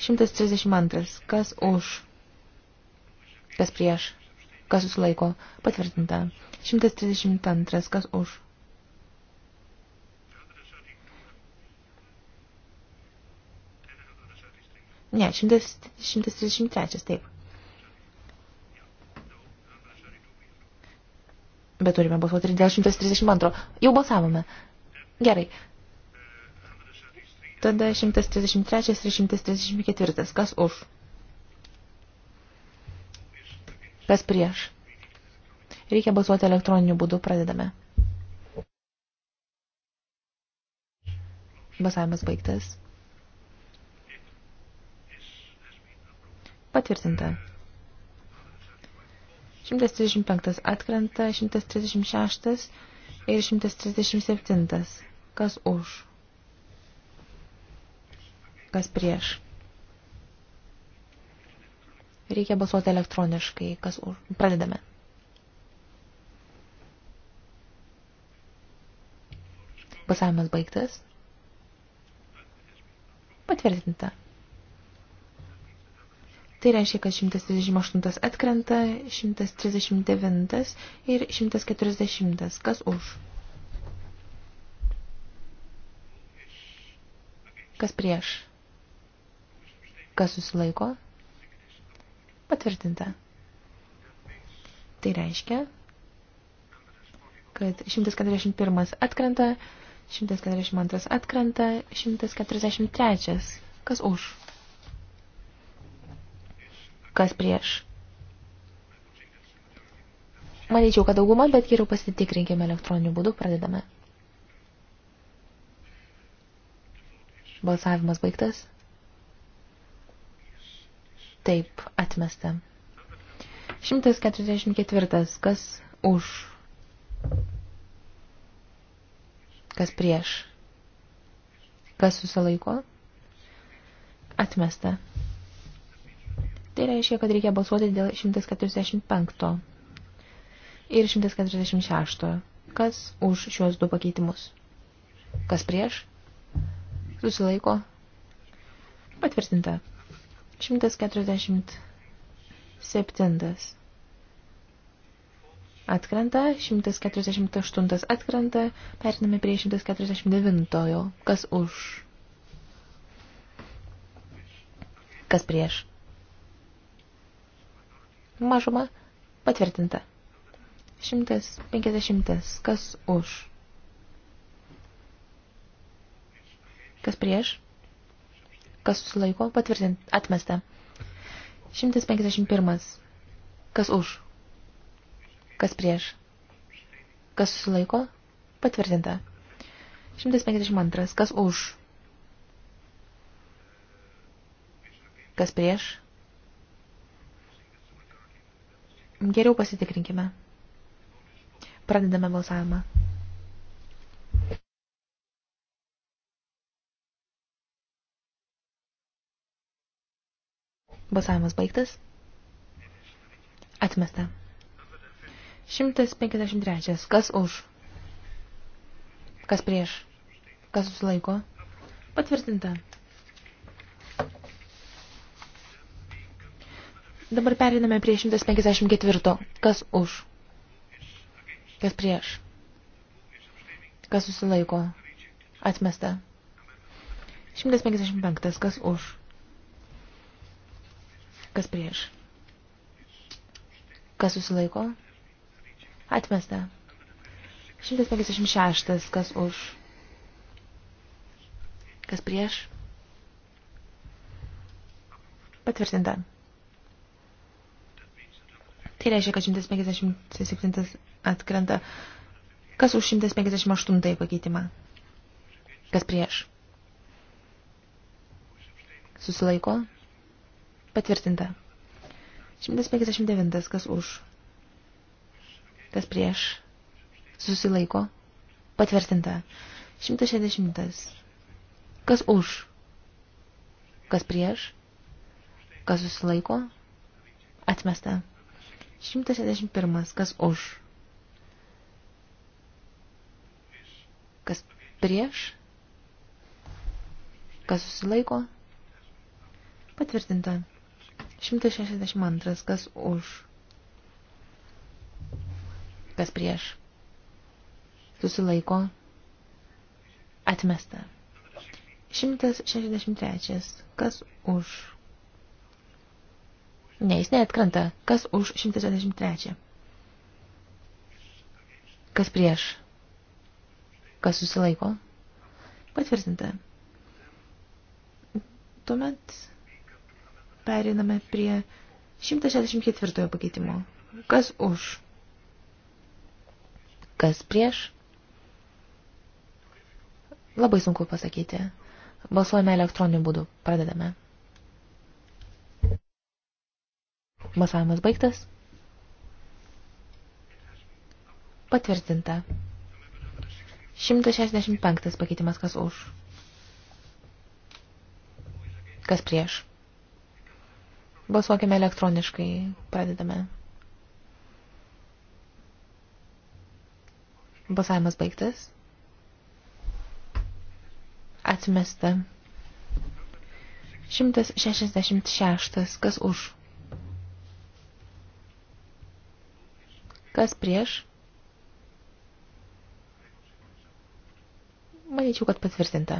132. Kas už? Kas prieš? Kas susilaiko? Patvirtinta. 132. Kas už? Ne, 133. Taip. Bet turime balsuoti ir dėl 132. Jau balsavome. Gerai. Tada 133 ir 134. Kas už? Kas prieš? Reikia balsuoti elektroniniu būdu. Pradedame. Balsavimas baigtas. Patvirtinta. 135 atkrenta, 136 ir 137. Kas už? Kas prieš? Reikia balsuoti elektroniškai. Kas už? Pradedame. Balsavimas baigtas. Patvirtinta. Tai reiškia, kad 138 atkrenta, 139 ir 140. Kas už? Kas prieš? Kas susilaiko? Patvirtinta. Tai reiškia, kad 141 atkrenta, 142 atkrenta, 143. Kas už? kas prieš. Manyčiau, kad dauguma, bet geriau pasitikrinkime elektroniniu būdu, pradedame. Balsavimas baigtas. Taip, atmesta. 144. Kas už? Kas prieš? Kas susilaiko? Atmesta. Tai reiškia, kad reikia balsuoti dėl 145 ir 146. Kas už šiuos du pakeitimus? Kas prieš? Susilaiko? Patvirtinta. 147. Atkrenta, 148 atkrenta, periname prie 149. Kas už? Kas prieš? mažuma patvirtinta. 150. Kas už? Kas prieš? Kas susilaiko? Patvirtinta. Atmesta. 151. Kas už? Kas prieš? Kas susilaiko? Patvirtinta. 152. Kas už? Kas prieš? Geriau pasitikrinkime. Pradedame balsavimą. Balsavimas baigtas. Atmesta. 153. Kas už? Kas prieš? Kas susilaiko? Patvirtinta. Dabar periname prie 154. Kas už? Kas prieš? Kas susilaiko? Atmesta. 155. Kas už? Kas prieš? Kas susilaiko? Atmesta. 156. Kas už? Kas prieš? Patvirtinta. Tai reiškia, kad 157 atkrenta. Kas už 158 pakeitimą? Kas prieš? Susilaiko? Patvirtinta. 159. Kas už? Kas prieš? Susilaiko? Patvirtinta. 160. Kas už? Kas prieš? Kas susilaiko? Atmesta. 161. Kas už? Kas prieš? Kas susilaiko? Patvirtinta. 162. Kas už? Kas prieš? Susilaiko? Atmesta. 163. Kas už? Ne, jis neatkrenta. Kas už 163? Kas prieš? Kas susilaiko? Patvirtinta. Tuomet periname prie 164 pakeitimo. Kas už? Kas prieš? Labai sunku pasakyti. Balsuojame elektroniniu būdu. Pradedame. Balsavimas baigtas. Patvirtinta. 165 pakeitimas kas už. Kas prieš. Balsuokime elektroniškai. Pradedame. Balsavimas baigtas. Atmesta. 166. Kas už? Kas prieš? Manyčiau, kad patvirtinta.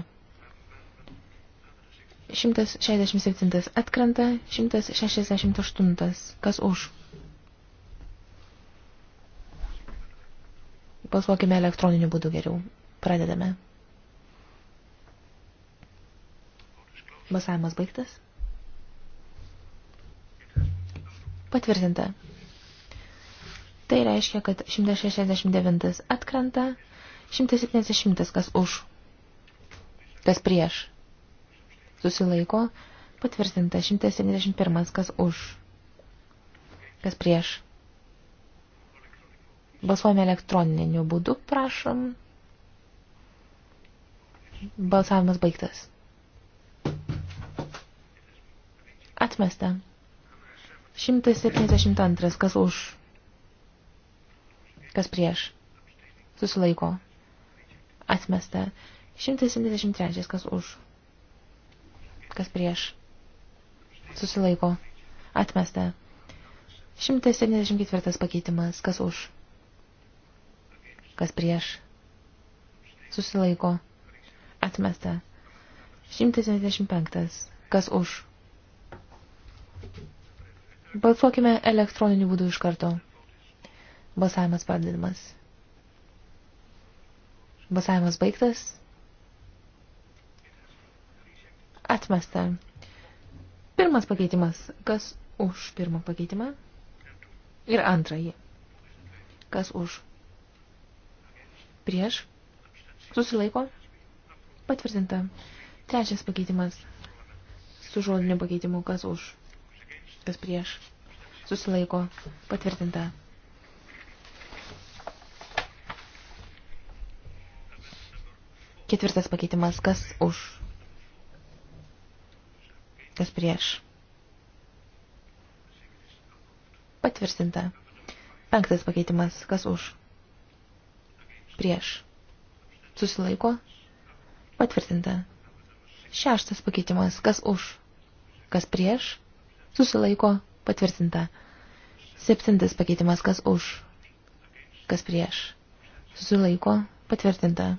167 atkrenta, 168. Kas už? Balsuokime elektroniniu būdu geriau. Pradedame. Balsavimas baigtas. Patvirtinta. Tai reiškia, kad 169 atkrenta, 170 kas už, kas prieš. Susilaiko, patvirtinta 171 kas už, kas prieš. Balsuojame elektroniniu būdu, prašom. Balsavimas baigtas. Atmesta. 172 kas už Kas prieš? Susilaiko. Atmesta. 173. Kas už? Kas prieš? Susilaiko. Atmesta. 174 pakeitimas. Kas už? Kas prieš? Susilaiko. Atmesta. 175. Kas už? Balsuokime elektroniniu būdu iš karto. Balsavimas pradedamas. Balsavimas baigtas. Atmesta. Pirmas pakeitimas. Kas už pirmą pakeitimą? Ir antrąjį. Kas už? Prieš. Susilaiko. Patvirtinta. Trečias pakeitimas. Su žodiniu pakeitimu. Kas už? Kas prieš? Susilaiko. Patvirtinta. Ketvirtas pakeitimas, kas už, kas prieš. Patvirtinta. Penktas pakeitimas, kas už, prieš. Susilaiko. Patvirtinta. Šeštas pakeitimas, kas už, kas prieš. Susilaiko. Patvirtinta. Septintas pakeitimas, kas už, kas prieš. Susilaiko. Patvirtinta.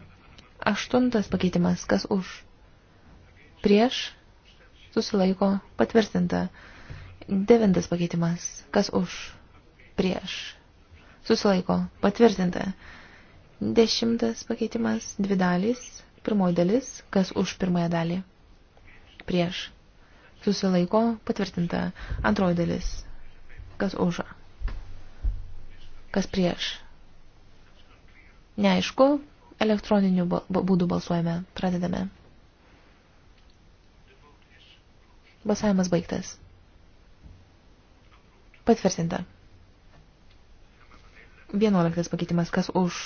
Aštuntas pakeitimas, kas už. Prieš susilaiko patvirtinta. Devintas pakeitimas, kas už. Prieš susilaiko patvirtinta. Dešimtas pakeitimas, dvi dalys. Pirmoji dalis, kas už pirmąją dalį. Prieš susilaiko patvirtinta. Antroji dalis, kas už. Kas prieš. Neaišku, Elektroniniu būdu balsuojame. Pradedame. Balsavimas baigtas. Patvirtinta. 11 pakeitimas. Kas už?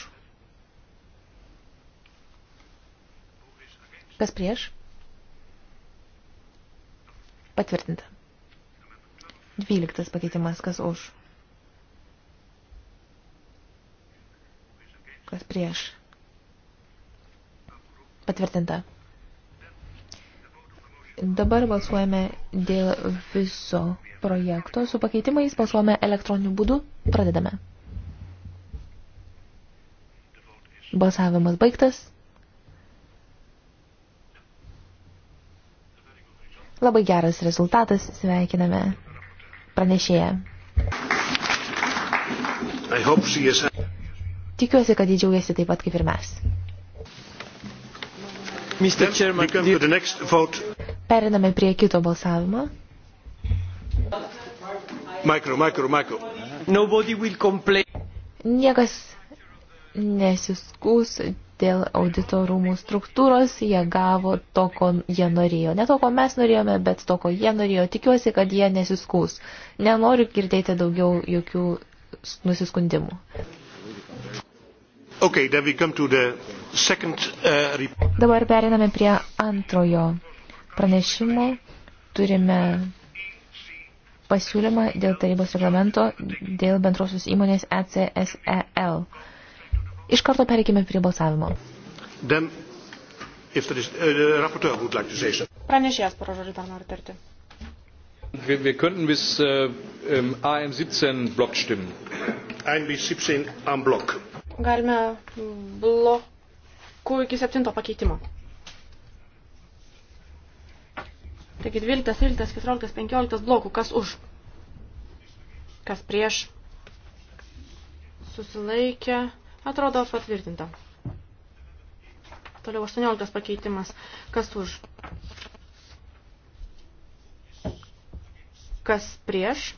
Kas prieš? Patvirtinta. 12 pakeitimas. Kas už? Kas prieš? Patvirtinta. Dabar balsuojame dėl viso projekto. Su pakeitimais balsuojame elektroniniu būdu. Pradedame. Balsavimas baigtas. Labai geras rezultatas. Sveikiname pranešėją. Tikiuosi, kad jį džiaugiasi taip pat kaip ir mes. Periname prie kito balsavimo. Micro, micro, micro. Niekas nesiskus dėl auditorumų struktūros, jie gavo to, ko jie norėjo. Ne to, ko mes norėjome, bet to, ko jie norėjo. Tikiuosi, kad jie nesiskus. Nenoriu girdėti daugiau jokių nusiskundimų. Okay, second, uh, Dabar periname prie antrojo pranešimo. Turime pasiūlymą dėl tarybos reglamento dėl bendrosios įmonės ECSEL. Iš karto pereikime prie balsavimo. Then, is, uh, like Pranešėjas, pražodžiu, dar noriu tarti. Wir, wir könnten bis äh, AM17 Block stimmen. AM17 am Block. Galime bloku iki septinto pakeitimo. Taigi 12, 13, 14, 15 blokų. Kas už? Kas prieš? Susilaikė. Atrodo patvirtinta. Toliau 18 pakeitimas. Kas už? Kas prieš?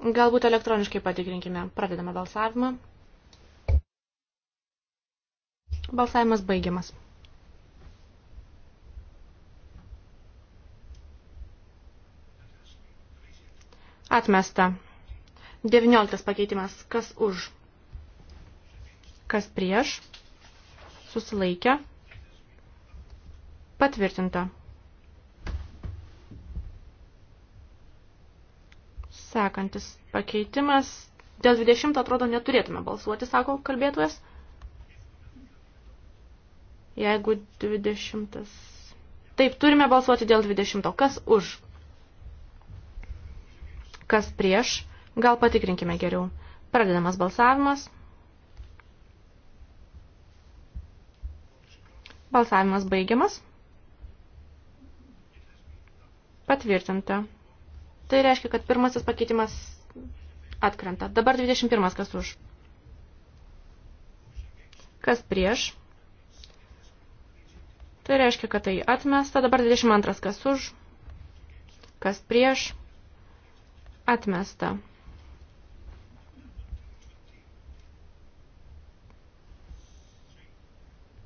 Galbūt elektroniškai patikrinkime. Pradedame balsavimą. Balsavimas baigiamas. Atmesta. 19 pakeitimas. Kas už? Kas prieš? Susilaikę. Patvirtinta. Sekantis pakeitimas. Dėl 20 atrodo neturėtume balsuoti, sako kalbėtojas. Jeigu 20. Taip, turime balsuoti dėl 20. Kas už? Kas prieš? Gal patikrinkime geriau. Pradedamas balsavimas. Balsavimas baigiamas. Patvirtinta. Tai reiškia, kad pirmasis pakeitimas atkrenta. Dabar 21 kas už. Kas prieš? Tai reiškia, kad tai atmesta. Dabar 22 kas už. Kas prieš? Atmesta.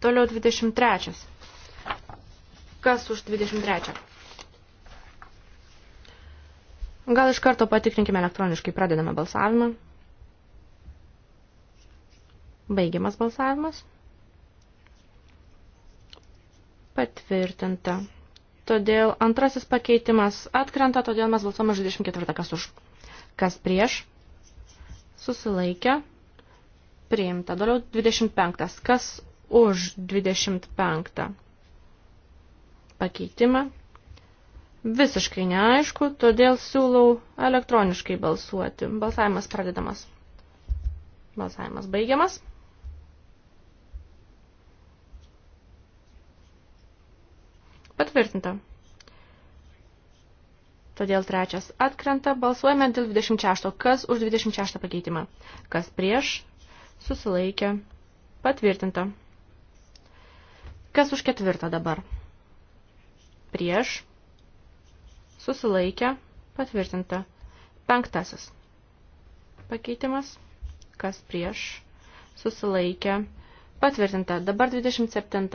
Toliau 23. Kas už 23? Gal iš karto patikrinkime elektroniškai, pradedame balsavimą. Baigiamas balsavimas. Patvirtinta. Todėl antrasis pakeitimas atkrenta, todėl mes balsuojame 24, kas už. Kas prieš? Susilaikė. Priimta. Toliau 25. Kas už 25 pakeitimą? visiškai neaišku, todėl siūlau elektroniškai balsuoti. Balsavimas pradedamas. Balsavimas baigiamas. Patvirtinta. Todėl trečias atkrenta. Balsuojame dėl 26. Kas už 26 pakeitimą? Kas prieš? Susilaikė. Patvirtinta. Kas už ketvirtą dabar? Prieš susilaikė, patvirtinta. Penktasis pakeitimas, kas prieš, susilaikė, patvirtinta. Dabar 27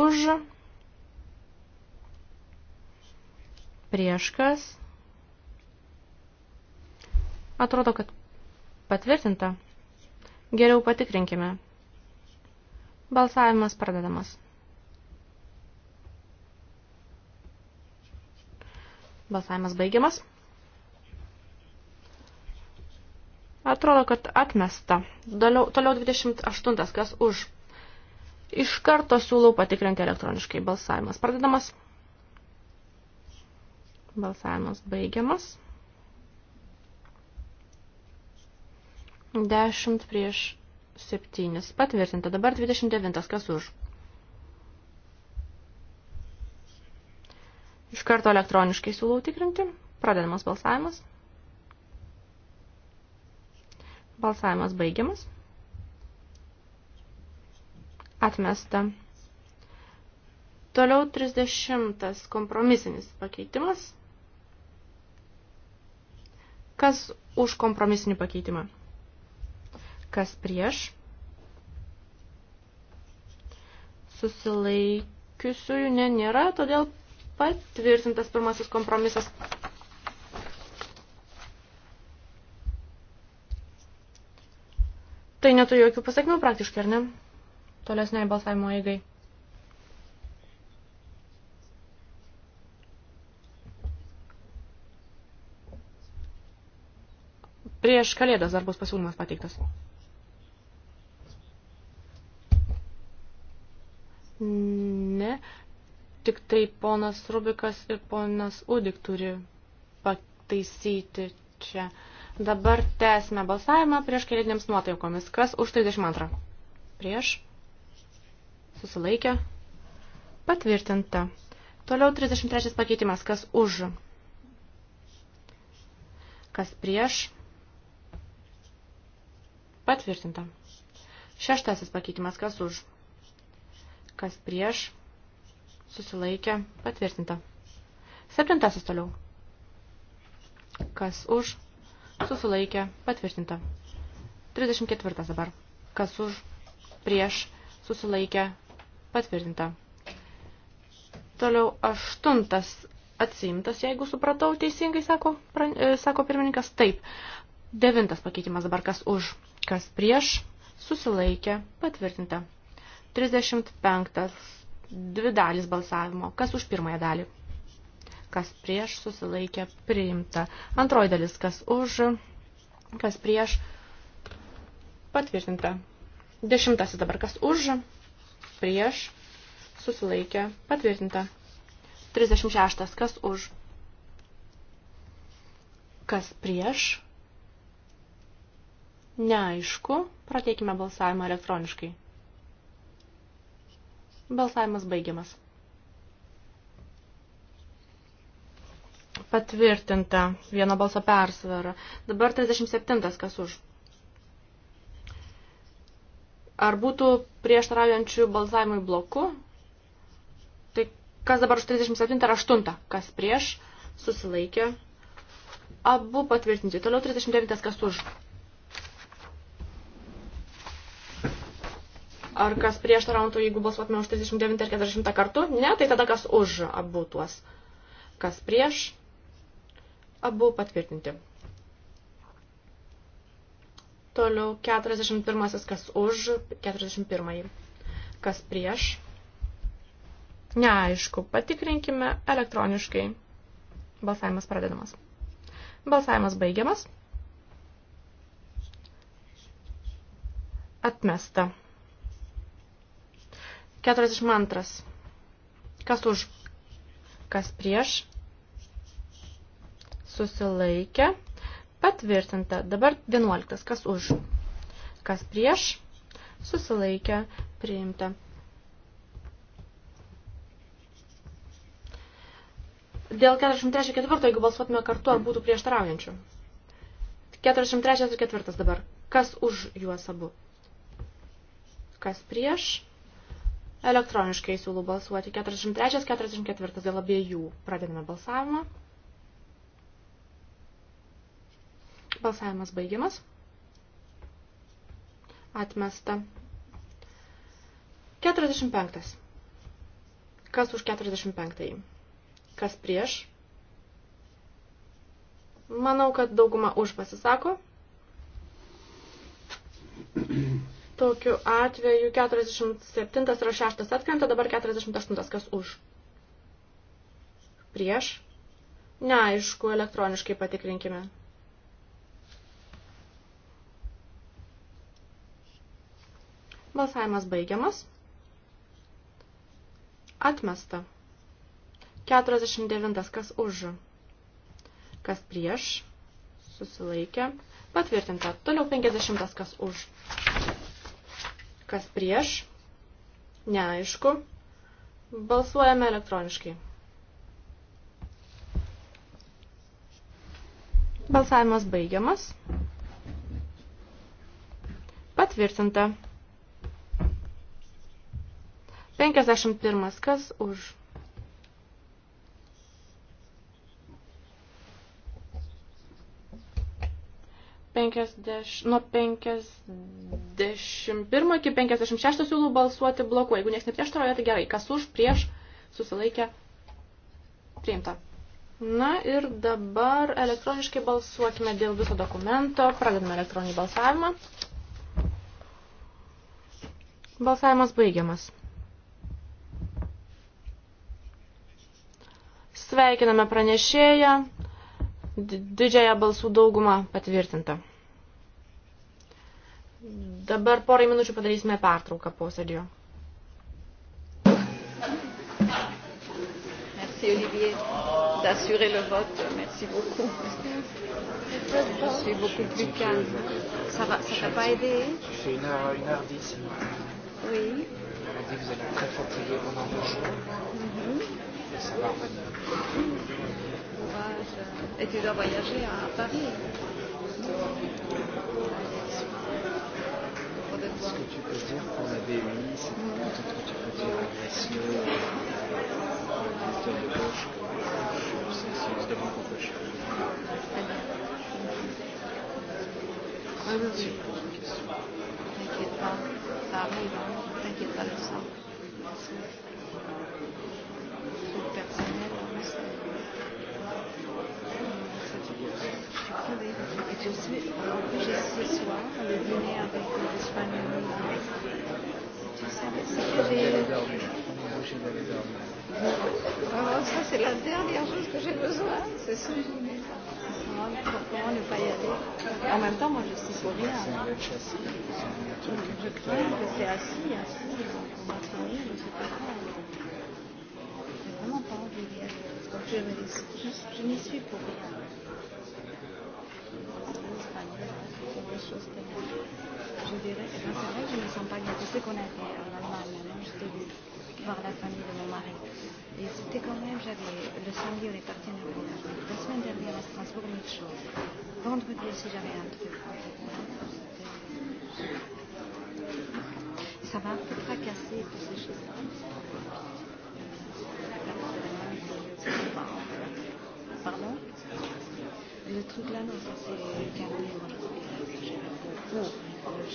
už, prieš kas, atrodo, kad patvirtinta. Geriau patikrinkime. Balsavimas pradedamas. Balsavimas baigiamas. Atrodo, kad atmesta. Doliau, toliau 28. Kas už? Iš karto siūlau patikrinti elektroniškai balsavimas. Pradedamas. Balsavimas baigiamas. 10 prieš 7. Patvirtinta. Dabar 29. Kas už? Iš karto elektroniškai siūlau tikrinti. Pradedamas balsavimas. Balsavimas baigiamas. Atmesta. Toliau 30 kompromisinis pakeitimas. Kas už kompromisinį pakeitimą? Kas prieš? Susilaikiusiųjų ne, nėra, todėl patvirtintas pirmasis kompromisas. Tai neturi jokių pasakmių praktiškai, ar ne? Tolesniai balsavimo eigai. Prieš kalėdas dar bus pasiūlymas pateiktas. Ne, tik tai ponas Rubikas ir ponas Udik turi pataisyti čia. Dabar tęsime balsavimą prieš kalėdinėms nuotaikomis. Kas už 32? Tai prieš. Susilaikė. Patvirtinta. Toliau 33 pakeitimas. Kas už? Kas prieš? Patvirtinta. Šeštasis pakeitimas. Kas už? Kas prieš? susilaikė, patvirtinta. Septintasis toliau. Kas už, susilaikė, patvirtinta. 34 dabar. Kas už, prieš, susilaikė, patvirtinta. Toliau aštuntas atsimtas, jeigu supratau teisingai, sako, pran, e, sako pirmininkas, taip. Devintas pakeitimas dabar, kas už, kas prieš, susilaikė, patvirtinta. 35 Dvi dalys balsavimo. Kas už pirmąją dalį? Kas prieš susilaikė priimta. Antroji dalis. Kas už? Kas prieš? Patvirtinta. Dešimtasis dabar. Kas už? Prieš susilaikė patvirtinta. 36. Kas už? Kas prieš? Neaišku. Prateikime balsavimą elektroniškai. Balsavimas baigiamas. Patvirtinta vieno balso persvara. Dabar 37. Kas už? Ar būtų prieštaraujančių balsavimui bloku? Tai kas dabar už 37 ar 8? Kas prieš? Susilaikė. Abu patvirtinti. Toliau 39. Kas už? Ar kas prieštarautų, jeigu balsuotume už 39 ir 40 kartų? Ne, tai tada kas už abu tuos? Kas prieš? Abu patvirtinti. Toliau 41. Kas už 41. Kas prieš? Neaišku. Patikrinkime elektroniškai. Balsavimas pradedamas. Balsavimas baigiamas. Atmesta. 42. Kas už? Kas prieš? Susilaikė. Patvirtinta. Dabar 11. Kas už? Kas prieš? Susilaikė. Priimta. Dėl 43 ketvirto, jeigu balsuotume kartu, ar būtų prieštaraujančių? 43 ir 4 dabar. Kas už juos abu? Kas prieš? Elektroniškai siūlau balsuoti 43-44 dėl abiejų. Pradedame balsavimą. Balsavimas baigiamas. Atmesta. 45. Kas už 45? Kas prieš? Manau, kad dauguma už pasisako. Tokiu atveju 47 ir 6 atkrenta, dabar 48 kas už. Prieš. Neaišku, elektroniškai patikrinkime. Balsavimas baigiamas. Atmesta. 49 kas už. Kas prieš. Susilaikė. Patvirtinta. Toliau 50 kas už Kas prieš? Neaišku. Balsuojame elektroniškai. Balsavimas baigiamas. Patvirtinta. 51. Kas už? Penkiasdeš... Nuo 50 51 iki 56 siūlau balsuoti bloku. Jeigu nieks neprieštarauja, tai gerai. Kas už, prieš, susilaikė, priimta. Na ir dabar elektroniškai balsuokime dėl viso dokumento. Pradedame elektroninį balsavimą. Balsavimas baigiamas. Sveikiname pranešėją. Didžiąją balsų daugumą patvirtinta. Dabar porai minučių padarysime pertrauką posėdžio. Merci Olivier d'assurer le vote. Merci beaucoup. Je suis beaucoup plus calme. Ça va, ça t'a pas aidé J'ai une heure, une heure dix. Oui. Elle m'a dit que vous allez être très fatigué pendant deux jours. Mm -hmm. Et ça va revenir. Courage. Et tu dois voyager à Paris. Mm -hmm ce que tu peux dire qu'on avait mis, c'est peut-être que tu peux dire à Gressio, euh, le directeur de gauche, que c'est une demande qu'on peut chercher. Très bien. Oui, oui, oui. Si je pose une question. T'inquiète pas, ça arrive, hein. t'inquiète pas de ça. Merci. je suis j'ai ce soir le dîner avec les Espagnols. Tu savais ce que j'ai Vraiment, ça c'est la dernière chose que j'ai besoin, c'est ce dîner. Comment ne pas y aller En même temps, moi je suis pour rien. Je crois que c'est assis, assis, on va sourire, je ne sais pas quoi. J'ai vraiment pas envie d'y aller. Donc je me dis, je n'y suis pour rien. quelque chose que je dirais que ben, c'est vrai que je ne me sens pas bien. Tu sais qu'on a été en Allemagne, hein, je t'ai vu voir la famille de mon mari. Et c'était quand même, j'avais le samedi, on est parti à Napoléon. La semaine dernière à Strasbourg, même chose. Vendredi aussi, j'avais un truc. Ça m'a un peu fracassé, toutes ces choses-là. Pardon Le truc là, non, ça c'est Caroline. Ils exagèrent aussi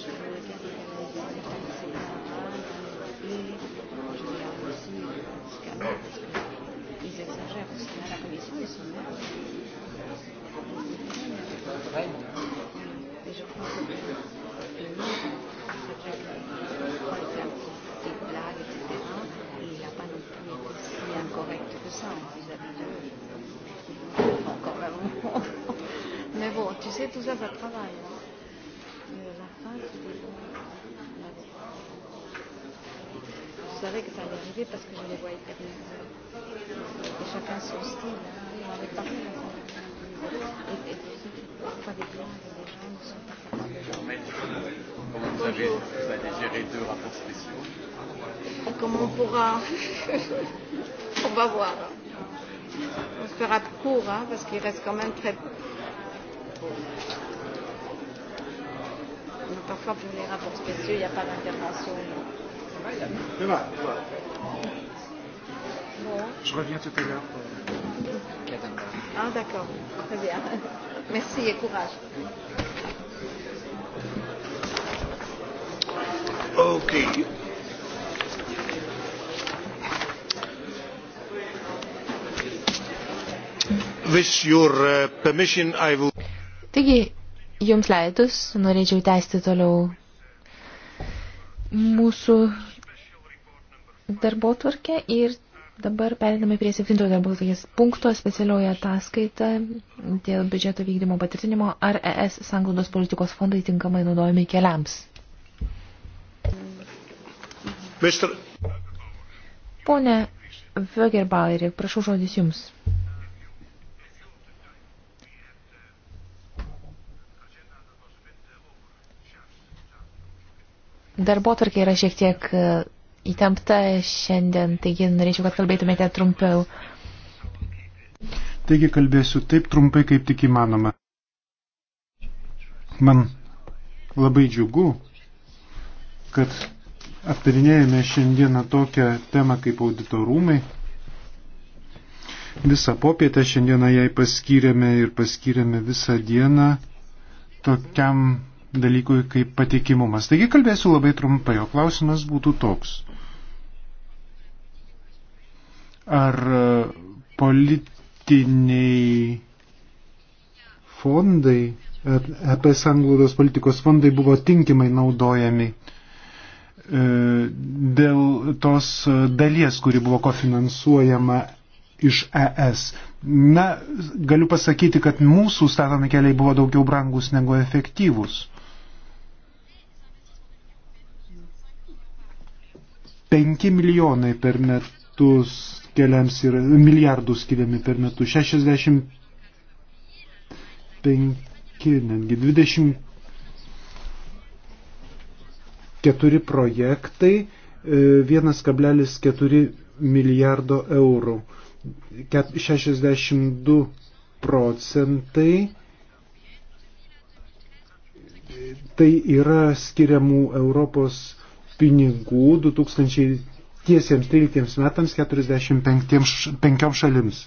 à la commission, ils sont nerveux. Vraiment. Et je crois que le nombre, c'est vrai que, par exemple, des blagues, etc., il n'a pas non plus été si incorrect que ça vis-à-vis d'eux. Encore un moment. Mais bon, tu sais, tout ça, ça travaille. Hein. Je savais que ça allait arriver parce que je les voyais très bien. Et chacun son style. Hein. On avait parlé. Et, et puis, parfois des plans que les gens ne sont pas capables de Comment vous avez, vous avez géré deux rapports spéciaux et Comment on pourra On va voir. On se fera court, hein, parce qu'il reste quand même très parfois pour les rapports spéciaux, il n'y a pas d'intervention. Demain. Bon. Je reviens tout à l'heure pour Ah d'accord, très bien. Merci et courage. Ok. With your uh, permission, I will. Taigi, Jums leidus, norėčiau tęsti toliau mūsų darbo tvarkę ir dabar periname prie 7 darbo tvarkės punkto specialioje ataskaita dėl biudžeto vykdymo patvirtinimo ar ES sanglaudos politikos fondai tinkamai naudojami keliams. Mister... Pone Vögerbairi, prašau žodis Jums. Darbo tvarkė yra šiek tiek e, įtempta šiandien, taigi norėčiau, kad kalbėtumėte trumpiau. Taigi kalbėsiu taip trumpai, kaip tik įmanoma. Man labai džiugu, kad aptarinėjame šiandieną tokią temą kaip auditorumai. Visą popietę šiandieną jai paskyrėme ir paskyrėme visą dieną tokiam dalykui kaip patikimumas. Taigi kalbėsiu labai trumpai, o klausimas būtų toks. Ar e, politiniai fondai, EP sanglaudos politikos fondai buvo tinkimai naudojami e, dėl tos dalies, kuri buvo kofinansuojama iš ES. Na, galiu pasakyti, kad mūsų statomi keliai buvo daugiau brangus negu efektyvus. 5 milijonai per metus keliams yra, milijardų skiriami per metus, 65, netgi 24 projektai, 1,4 e, milijardo eurų, 62 procentai e, tai yra skiriamų Europos pinigų 2013 metams 45 šalims.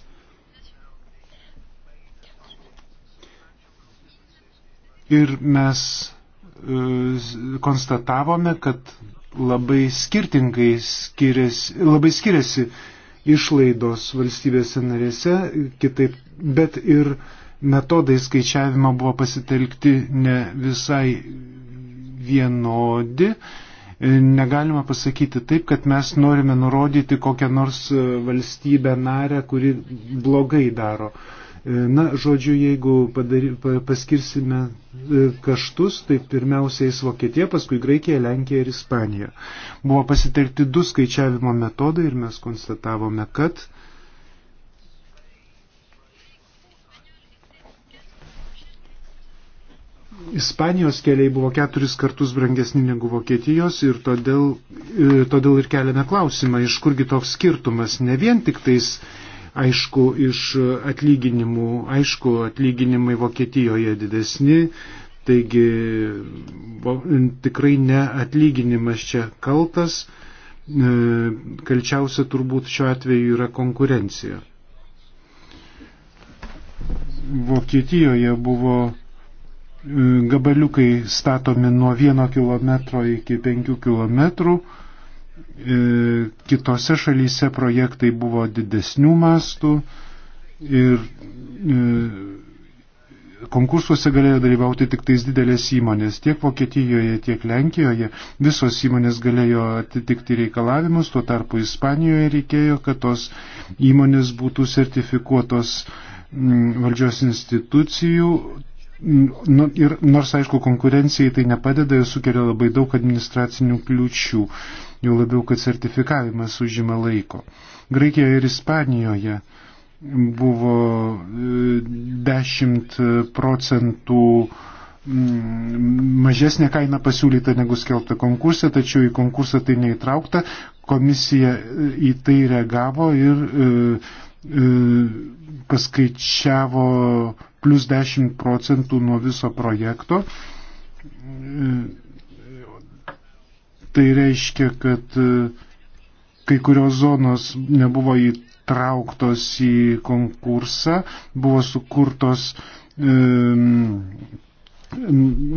Ir mes e, konstatavome, kad labai skirtingai skiriasi, labai skiriasi išlaidos valstybėse narėse, kitaip, bet ir metodai skaičiavimo buvo pasitelkti ne visai vienodi Negalima pasakyti taip, kad mes norime nurodyti kokią nors e, valstybę narę, kuri blogai daro. E, na, žodžiu, jeigu padary, paskirsime e, kaštus, tai pirmiausia eis Vokietija, paskui Graikija, Lenkija ir Ispanija. Buvo pasitelkti du skaičiavimo metodai ir mes konstatavome, kad Ispanijos keliai buvo keturis kartus brangesni negu Vokietijos ir todėl, e, todėl ir keliame klausimą, iš kurgi toks skirtumas. Ne vien tik tais, aišku, iš atlyginimų, aišku, atlyginimai Vokietijoje didesni, taigi bo, tikrai ne atlyginimas čia kaltas, e, kalčiausia turbūt šiuo atveju yra konkurencija. Vokietijoje buvo gabaliukai statomi nuo 1 km iki 5 km. E, kitose šalyse projektai buvo didesnių mastų ir e, konkursuose galėjo dalyvauti tik tais didelės įmonės. Tiek Vokietijoje, tiek Lenkijoje visos įmonės galėjo atitikti reikalavimus, tuo tarpu Ispanijoje reikėjo, kad tos įmonės būtų sertifikuotos mm, valdžios institucijų, Nu, ir nors, aišku, konkurencijai tai nepadeda ir sukelia labai daug administracinių kliučių, jau labiau, kad sertifikavimas užima laiko. Graikijoje ir Ispanijoje buvo 10 e, procentų mm, mažesnė kaina pasiūlyta negu skelbta konkursė, tačiau į konkursą tai neįtraukta, komisija e, į tai reagavo ir e, paskaičiavo plus 10 procentų nuo viso projekto. Tai reiškia, kad e, kai kurios zonos nebuvo įtrauktos į konkursą, buvo sukurtos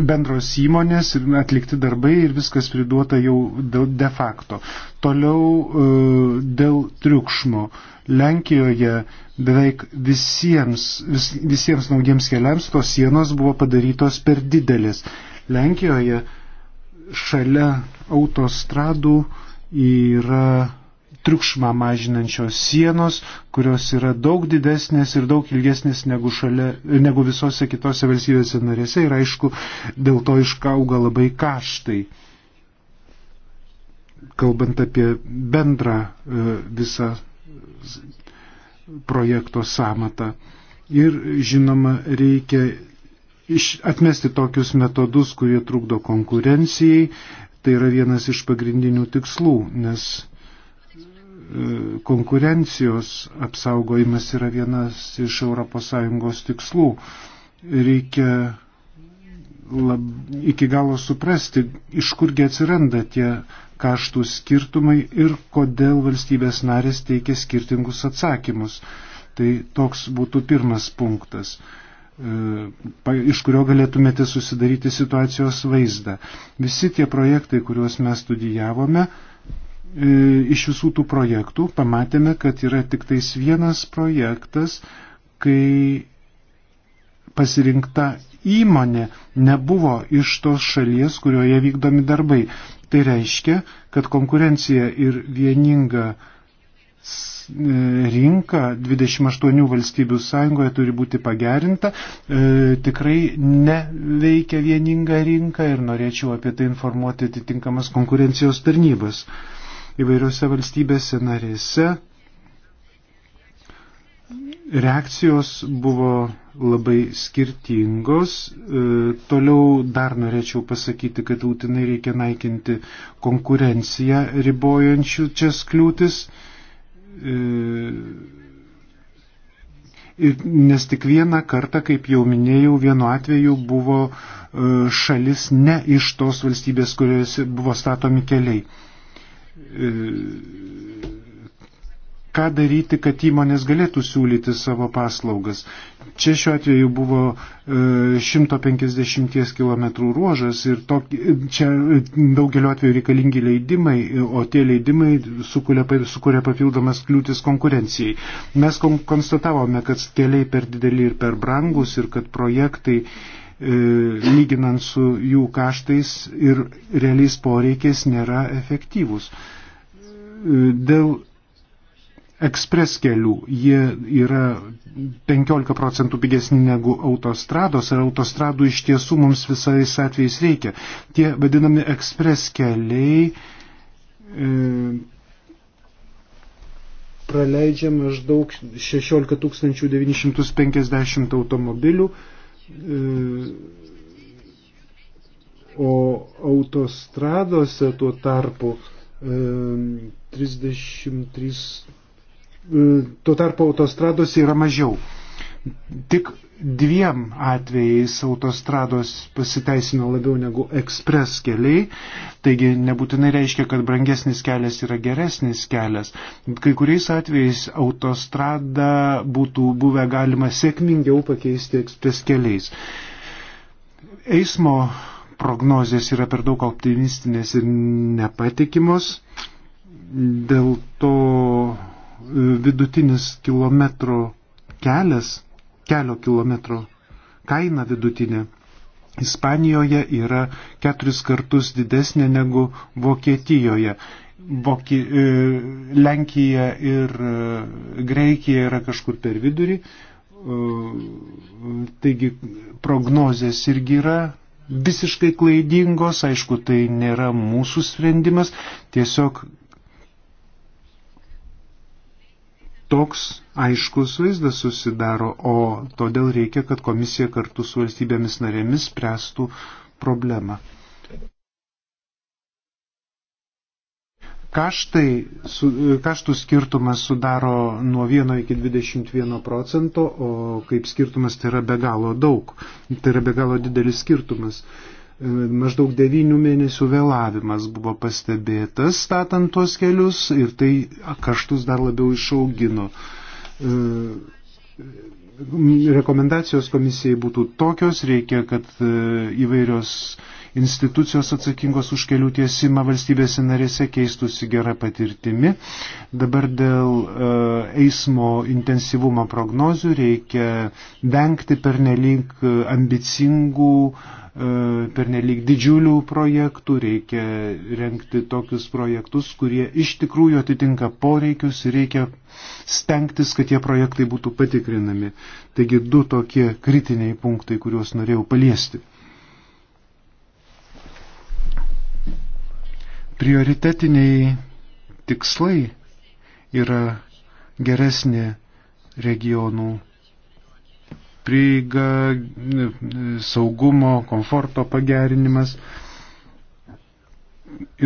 bendros įmonės ir atlikti darbai ir viskas priduota jau de facto. Toliau e, dėl triukšmo. Lenkijoje beveik visiems, vis, visiems naujiems keliams tos sienos buvo padarytos per didelis. Lenkijoje šalia autostradų yra triukšmą mažinančios sienos, kurios yra daug didesnės ir daug ilgesnės negu, šalia, negu visose kitose valstybėse narėse ir aišku, dėl to iškauga labai kaštai. Kalbant apie bendrą e, visą projekto samatą. Ir žinoma, reikia atmesti tokius metodus, kurie trukdo konkurencijai. Tai yra vienas iš pagrindinių tikslų, nes konkurencijos apsaugojimas yra vienas iš ES tikslų. Reikia lab, iki galo suprasti, iš kurgi atsiranda tie kaštų skirtumai ir kodėl valstybės narės teikia skirtingus atsakymus. Tai toks būtų pirmas punktas, e, iš kurio galėtumėte susidaryti situacijos vaizdą. Visi tie projektai, kuriuos mes studijavome, E, iš visų tų projektų pamatėme, kad yra tik tais vienas projektas, kai pasirinkta įmonė nebuvo iš tos šalies, kurioje vykdomi darbai. Tai reiškia, kad konkurencija ir vieninga e, rinka 28 valstybių sąjungoje turi būti pagerinta. E, tikrai neveikia vieninga rinka ir norėčiau apie tai informuoti atitinkamas konkurencijos tarnybas. E, įvairiose valstybėse narėse reakcijos buvo labai skirtingos. E, toliau dar norėčiau pasakyti, kad būtinai reikia naikinti konkurenciją ribojančių čia kliūtis. E, ir nes tik vieną kartą, kaip jau minėjau, vienu atveju buvo e, šalis ne iš tos valstybės, kuriuose buvo statomi keliai. E, ką daryti, kad įmonės galėtų siūlyti savo paslaugas. Čia šiuo atveju buvo 150 e, km ruožas ir tok, čia daugeliu atveju reikalingi leidimai, o tie leidimai sukuria, sukuria papildomas kliūtis konkurencijai. Mes konstatavome, kad keliai per dideli ir per brangus ir kad projektai e, lyginant su jų kaštais ir realiais poreikiais nėra efektyvūs. Dėl ekspres kelių jie yra 15 procentų pigesni negu autostrados ir autostradų iš tiesų mums visais atvejais reikia. Tie vadinami ekspres keliai e, praleidžia maždaug 16 950 automobilių. E, O autostradose tuo tarpu e, 33, e, tuo tarpu autostradose yra mažiau. Tik dviem atvejais autostrados pasiteisino labiau negu ekspres keliai, taigi nebūtinai reiškia, kad brangesnis kelias yra geresnis kelias. Kai kuriais atvejais autostradą būtų buvę galima sėkmingiau pakeisti ekspres keliais. Eismo prognozijas yra per daug optimistinės ir nepatikimos. Dėl to e, vidutinis kilometro kelias, kelio kilometro kaina vidutinė Ispanijoje yra keturis kartus didesnė negu Vokietijoje. Voki, e, Lenkija ir e, Graikija yra kažkur per vidurį, taigi prognozės irgi yra visiškai klaidingos, aišku, tai nėra mūsų sprendimas, tiesiog toks aiškus vaizdas susidaro, o todėl reikia, kad komisija kartu su valstybėmis narėmis spręstų problemą. Kaštai, su, kaštų skirtumas sudaro nuo 1 iki 21 procento, o kaip skirtumas tai yra be galo daug, tai yra be galo didelis skirtumas. E, maždaug devynių mėnesių vėlavimas buvo pastebėtas statant tuos kelius ir tai kaštus dar labiau išaugino. E, rekomendacijos komisijai būtų tokios, reikia, kad e, įvairios institucijos atsakingos už kelių tiesimą valstybėse narėse keistusi gerą patirtimi. Dabar dėl e, eismo intensyvumo prognozių reikia vengti pernelyg ambicingų e, pernelyg didžiulių projektų, reikia renkti tokius projektus, kurie iš tikrųjų atitinka poreikius ir reikia stengtis, kad tie projektai būtų patikrinami. Taigi du tokie kritiniai punktai, kuriuos norėjau paliesti. Prioritetiniai tikslai yra geresnė regionų prieiga, saugumo, komforto pagerinimas,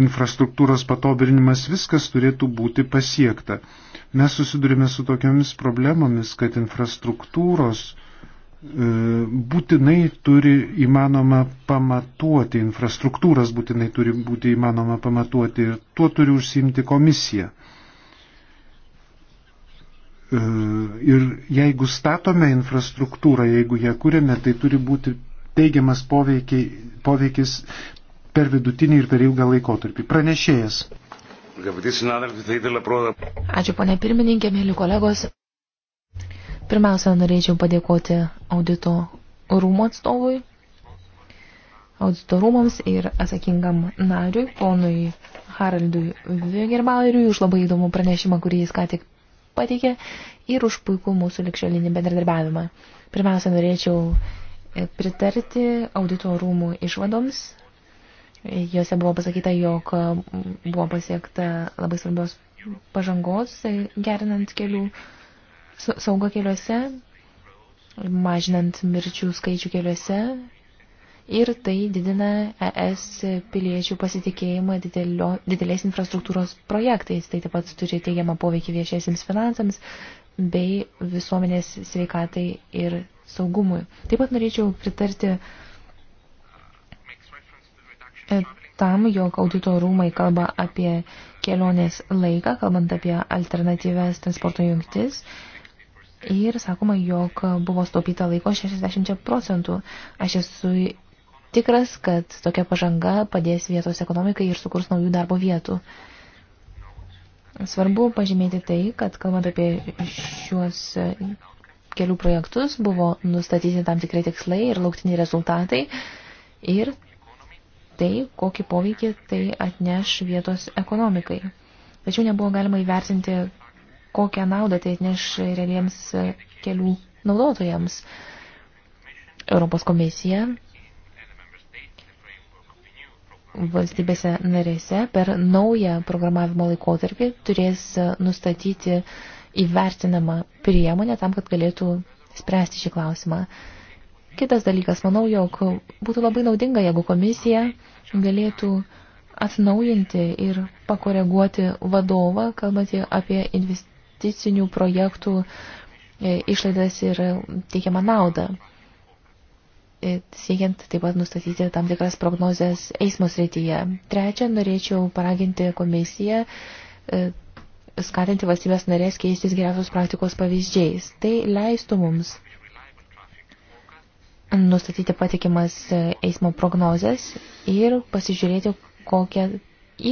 infrastruktūros patobirinimas, viskas turėtų būti pasiekta. Mes susidurime su tokiamis problemomis, kad infrastruktūros E, būtinai turi įmanoma pamatuoti, infrastruktūras būtinai turi būti įmanoma pamatuoti ir tuo turi užsiimti komisija. E, ir jeigu statome infrastruktūrą, jeigu ją kūrėme, tai turi būti teigiamas poveikiai, poveikis per vidutinį ir per ilgą laikotarpį. Pranešėjas. Ačiū, ponė pirmininkė, mėly kolegos. Pirmiausia, norėčiau padėkoti audito rūmų atstovui, audito rūmams ir atsakingam nariui, ponui Haraldui Vigerbaueriui, už labai įdomų pranešimą, kurį jis ką tik pateikė ir už puikų mūsų likščiolinį bendradarbiavimą. Pirmiausia, norėčiau e, pritarti audito rūmų išvadoms. Jose buvo pasakyta, jog buvo pasiekta labai svarbios pažangos e, gerinant kelių saugo keliuose, mažinant mirčių skaičių keliuose ir tai didina ES piliečių pasitikėjimą didelio, didelės infrastruktūros projektais. Tai taip pat turi teigiamą poveikį viešiesiams finansams bei visuomenės sveikatai ir saugumui. Taip pat norėčiau pritarti e, tam, jog audito rūmai kalba apie kelionės laiką, kalbant apie alternatyves transporto jungtis ir sakoma, jog buvo staupyta laiko 60 procentų. Aš esu tikras, kad tokia pažanga padės vietos ekonomikai ir sukurs naujų darbo vietų. Svarbu pažymėti tai, kad kalbant apie šiuos kelių projektus, buvo nustatyti tam tikrai tikslai ir lauktiniai rezultatai ir tai, kokį poveikį tai atneš vietos ekonomikai. Tačiau nebuvo galima įvertinti kokią naudą tai neš realiems e, kelių naudotojams. Europos komisija valstybėse narėse per naują programavimo laikotarpį turės e, nustatyti įvertinamą priemonę tam, kad galėtų spręsti šį klausimą. Kitas dalykas, manau, jog būtų labai naudinga, jeigu komisija galėtų atnaujinti ir pakoreguoti vadovą, kalbant apie invest investicinių projektų e, išlaidas ir e, teikiamą naudą. E, siekiant taip pat nustatyti tam tikras prognozes eismo srityje. Trečia, norėčiau paraginti komisiją skatinti valstybės narės keistis geriausios praktikos pavyzdžiais. Tai leistų mums nustatyti patikimas eismo prognozes ir pasižiūrėti, kokią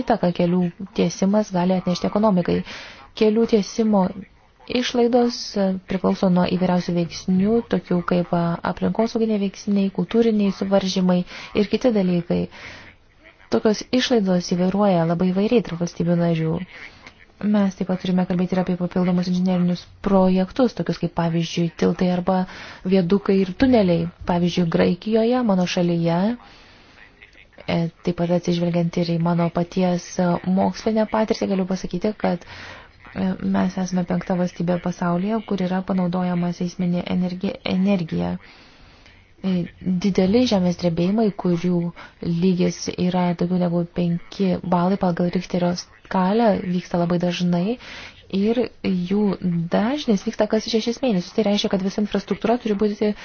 įtaką kelių tiesimas gali atnešti ekonomikai. Kelių tiesimo išlaidos e, priklauso nuo įvairiausių veiksnių, tokių kaip e, aplinkosauginiai veiksniai, kultūriniai suvaržymai ir kiti dalykai. Tokios išlaidos įvairuoja labai vairiai tarp valstybių narių. Mes taip pat turime kalbėti ir apie papildomus inžinierinius projektus, tokius kaip pavyzdžiui tiltai arba viedukai ir tuneliai. Pavyzdžiui, Graikijoje, mano šalyje, e, taip pat atsižvelgiant ir į mano paties mokslinę patirtį, galiu pasakyti, kad uh, Mes esame penkta valstybė pasaulyje, kur yra panaudojamas eisminė energija. energija. Dideli žemės drebėjimai, kurių lygis yra daugiau negu 5 balai pagal Richterio skalę, vyksta labai dažnai ir jų dažnis vyksta kas šešis mėnesius. Tai reiškia, kad visa infrastruktūra turi būti e,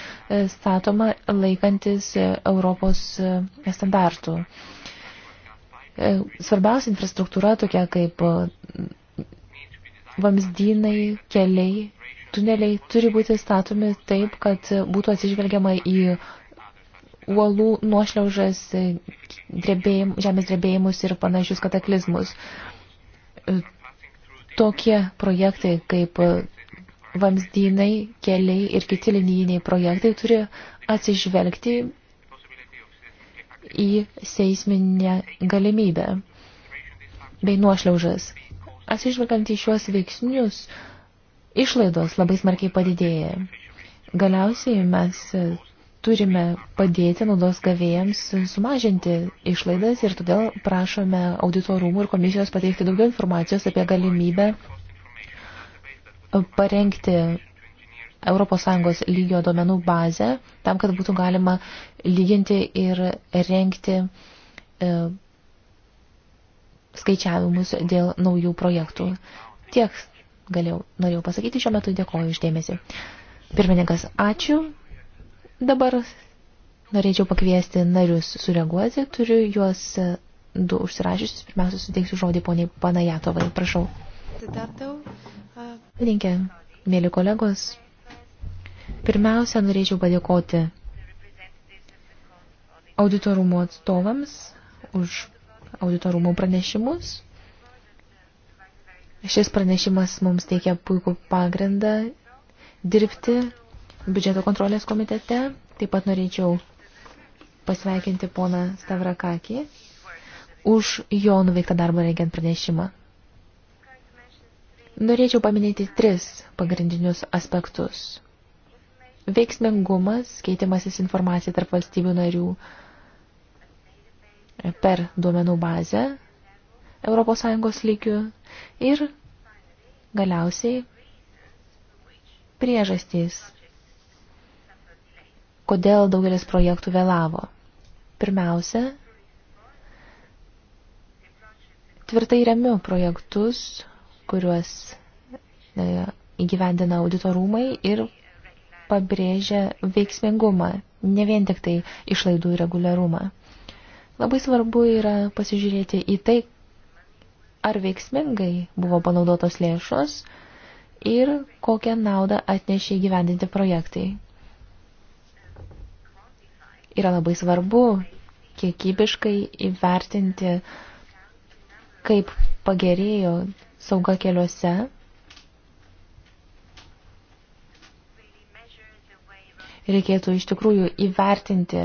statoma laikantis e, Europos e, standartų. Svarbiausia infrastruktūra, tokia kaip vamzdynai, keliai, tuneliai turi būti statomi taip, kad būtų atsižvelgiama į uolų nuošliaužas, drebėjim, žemės drebėjimus ir panašius kataklizmus. Tokie projektai kaip vamzdynai, keliai ir kiti linijiniai projektai turi atsižvelgti į seisminę galimybę bei nuošliaužas. Atsižvelgiant į šiuos veiksnius, išlaidos labai smarkiai padidėja. Galiausiai mes turime padėti naudos gavėjams sumažinti išlaidas ir todėl prašome auditorumų ir komisijos pateikti daugiau informacijos apie galimybę parengti ES lygio domenų bazę, tam, kad būtų galima lyginti ir renkti e, skaičiavimus dėl naujų projektų. Tiek galėjau, norėjau pasakyti šiuo metu, dėkoju išdėmesi. Pirmininkas, ačiū. Dabar norėčiau pakviesti narius sureaguoti, turiu juos e, du užsirašysius. Pirmiausia, suteiksiu žodį poniai Panajatovai, prašau. Linkė, mėly kolegos, pirmiausia, norėčiau padėkoti auditorumo atstovams už auditorumų pranešimus. Šis pranešimas mums teikia puikų pagrindą dirbti biudžeto kontrolės komitete. Taip pat norėčiau pasveikinti poną Stavrakakį už jo nuveiktą darbą rengiant pranešimą. Norėčiau paminėti tris pagrindinius aspektus. Veiksmingumas, keitimasis informacija tarp valstybių narių, per duomenų bazę ES lygių ir galiausiai priežastys, kodėl daugelis projektų vėlavo. Pirmiausia, tvirtai remiu projektus, kuriuos e, įgyvendina auditorumai ir pabrėžia veiksmingumą, ne vien tik tai išlaidų reguliarumą. Labai svarbu yra pasižiūrėti į tai, ar veiksmingai buvo panaudotos lėšos ir kokią naudą atnešė įgyvendinti projektai. Yra labai svarbu kiekybiškai įvertinti, kaip pagerėjo sauga keliuose. Reikėtų iš tikrųjų įvertinti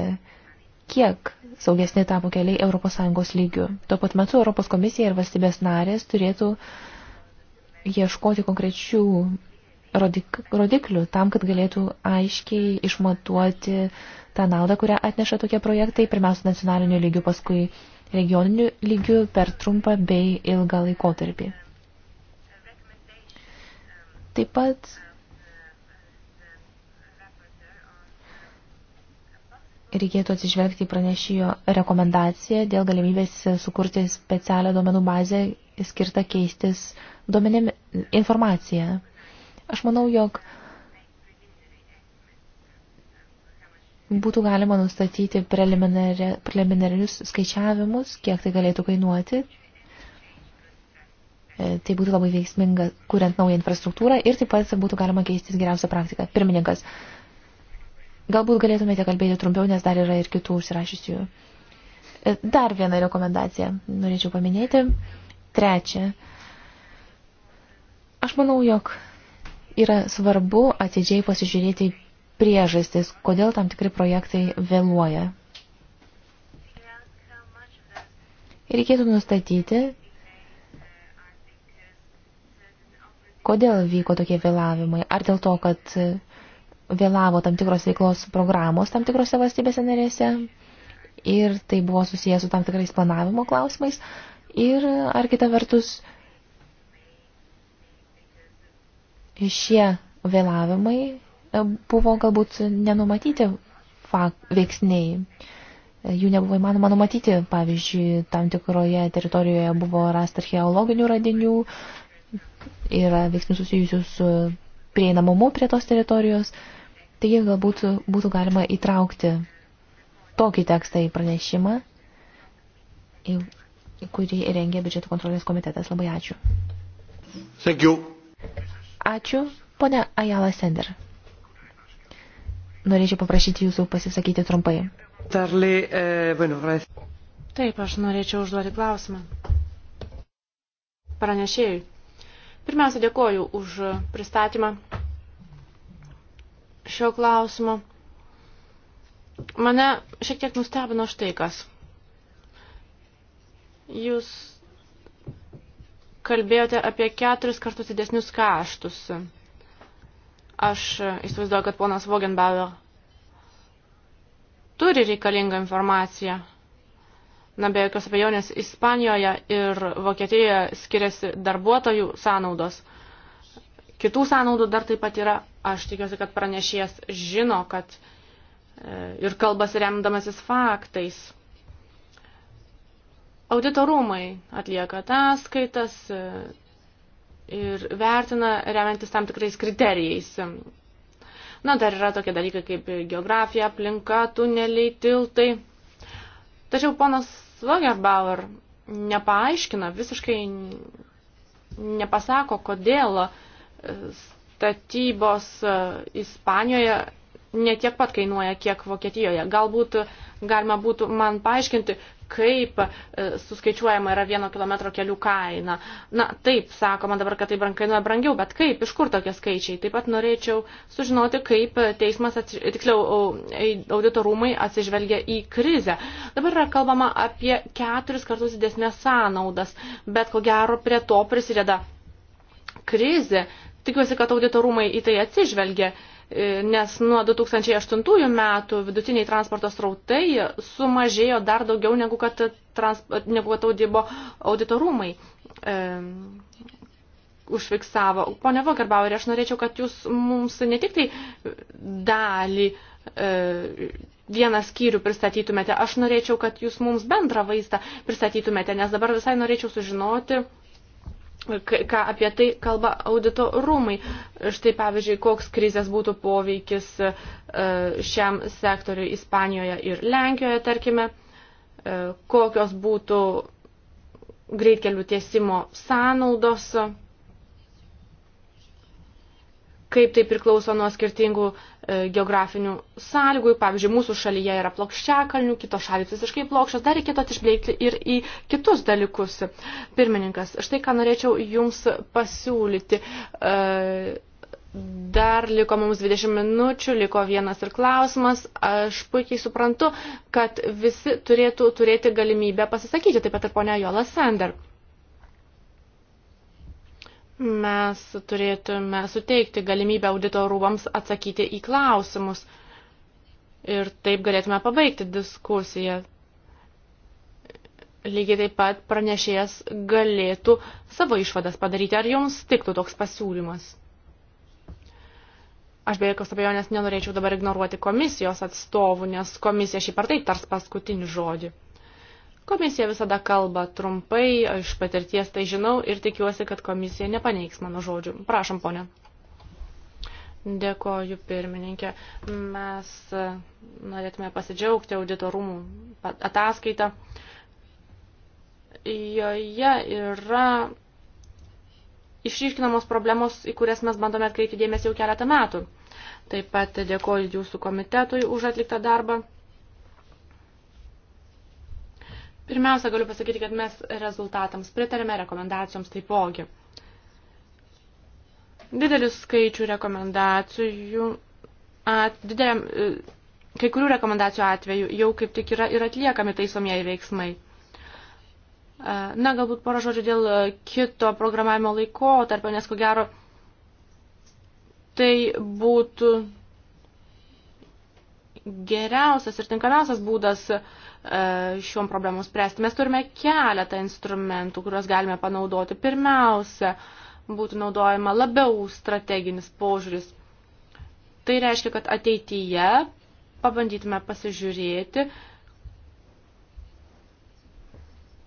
kiek saugesni tapo keliai ES lygių. Tuo pat metu Europos komisija ir valstybės narės turėtų ieškoti konkrečių rodik rodiklių tam, kad galėtų aiškiai išmatuoti tą naudą, kurią atneša tokie projektai, pirmiausia nacionaliniu lygiu, paskui regioniniu lygiu per trumpą bei ilgą laikotarpį. Taip pat reikėtų atsižvelgti į pranešėjo rekomendaciją dėl galimybės sukurti specialią duomenų bazę skirtą keistis duomenėmi informaciją. Aš manau, jog būtų galima nustatyti preliminarius skaičiavimus, kiek tai galėtų kainuoti. E, tai būtų labai veiksminga, kuriant naują infrastruktūrą ir taip pat būtų galima keistis geriausią praktiką. Pirmininkas, Galbūt galėtumėte kalbėti trumpiau, nes dar yra ir kitų užsirašysių. E, dar vieną rekomendaciją norėčiau paminėti. Trečia. Aš manau, jog yra svarbu atidžiai pasižiūrėti priežastis, kodėl tam tikri projektai vėluoja. Reikėtų nustatyti, kodėl vyko tokie vėlavimai. Ar dėl to, kad vėlavo tam tikros veiklos programos tam tikrose valstybėse narėse ir tai buvo susijęs su tam tikrais planavimo klausimais ir ar kita vertus šie vėlavimai e, buvo galbūt nenumatyti veiksniai. Jų nebuvo įmanoma numatyti, pavyzdžiui, tam tikroje teritorijoje buvo rasta archeologinių radinių, yra veiksnių susijusių su prieinamumu prie tos teritorijos. Uh, Taigi galbūt būtų galima įtraukti tokį tekstą į pranešimą, į, į kurį rengė biudžeto kontrolės komitetas. Labai ačiū. Thank you. Ačiū, ponia Ajala Sender. Norėčiau paprašyti jūsų pasisakyti trumpai. Darly, eh, bueno, Taip, aš norėčiau užduoti klausimą. Pranešėjui. Pirmiausia, dėkoju už pristatymą šio klausimo. Mane šiek tiek nustebino štai kas. Jūs kalbėjote apie keturis kartus didesnius kaštus. Aš įsivaizduoju, kad ponas Vogenbauer turi reikalingą informaciją. Na, be jokios abejonės, Ispanijoje ir Vokietijoje skiriasi darbuotojų sąnaudos. Kitų sąnaudų dar taip pat yra Aš tikiuosi, kad pranešėjas žino, kad e, ir kalbas remdamasis faktais. Auditorumai atlieka ataskaitas e, ir vertina remiantis tam tikrais kriterijais. Na, dar yra tokie dalykai kaip geografija, aplinka, tuneliai, tiltai. Tačiau ponas Lagerbauer nepaaiškina, visiškai nepasako, kodėl e, statybos e, Ispanijoje ne tiek pat kainuoja, kiek Vokietijoje. Galbūt galima būtų man paaiškinti, kaip e, suskaičiuojama yra vieno kilometro kelių kaina. Na, taip, sakoma dabar, kad tai kainuoja brangiau, bet kaip, iš kur tokie skaičiai? Taip pat norėčiau sužinoti, kaip teismas, atsiž... tiksliau, auditorumai atsižvelgia į krizę. Dabar yra kalbama apie keturis kartus didesnės sąnaudas, bet ko gero prie to prisideda krizė, Tikiuosi, kad auditorumai į tai atsižvelgia, e, nes nuo 2008 metų vidutiniai transporto srautai sumažėjo dar daugiau negu kad, trans, negu kad audibo auditorumai e, užfiksavo. Pone Vokarbauer, aš norėčiau, kad jūs mums ne tik tai dalį e, vieną skyrių pristatytumėte, aš norėčiau, kad jūs mums bendrą vaizdą pristatytumėte, nes dabar visai norėčiau sužinoti, ką apie tai kalba audito rūmai. Štai pavyzdžiui, koks krizės būtų poveikis e, šiam sektoriui Ispanijoje ir Lenkijoje, tarkime, e, kokios būtų greitkelių tiesimo sąnaudos kaip tai priklauso nuo skirtingų e, geografinių sąlygų. Pavyzdžiui, mūsų šalyje yra plokščiakalnių, kitos šalis visiškai plokščios. Dar reikėtų atsižvelgti ir į kitus dalykus. Pirmininkas, štai ką norėčiau Jums pasiūlyti. E, dar liko mums 20 minučių, liko vienas ir klausimas. Aš puikiai suprantu, kad visi turėtų turėti galimybę pasisakyti, taip pat ir ponia Jola Sander. Mes turėtume suteikti galimybę audito rūmams atsakyti į klausimus ir taip galėtume pabaigti diskusiją. Lygiai taip pat pranešėjas galėtų savo išvadas padaryti, ar jums tiktų toks pasiūlymas. Aš be jokios abejonės nenorėčiau dabar ignoruoti komisijos atstovų, nes komisija šį partai tars paskutinį žodį. Komisija visada kalba trumpai, iš patirties tai žinau ir tikiuosi, kad komisija nepaneiks mano žodžių. Prašom, ponė. Dėkoju, pirmininkė. Mes e, norėtume pasidžiaugti auditorumų ataskaitą. Joje yra išryškinamos problemos, į kurias mes bandome atkreipti dėmesį jau keletą metų. Taip pat dėkoju jūsų komitetui už atliktą darbą. Pirmiausia, galiu pasakyti, kad mes rezultatams pritarėme rekomendacijoms taipogi. Didelis skaičių rekomendacijų, at, didelėm, e, kai kurių rekomendacijų atveju jau kaip tik yra ir atliekami taisomieji veiksmai. E, na, galbūt porą žodžių dėl kito programavimo laiko tarp, nes ko gero tai būtų geriausias ir tinkamiausias būdas uh, E, šiom problemom spręsti. Mes turime keletą instrumentų, kuriuos galime panaudoti. Pirmiausia, būtų naudojama labiau strateginis požiūris. Tai reiškia, kad ateityje pabandytume pasižiūrėti,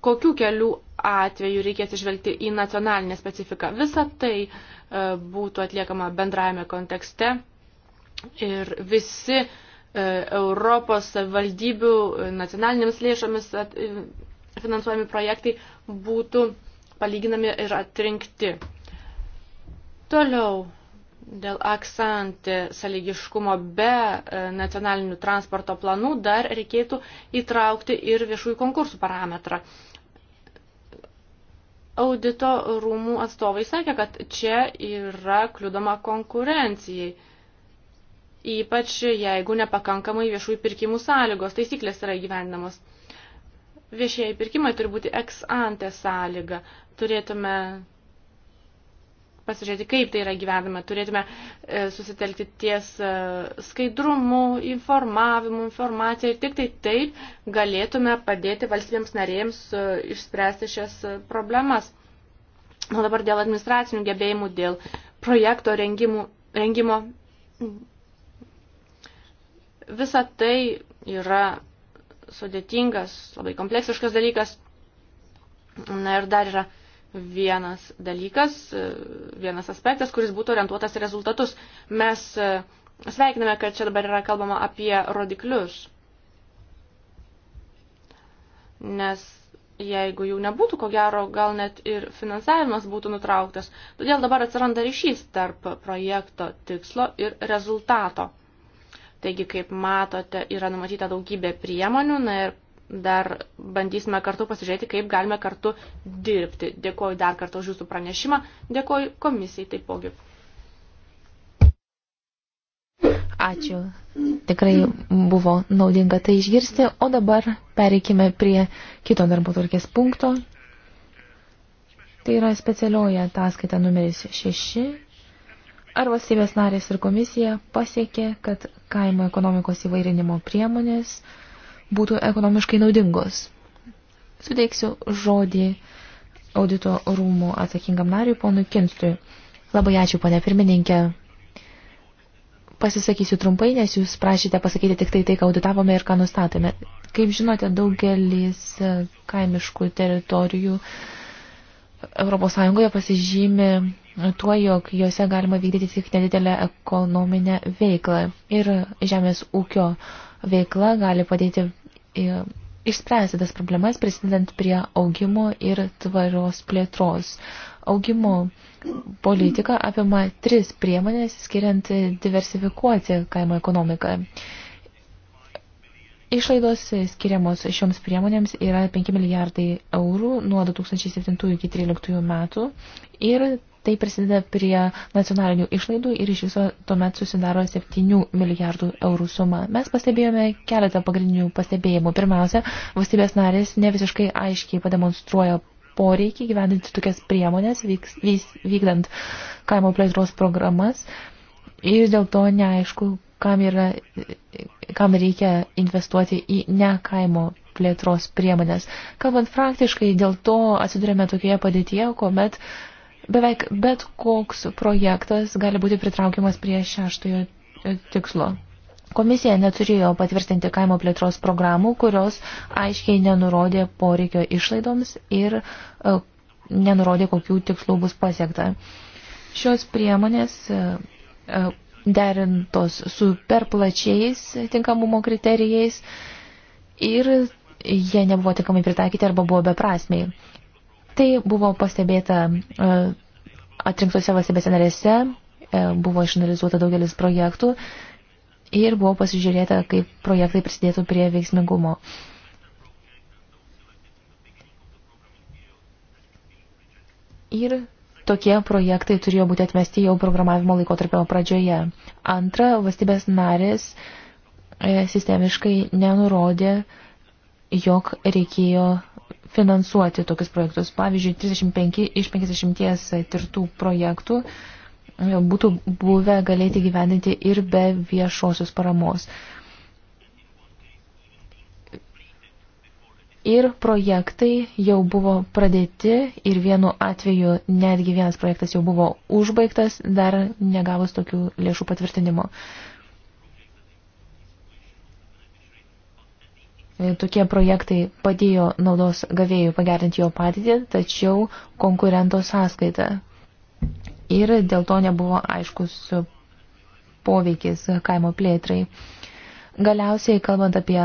kokių kelių atveju reikės išvelgti į nacionalinę specifiką. Visa tai e, būtų atliekama bendrajame kontekste ir visi uh, E, Europos valdybių nacionalinėms lėšomis e, finansuojami projektai būtų palyginami ir atrinkti. Toliau dėl aksantį sąlygiškumo be e, nacionalinių transporto planų dar reikėtų įtraukti ir viešųjų konkursų parametrą. Audito rūmų atstovai sakė, kad čia yra kliūdoma konkurencijai ypač jeigu nepakankamai viešųjų pirkimų sąlygos, taisyklės yra įgyvendinamos. Viešieji pirkimai turi būti ex ante sąlyga. Turėtume pasižiūrėti, kaip tai yra gyvenime. Turėtume e, susitelkti ties e, skaidrumu, informavimu, informacija ir tik tai taip galėtume padėti valstybėms narėjams e, išspręsti šias problemas. O dabar dėl administracinių gebėjimų, dėl projekto rengimų, rengimo Visa tai yra sudėtingas, labai kompleksiškas dalykas. Na ir dar yra vienas dalykas, vienas aspektas, kuris būtų orientuotas į rezultatus. Mes e, sveikiname, kad čia dabar yra kalbama apie rodiklius. Nes jeigu jų nebūtų, ko gero, gal net ir finansavimas būtų nutrauktas. Todėl dabar atsiranda ryšys tarp projekto tikslo ir rezultato. Taigi, kaip matote, yra numatyta daugybė priemonių na, ir dar bandysime kartu pasižiūrėti, kaip galime kartu dirbti. Dėkoju dar kartą už jūsų pranešimą, dėkoju komisijai taipogi. Ačiū. Tikrai buvo naudinga tai išgirsti, o dabar pereikime prie kito darbo tvarkės punkto. Tai yra specialioja ataskaita numeris 6 Ar valstybės narės ir komisija pasiekė, kad kaimo ekonomikos įvairinimo priemonės būtų ekonomiškai naudingos? Suteiksiu žodį audito rūmų atsakingam nariui, ponui Kinstui. Labai ačiū, ponė pirmininkė. Pasisakysiu trumpai, nes jūs prašyte pasakyti tik tai tai, ką auditavome ir ką nustatėme. Kaip žinote, daugelis kaimiškų teritorijų Europos Sąjungoje pasižymi tuo, jog juose galima vykdyti tik nedidelę ekonominę veiklą ir žemės ūkio veikla gali padėti e, išspręsti tas problemas, prisidedant prie augimo ir tvarios plėtros. Augimo politika apima tris priemonės, skiriant diversifikuoti kaimo ekonomiką. Išlaidos skiriamos šioms priemonėms yra 5 milijardai eurų nuo 2007 iki 2013 metų ir Tai prisideda prie nacionalinių išlaidų ir iš viso tuomet susidaro 7 milijardų eurų suma. Mes pastebėjome keletą pagrindinių pastebėjimų. Pirmiausia, valstybės narės ne visiškai aiškiai pademonstruoja poreikį gyvendinti tokias priemonės, vyks, vyks, vykdant kaimo plėtros programas ir dėl to neaišku, kam, yra, kam reikia investuoti į ne kaimo plėtros priemonės. Kalbant praktiškai, dėl to atsidurėme tokioje padėtyje, kuomet uh, beveik bet koks projektas gali būti pritraukiamas prie šeštojo e, tikslo. Komisija neturėjo patvirtinti kaimo plėtros programų, kurios aiškiai nenurodė poreikio išlaidoms ir e, nenurodė, kokių tikslų bus pasiekta. Šios priemonės e, derintos su perplačiais tinkamumo kriterijais ir jie nebuvo tinkamai pritaikyti arba buvo beprasmiai. Tai buvo pastebėta e, atrinktose valstybėse narėse, e, buvo išanalizuota daugelis projektų ir buvo pasižiūrėta, kaip projektai prisidėtų prie veiksmingumo. Ir tokie projektai turėjo būti atmesti jau programavimo laikotarpio pradžioje. Antra, valstybės narės e, sistemiškai nenurodė, jog reikėjo finansuoti tokius projektus. Pavyzdžiui, 35 iš 50 tirtų projektų e, būtų buvę galėti gyveninti ir be viešosios paramos. Ir projektai jau buvo pradėti ir vienu atveju netgi vienas projektas jau buvo užbaigtas, dar negavus tokių lėšų patvirtinimo. E, tokie projektai padėjo naudos gavėjų pagerinti jo padėtį, tačiau konkurento sąskaita. Ir dėl to nebuvo aiškus poveikis kaimo plėtrai. Galiausiai, kalbant apie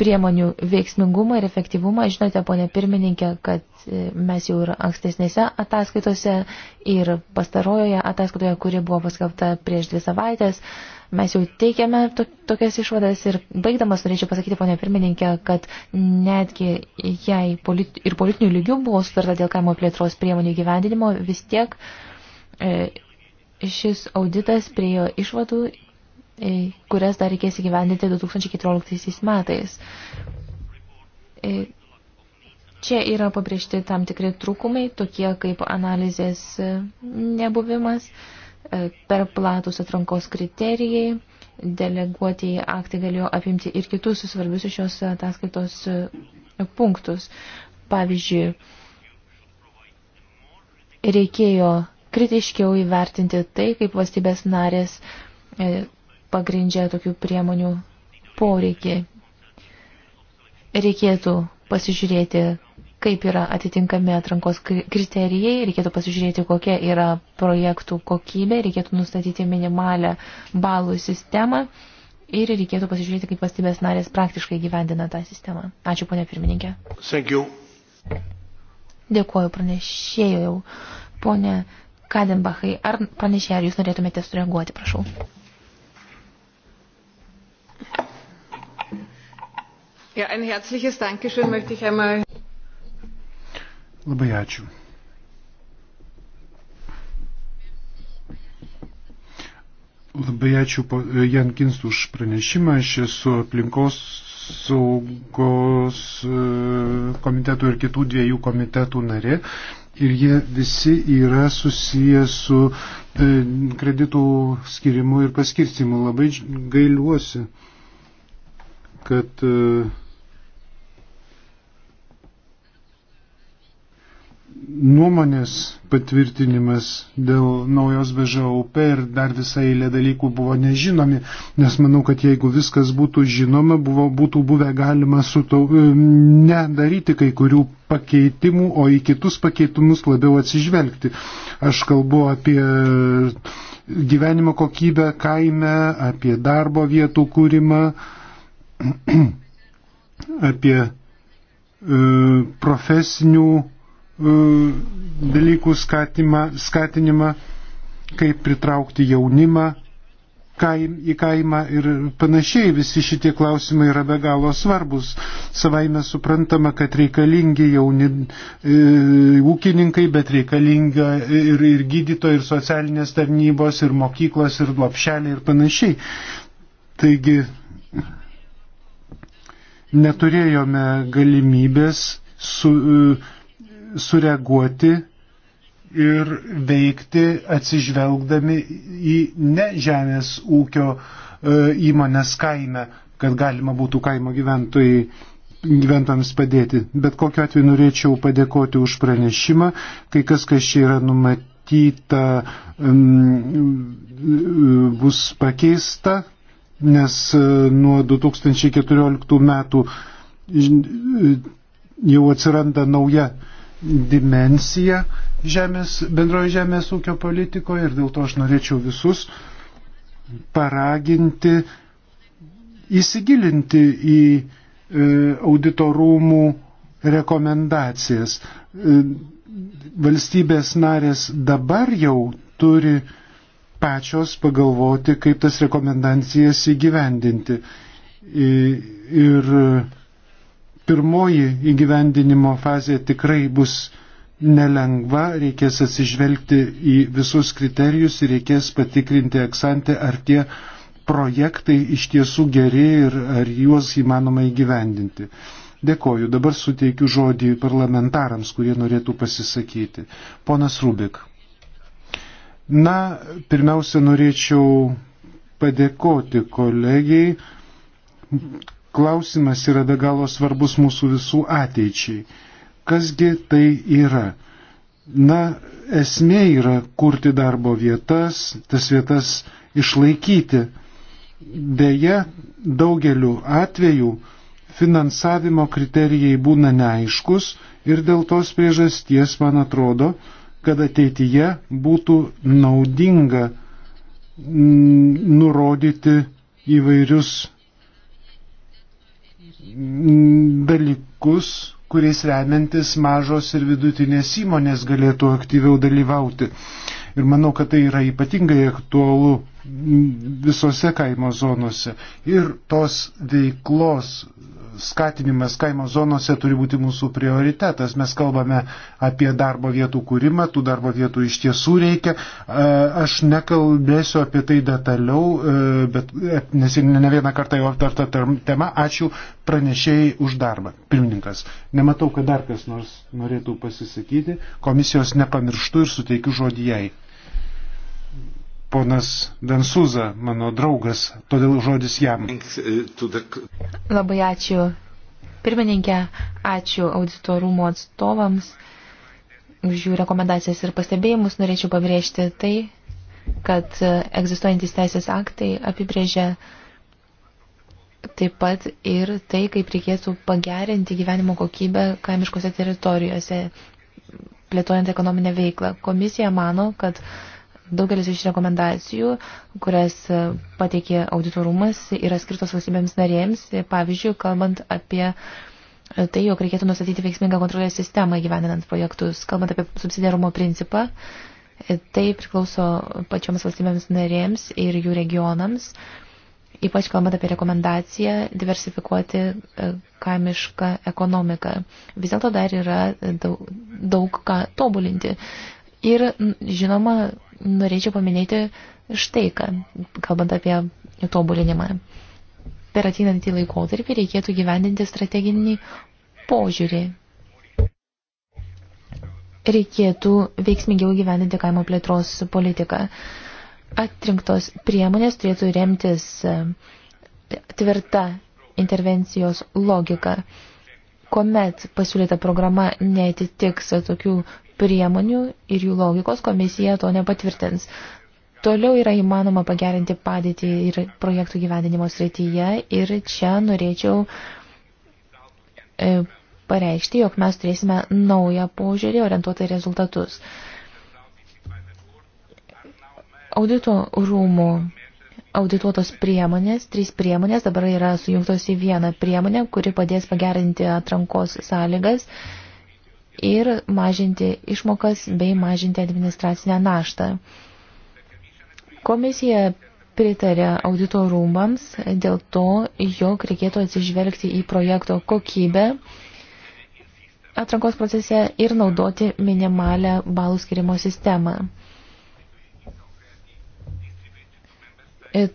priemonių veiksmingumą ir efektyvumą, žinote, ponė pirmininkė, kad e, mes jau ir ankstesnėse ataskaitose ir pastarojoje ataskaitoje, kuri buvo paskelbta prieš dvi savaitės, Mes jau teikiame to, tokias išvadas ir baigdamas norėčiau pasakyti, ponė pirmininkė, kad netgi jei polit, ir politinių lygių buvo sutarta dėl kaimo plėtros priemonių gyvendinimo, vis tiek e, šis auditas priejo išvadų, e, kurias dar reikės įgyvendinti 2014 metais. E, Čia yra pabrėžti tam tikri trūkumai, tokie kaip analizės e, nebuvimas. E, E, per platus atrankos kriterijai, deleguotieji aktai galėjo apimti ir kitus svarbius šios ataskaitos e, punktus. Pavyzdžiui, reikėjo kritiškiau įvertinti tai, kaip valstybės narės e, pagrindžia tokių priemonių poreikį. Reikėtų pasižiūrėti, kaip yra atitinkami atrankos kriterijai, reikėtų pasižiūrėti, kokia yra projektų kokybė, reikėtų nustatyti minimalę balų sistemą ir reikėtų pasižiūrėti, kaip valstybės narės praktiškai gyvendina tą sistemą. Ačiū, ponė pirmininkė. Thank you. Dėkuoju pranešėjau. Pone Kadenbachai, ar pranešėjai, ar jūs norėtumėte sureaguoti, prašau. Ja, ein herzliches Dankeschön möchte ich einmal Labai ačiū. Labai ačiū Jankins už pranešimą. Aš esu aplinkos saugos e, komitetų ir kitų dviejų komitetų narė. Ir jie visi yra susiję su e, kreditų skirimu ir paskirstimu. Labai gailiuosi, kad uh, nuomonės patvirtinimas dėl naujos BŽUP ir dar visai eilė dalykų buvo nežinomi, nes manau, kad jeigu viskas būtų žinoma, buvo, būtų buvę galima sutau, nedaryti kai kurių pakeitimų, o į kitus pakeitimus labiau atsižvelgti. Aš kalbu apie gyvenimo kokybę kaime, apie darbo vietų kūrimą, apie e, profesinių E, dalykų skatimą, skatinimą, kaip pritraukti jaunimą kaim, į kaimą ir panašiai. Visi šitie klausimai yra be galo svarbus. Savaime suprantama, kad reikalingi jauni e, ūkininkai, bet reikalinga ir, ir gydytojai, ir socialinės tarnybos, ir mokyklos, ir lopšeliai, ir panašiai. Taigi neturėjome galimybės su. E, sureaguoti ir veikti atsižvelgdami į ne žemės ūkio e, įmonės kaime, kad galima būtų kaimo gyventojai gyventojams padėti. Bet kokiu atveju norėčiau padėkoti už pranešimą, kai kas, kas čia yra numatyta, bus pakeista, nes e, nuo 2014 metų e, jau atsiranda nauja dimensiją žemės, bendroji žemės ūkio politikoje ir dėl to aš norėčiau visus paraginti įsigilinti į e, auditorumų rekomendacijas. E, valstybės narės dabar jau turi pačios pagalvoti, kaip tas rekomendacijas įgyvendinti. Ir pirmoji įgyvendinimo fazė tikrai bus nelengva, reikės atsižvelgti į visus kriterijus ir reikės patikrinti eksantę, ar tie projektai iš tiesų geri ir ar juos įmanoma įgyvendinti. Dėkoju, dabar suteikiu žodį parlamentarams, kurie norėtų pasisakyti. Ponas Rubik. Na, pirmiausia, norėčiau padėkoti kolegijai, klausimas yra be galo svarbus mūsų visų ateičiai. Kasgi tai yra? Na, esmė yra kurti darbo vietas, tas vietas išlaikyti. Deja, daugeliu atveju finansavimo kriterijai būna neaiškus ir dėl tos priežasties, man atrodo, kad ateityje būtų naudinga mm, nurodyti įvairius dalykus, kuriais remiantis mažos ir vidutinės įmonės galėtų aktyviau dalyvauti. Ir manau, kad tai yra ypatingai aktualu visose kaimo zonose. Ir tos veiklos skatinimas kaimo zonose turi būti mūsų prioritetas. Mes kalbame apie darbo vietų kūrimą, tų darbo vietų iš tiesų reikia. Aš nekalbėsiu apie tai detaliau, e, bet, e, nes ne vieną kartą jau aptarta tema. Ačiū pranešėjai už darbą. Pirmininkas, nematau, kad dar kas nors norėtų pasisakyti. Komisijos nepamirštu ir suteikiu žodį jai ponas Dansuza, mano draugas, todėl žodis jam. Labai ačiū. Pirmininkė, ačiū auditorumo atstovams už jų rekomendacijas ir pastebėjimus. Norėčiau pabrėžti tai, kad egzistuojantis teisės aktai apibrėžia taip pat ir tai, kaip reikėtų pagerinti gyvenimo kokybę kaimiškose teritorijose, plėtojant ekonominę veiklą. Komisija mano, kad Daugelis iš rekomendacijų, kurias e, pateikė auditorumas, yra skirtos valstybėms narėms, pavyzdžiui, kalbant apie e, tai, jog reikėtų nustatyti veiksmingą kontrolės sistemą gyveninant projektus. Kalbant apie subsidiarumo principą, e, tai priklauso pačioms valstybėms narėms ir jų regionams, ypač kalbant apie rekomendaciją diversifikuoti kaimišką ekonomiką. Vis dėlto dar yra daug, daug ką tobulinti Ir, žinoma, norėčiau paminėti štai ką, kalbant apie tobulinimą. Per ateinantį laikotarpį reikėtų gyvendinti strateginį požiūrį. Reikėtų veiksmingiau gyvendinti kaimo plėtros politiką. Atrinktos priemonės turėtų remtis e, tvirta intervencijos logika kuomet pasiūlyta programa netitiks tokių priemonių ir jų logikos komisija to nepatvirtins. Toliau yra įmanoma pagerinti padėtį ir projektų gyvendinimo srityje ir čia norėčiau e, pareikšti, jog mes turėsime naują požiūrį orientuotą į rezultatus. Audito rūmų audituotos priemonės, trys priemonės dabar yra sujungtos į vieną priemonę, kuri padės pagerinti atrankos sąlygas ir mažinti išmokas bei mažinti administracinę naštą. Komisija pritarė audito rūmams dėl to, jog reikėtų atsižvelgti į projekto kokybę atrankos procese ir naudoti minimalę balų skirimo sistemą. E,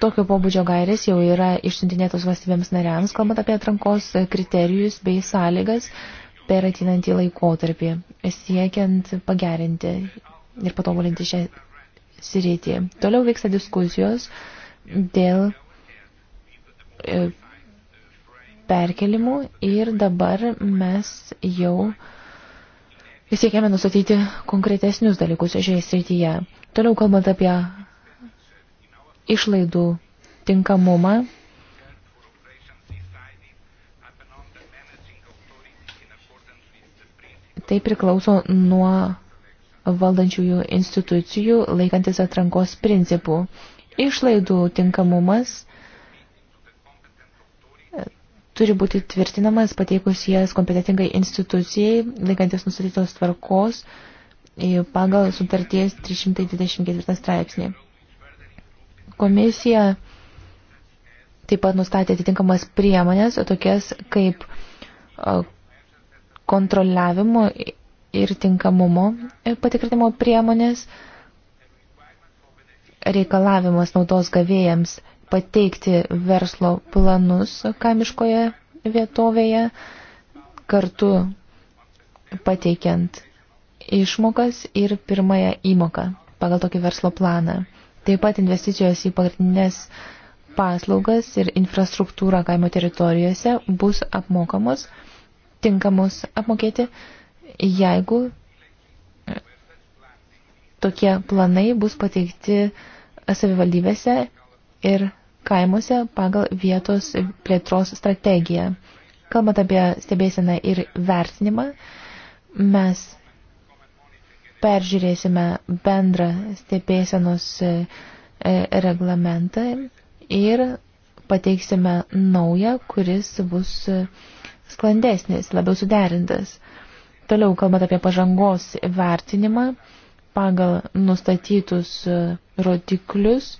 tokio pobūdžio gairės jau yra išsintinėtos valstybėms nariams, kalbant apie atrankos kriterijus bei sąlygas, per atinantį laikotarpį, siekiant pagerinti ir patobulinti šią sritį. Toliau vyksta diskusijos dėl e, perkelimų ir dabar mes jau siekiame nustatyti konkretesnius dalykus šioje srityje. Toliau kalbant apie išlaidų tinkamumą, Tai priklauso nuo valdančiųjų institucijų laikantis atrankos principų. Išlaidų tinkamumas e, turi būti tvirtinamas pateikus jas kompetentingai institucijai, laikantis nustatytos tvarkos e, pagal sutarties 324 straipsnį. Komisija taip pat nustatė atitinkamas priemonės, tokias kaip e, kontroliavimo ir tinkamumo e, patikrinimo priemonės, reikalavimas naudos gavėjams pateikti verslo planus kaimiškoje vietovėje, kartu pateikiant išmokas ir pirmąją įmoką pagal tokį verslo planą. Taip pat investicijos į pagrindinės paslaugas ir infrastruktūrą kaimo teritorijose bus apmokamos tinkamus apmokėti, jeigu tokie planai bus pateikti savivaldybėse ir kaimuose pagal vietos plėtros strategiją. Kalbant apie stebėseną ir vertinimą, mes peržiūrėsime bendrą stebėsenos e, e, reglamentą ir pateiksime naują, kuris bus sklandesnis, labiau suderintas. Toliau kalbant apie pažangos vertinimą pagal nustatytus e, rodiklius,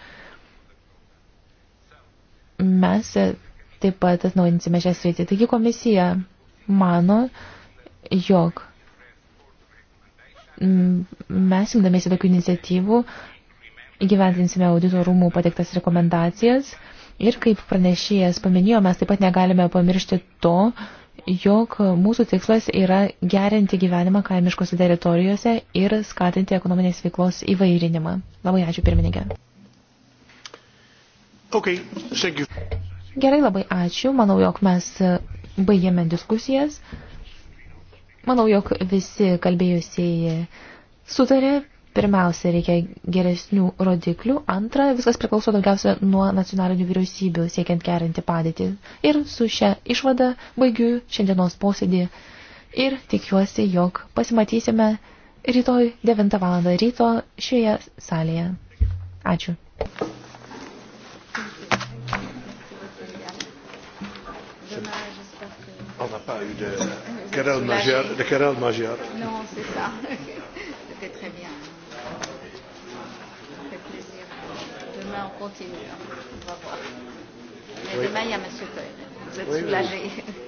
mes e, taip pat atnaujinsime šią sritį. Taigi komisija mano, jog mes imdamėsi tokių iniciatyvų įgyventinsime audito rūmų pateiktas rekomendacijas Ir kaip pranešėjas paminėjo, mes taip pat negalime pamiršti to, jog mūsų tikslas yra gerinti gyvenimą kaimiškose teritorijose ir skatinti ekonominės veiklos įvairinimą. Labai ačiū pirmininkė. Okay, thank you. Gerai, labai ačiū. Manau, jog mes baigėme diskusijas. Manau, jog visi kalbėjusieji sutarė Pirmiausia, reikia geresnių rodiklių. Antra, viskas priklauso daugiausia nuo nacionalinių vyriausybių, siekiant gerinti padėtį. Ir su šia išvada baigiu šiandienos posėdį ir tikiuosi, jog pasimatysime rytoj 9 val. ryto šioje salėje. Ačiū. On n'a pas eu de querelle majeure. De querelle majeure. Non, c'est ça. C'était très bien. demain on continue. Hein. On va voir. Mais oui. demain, il y a M. Cohen. Vous êtes oui, soulagé. Oui.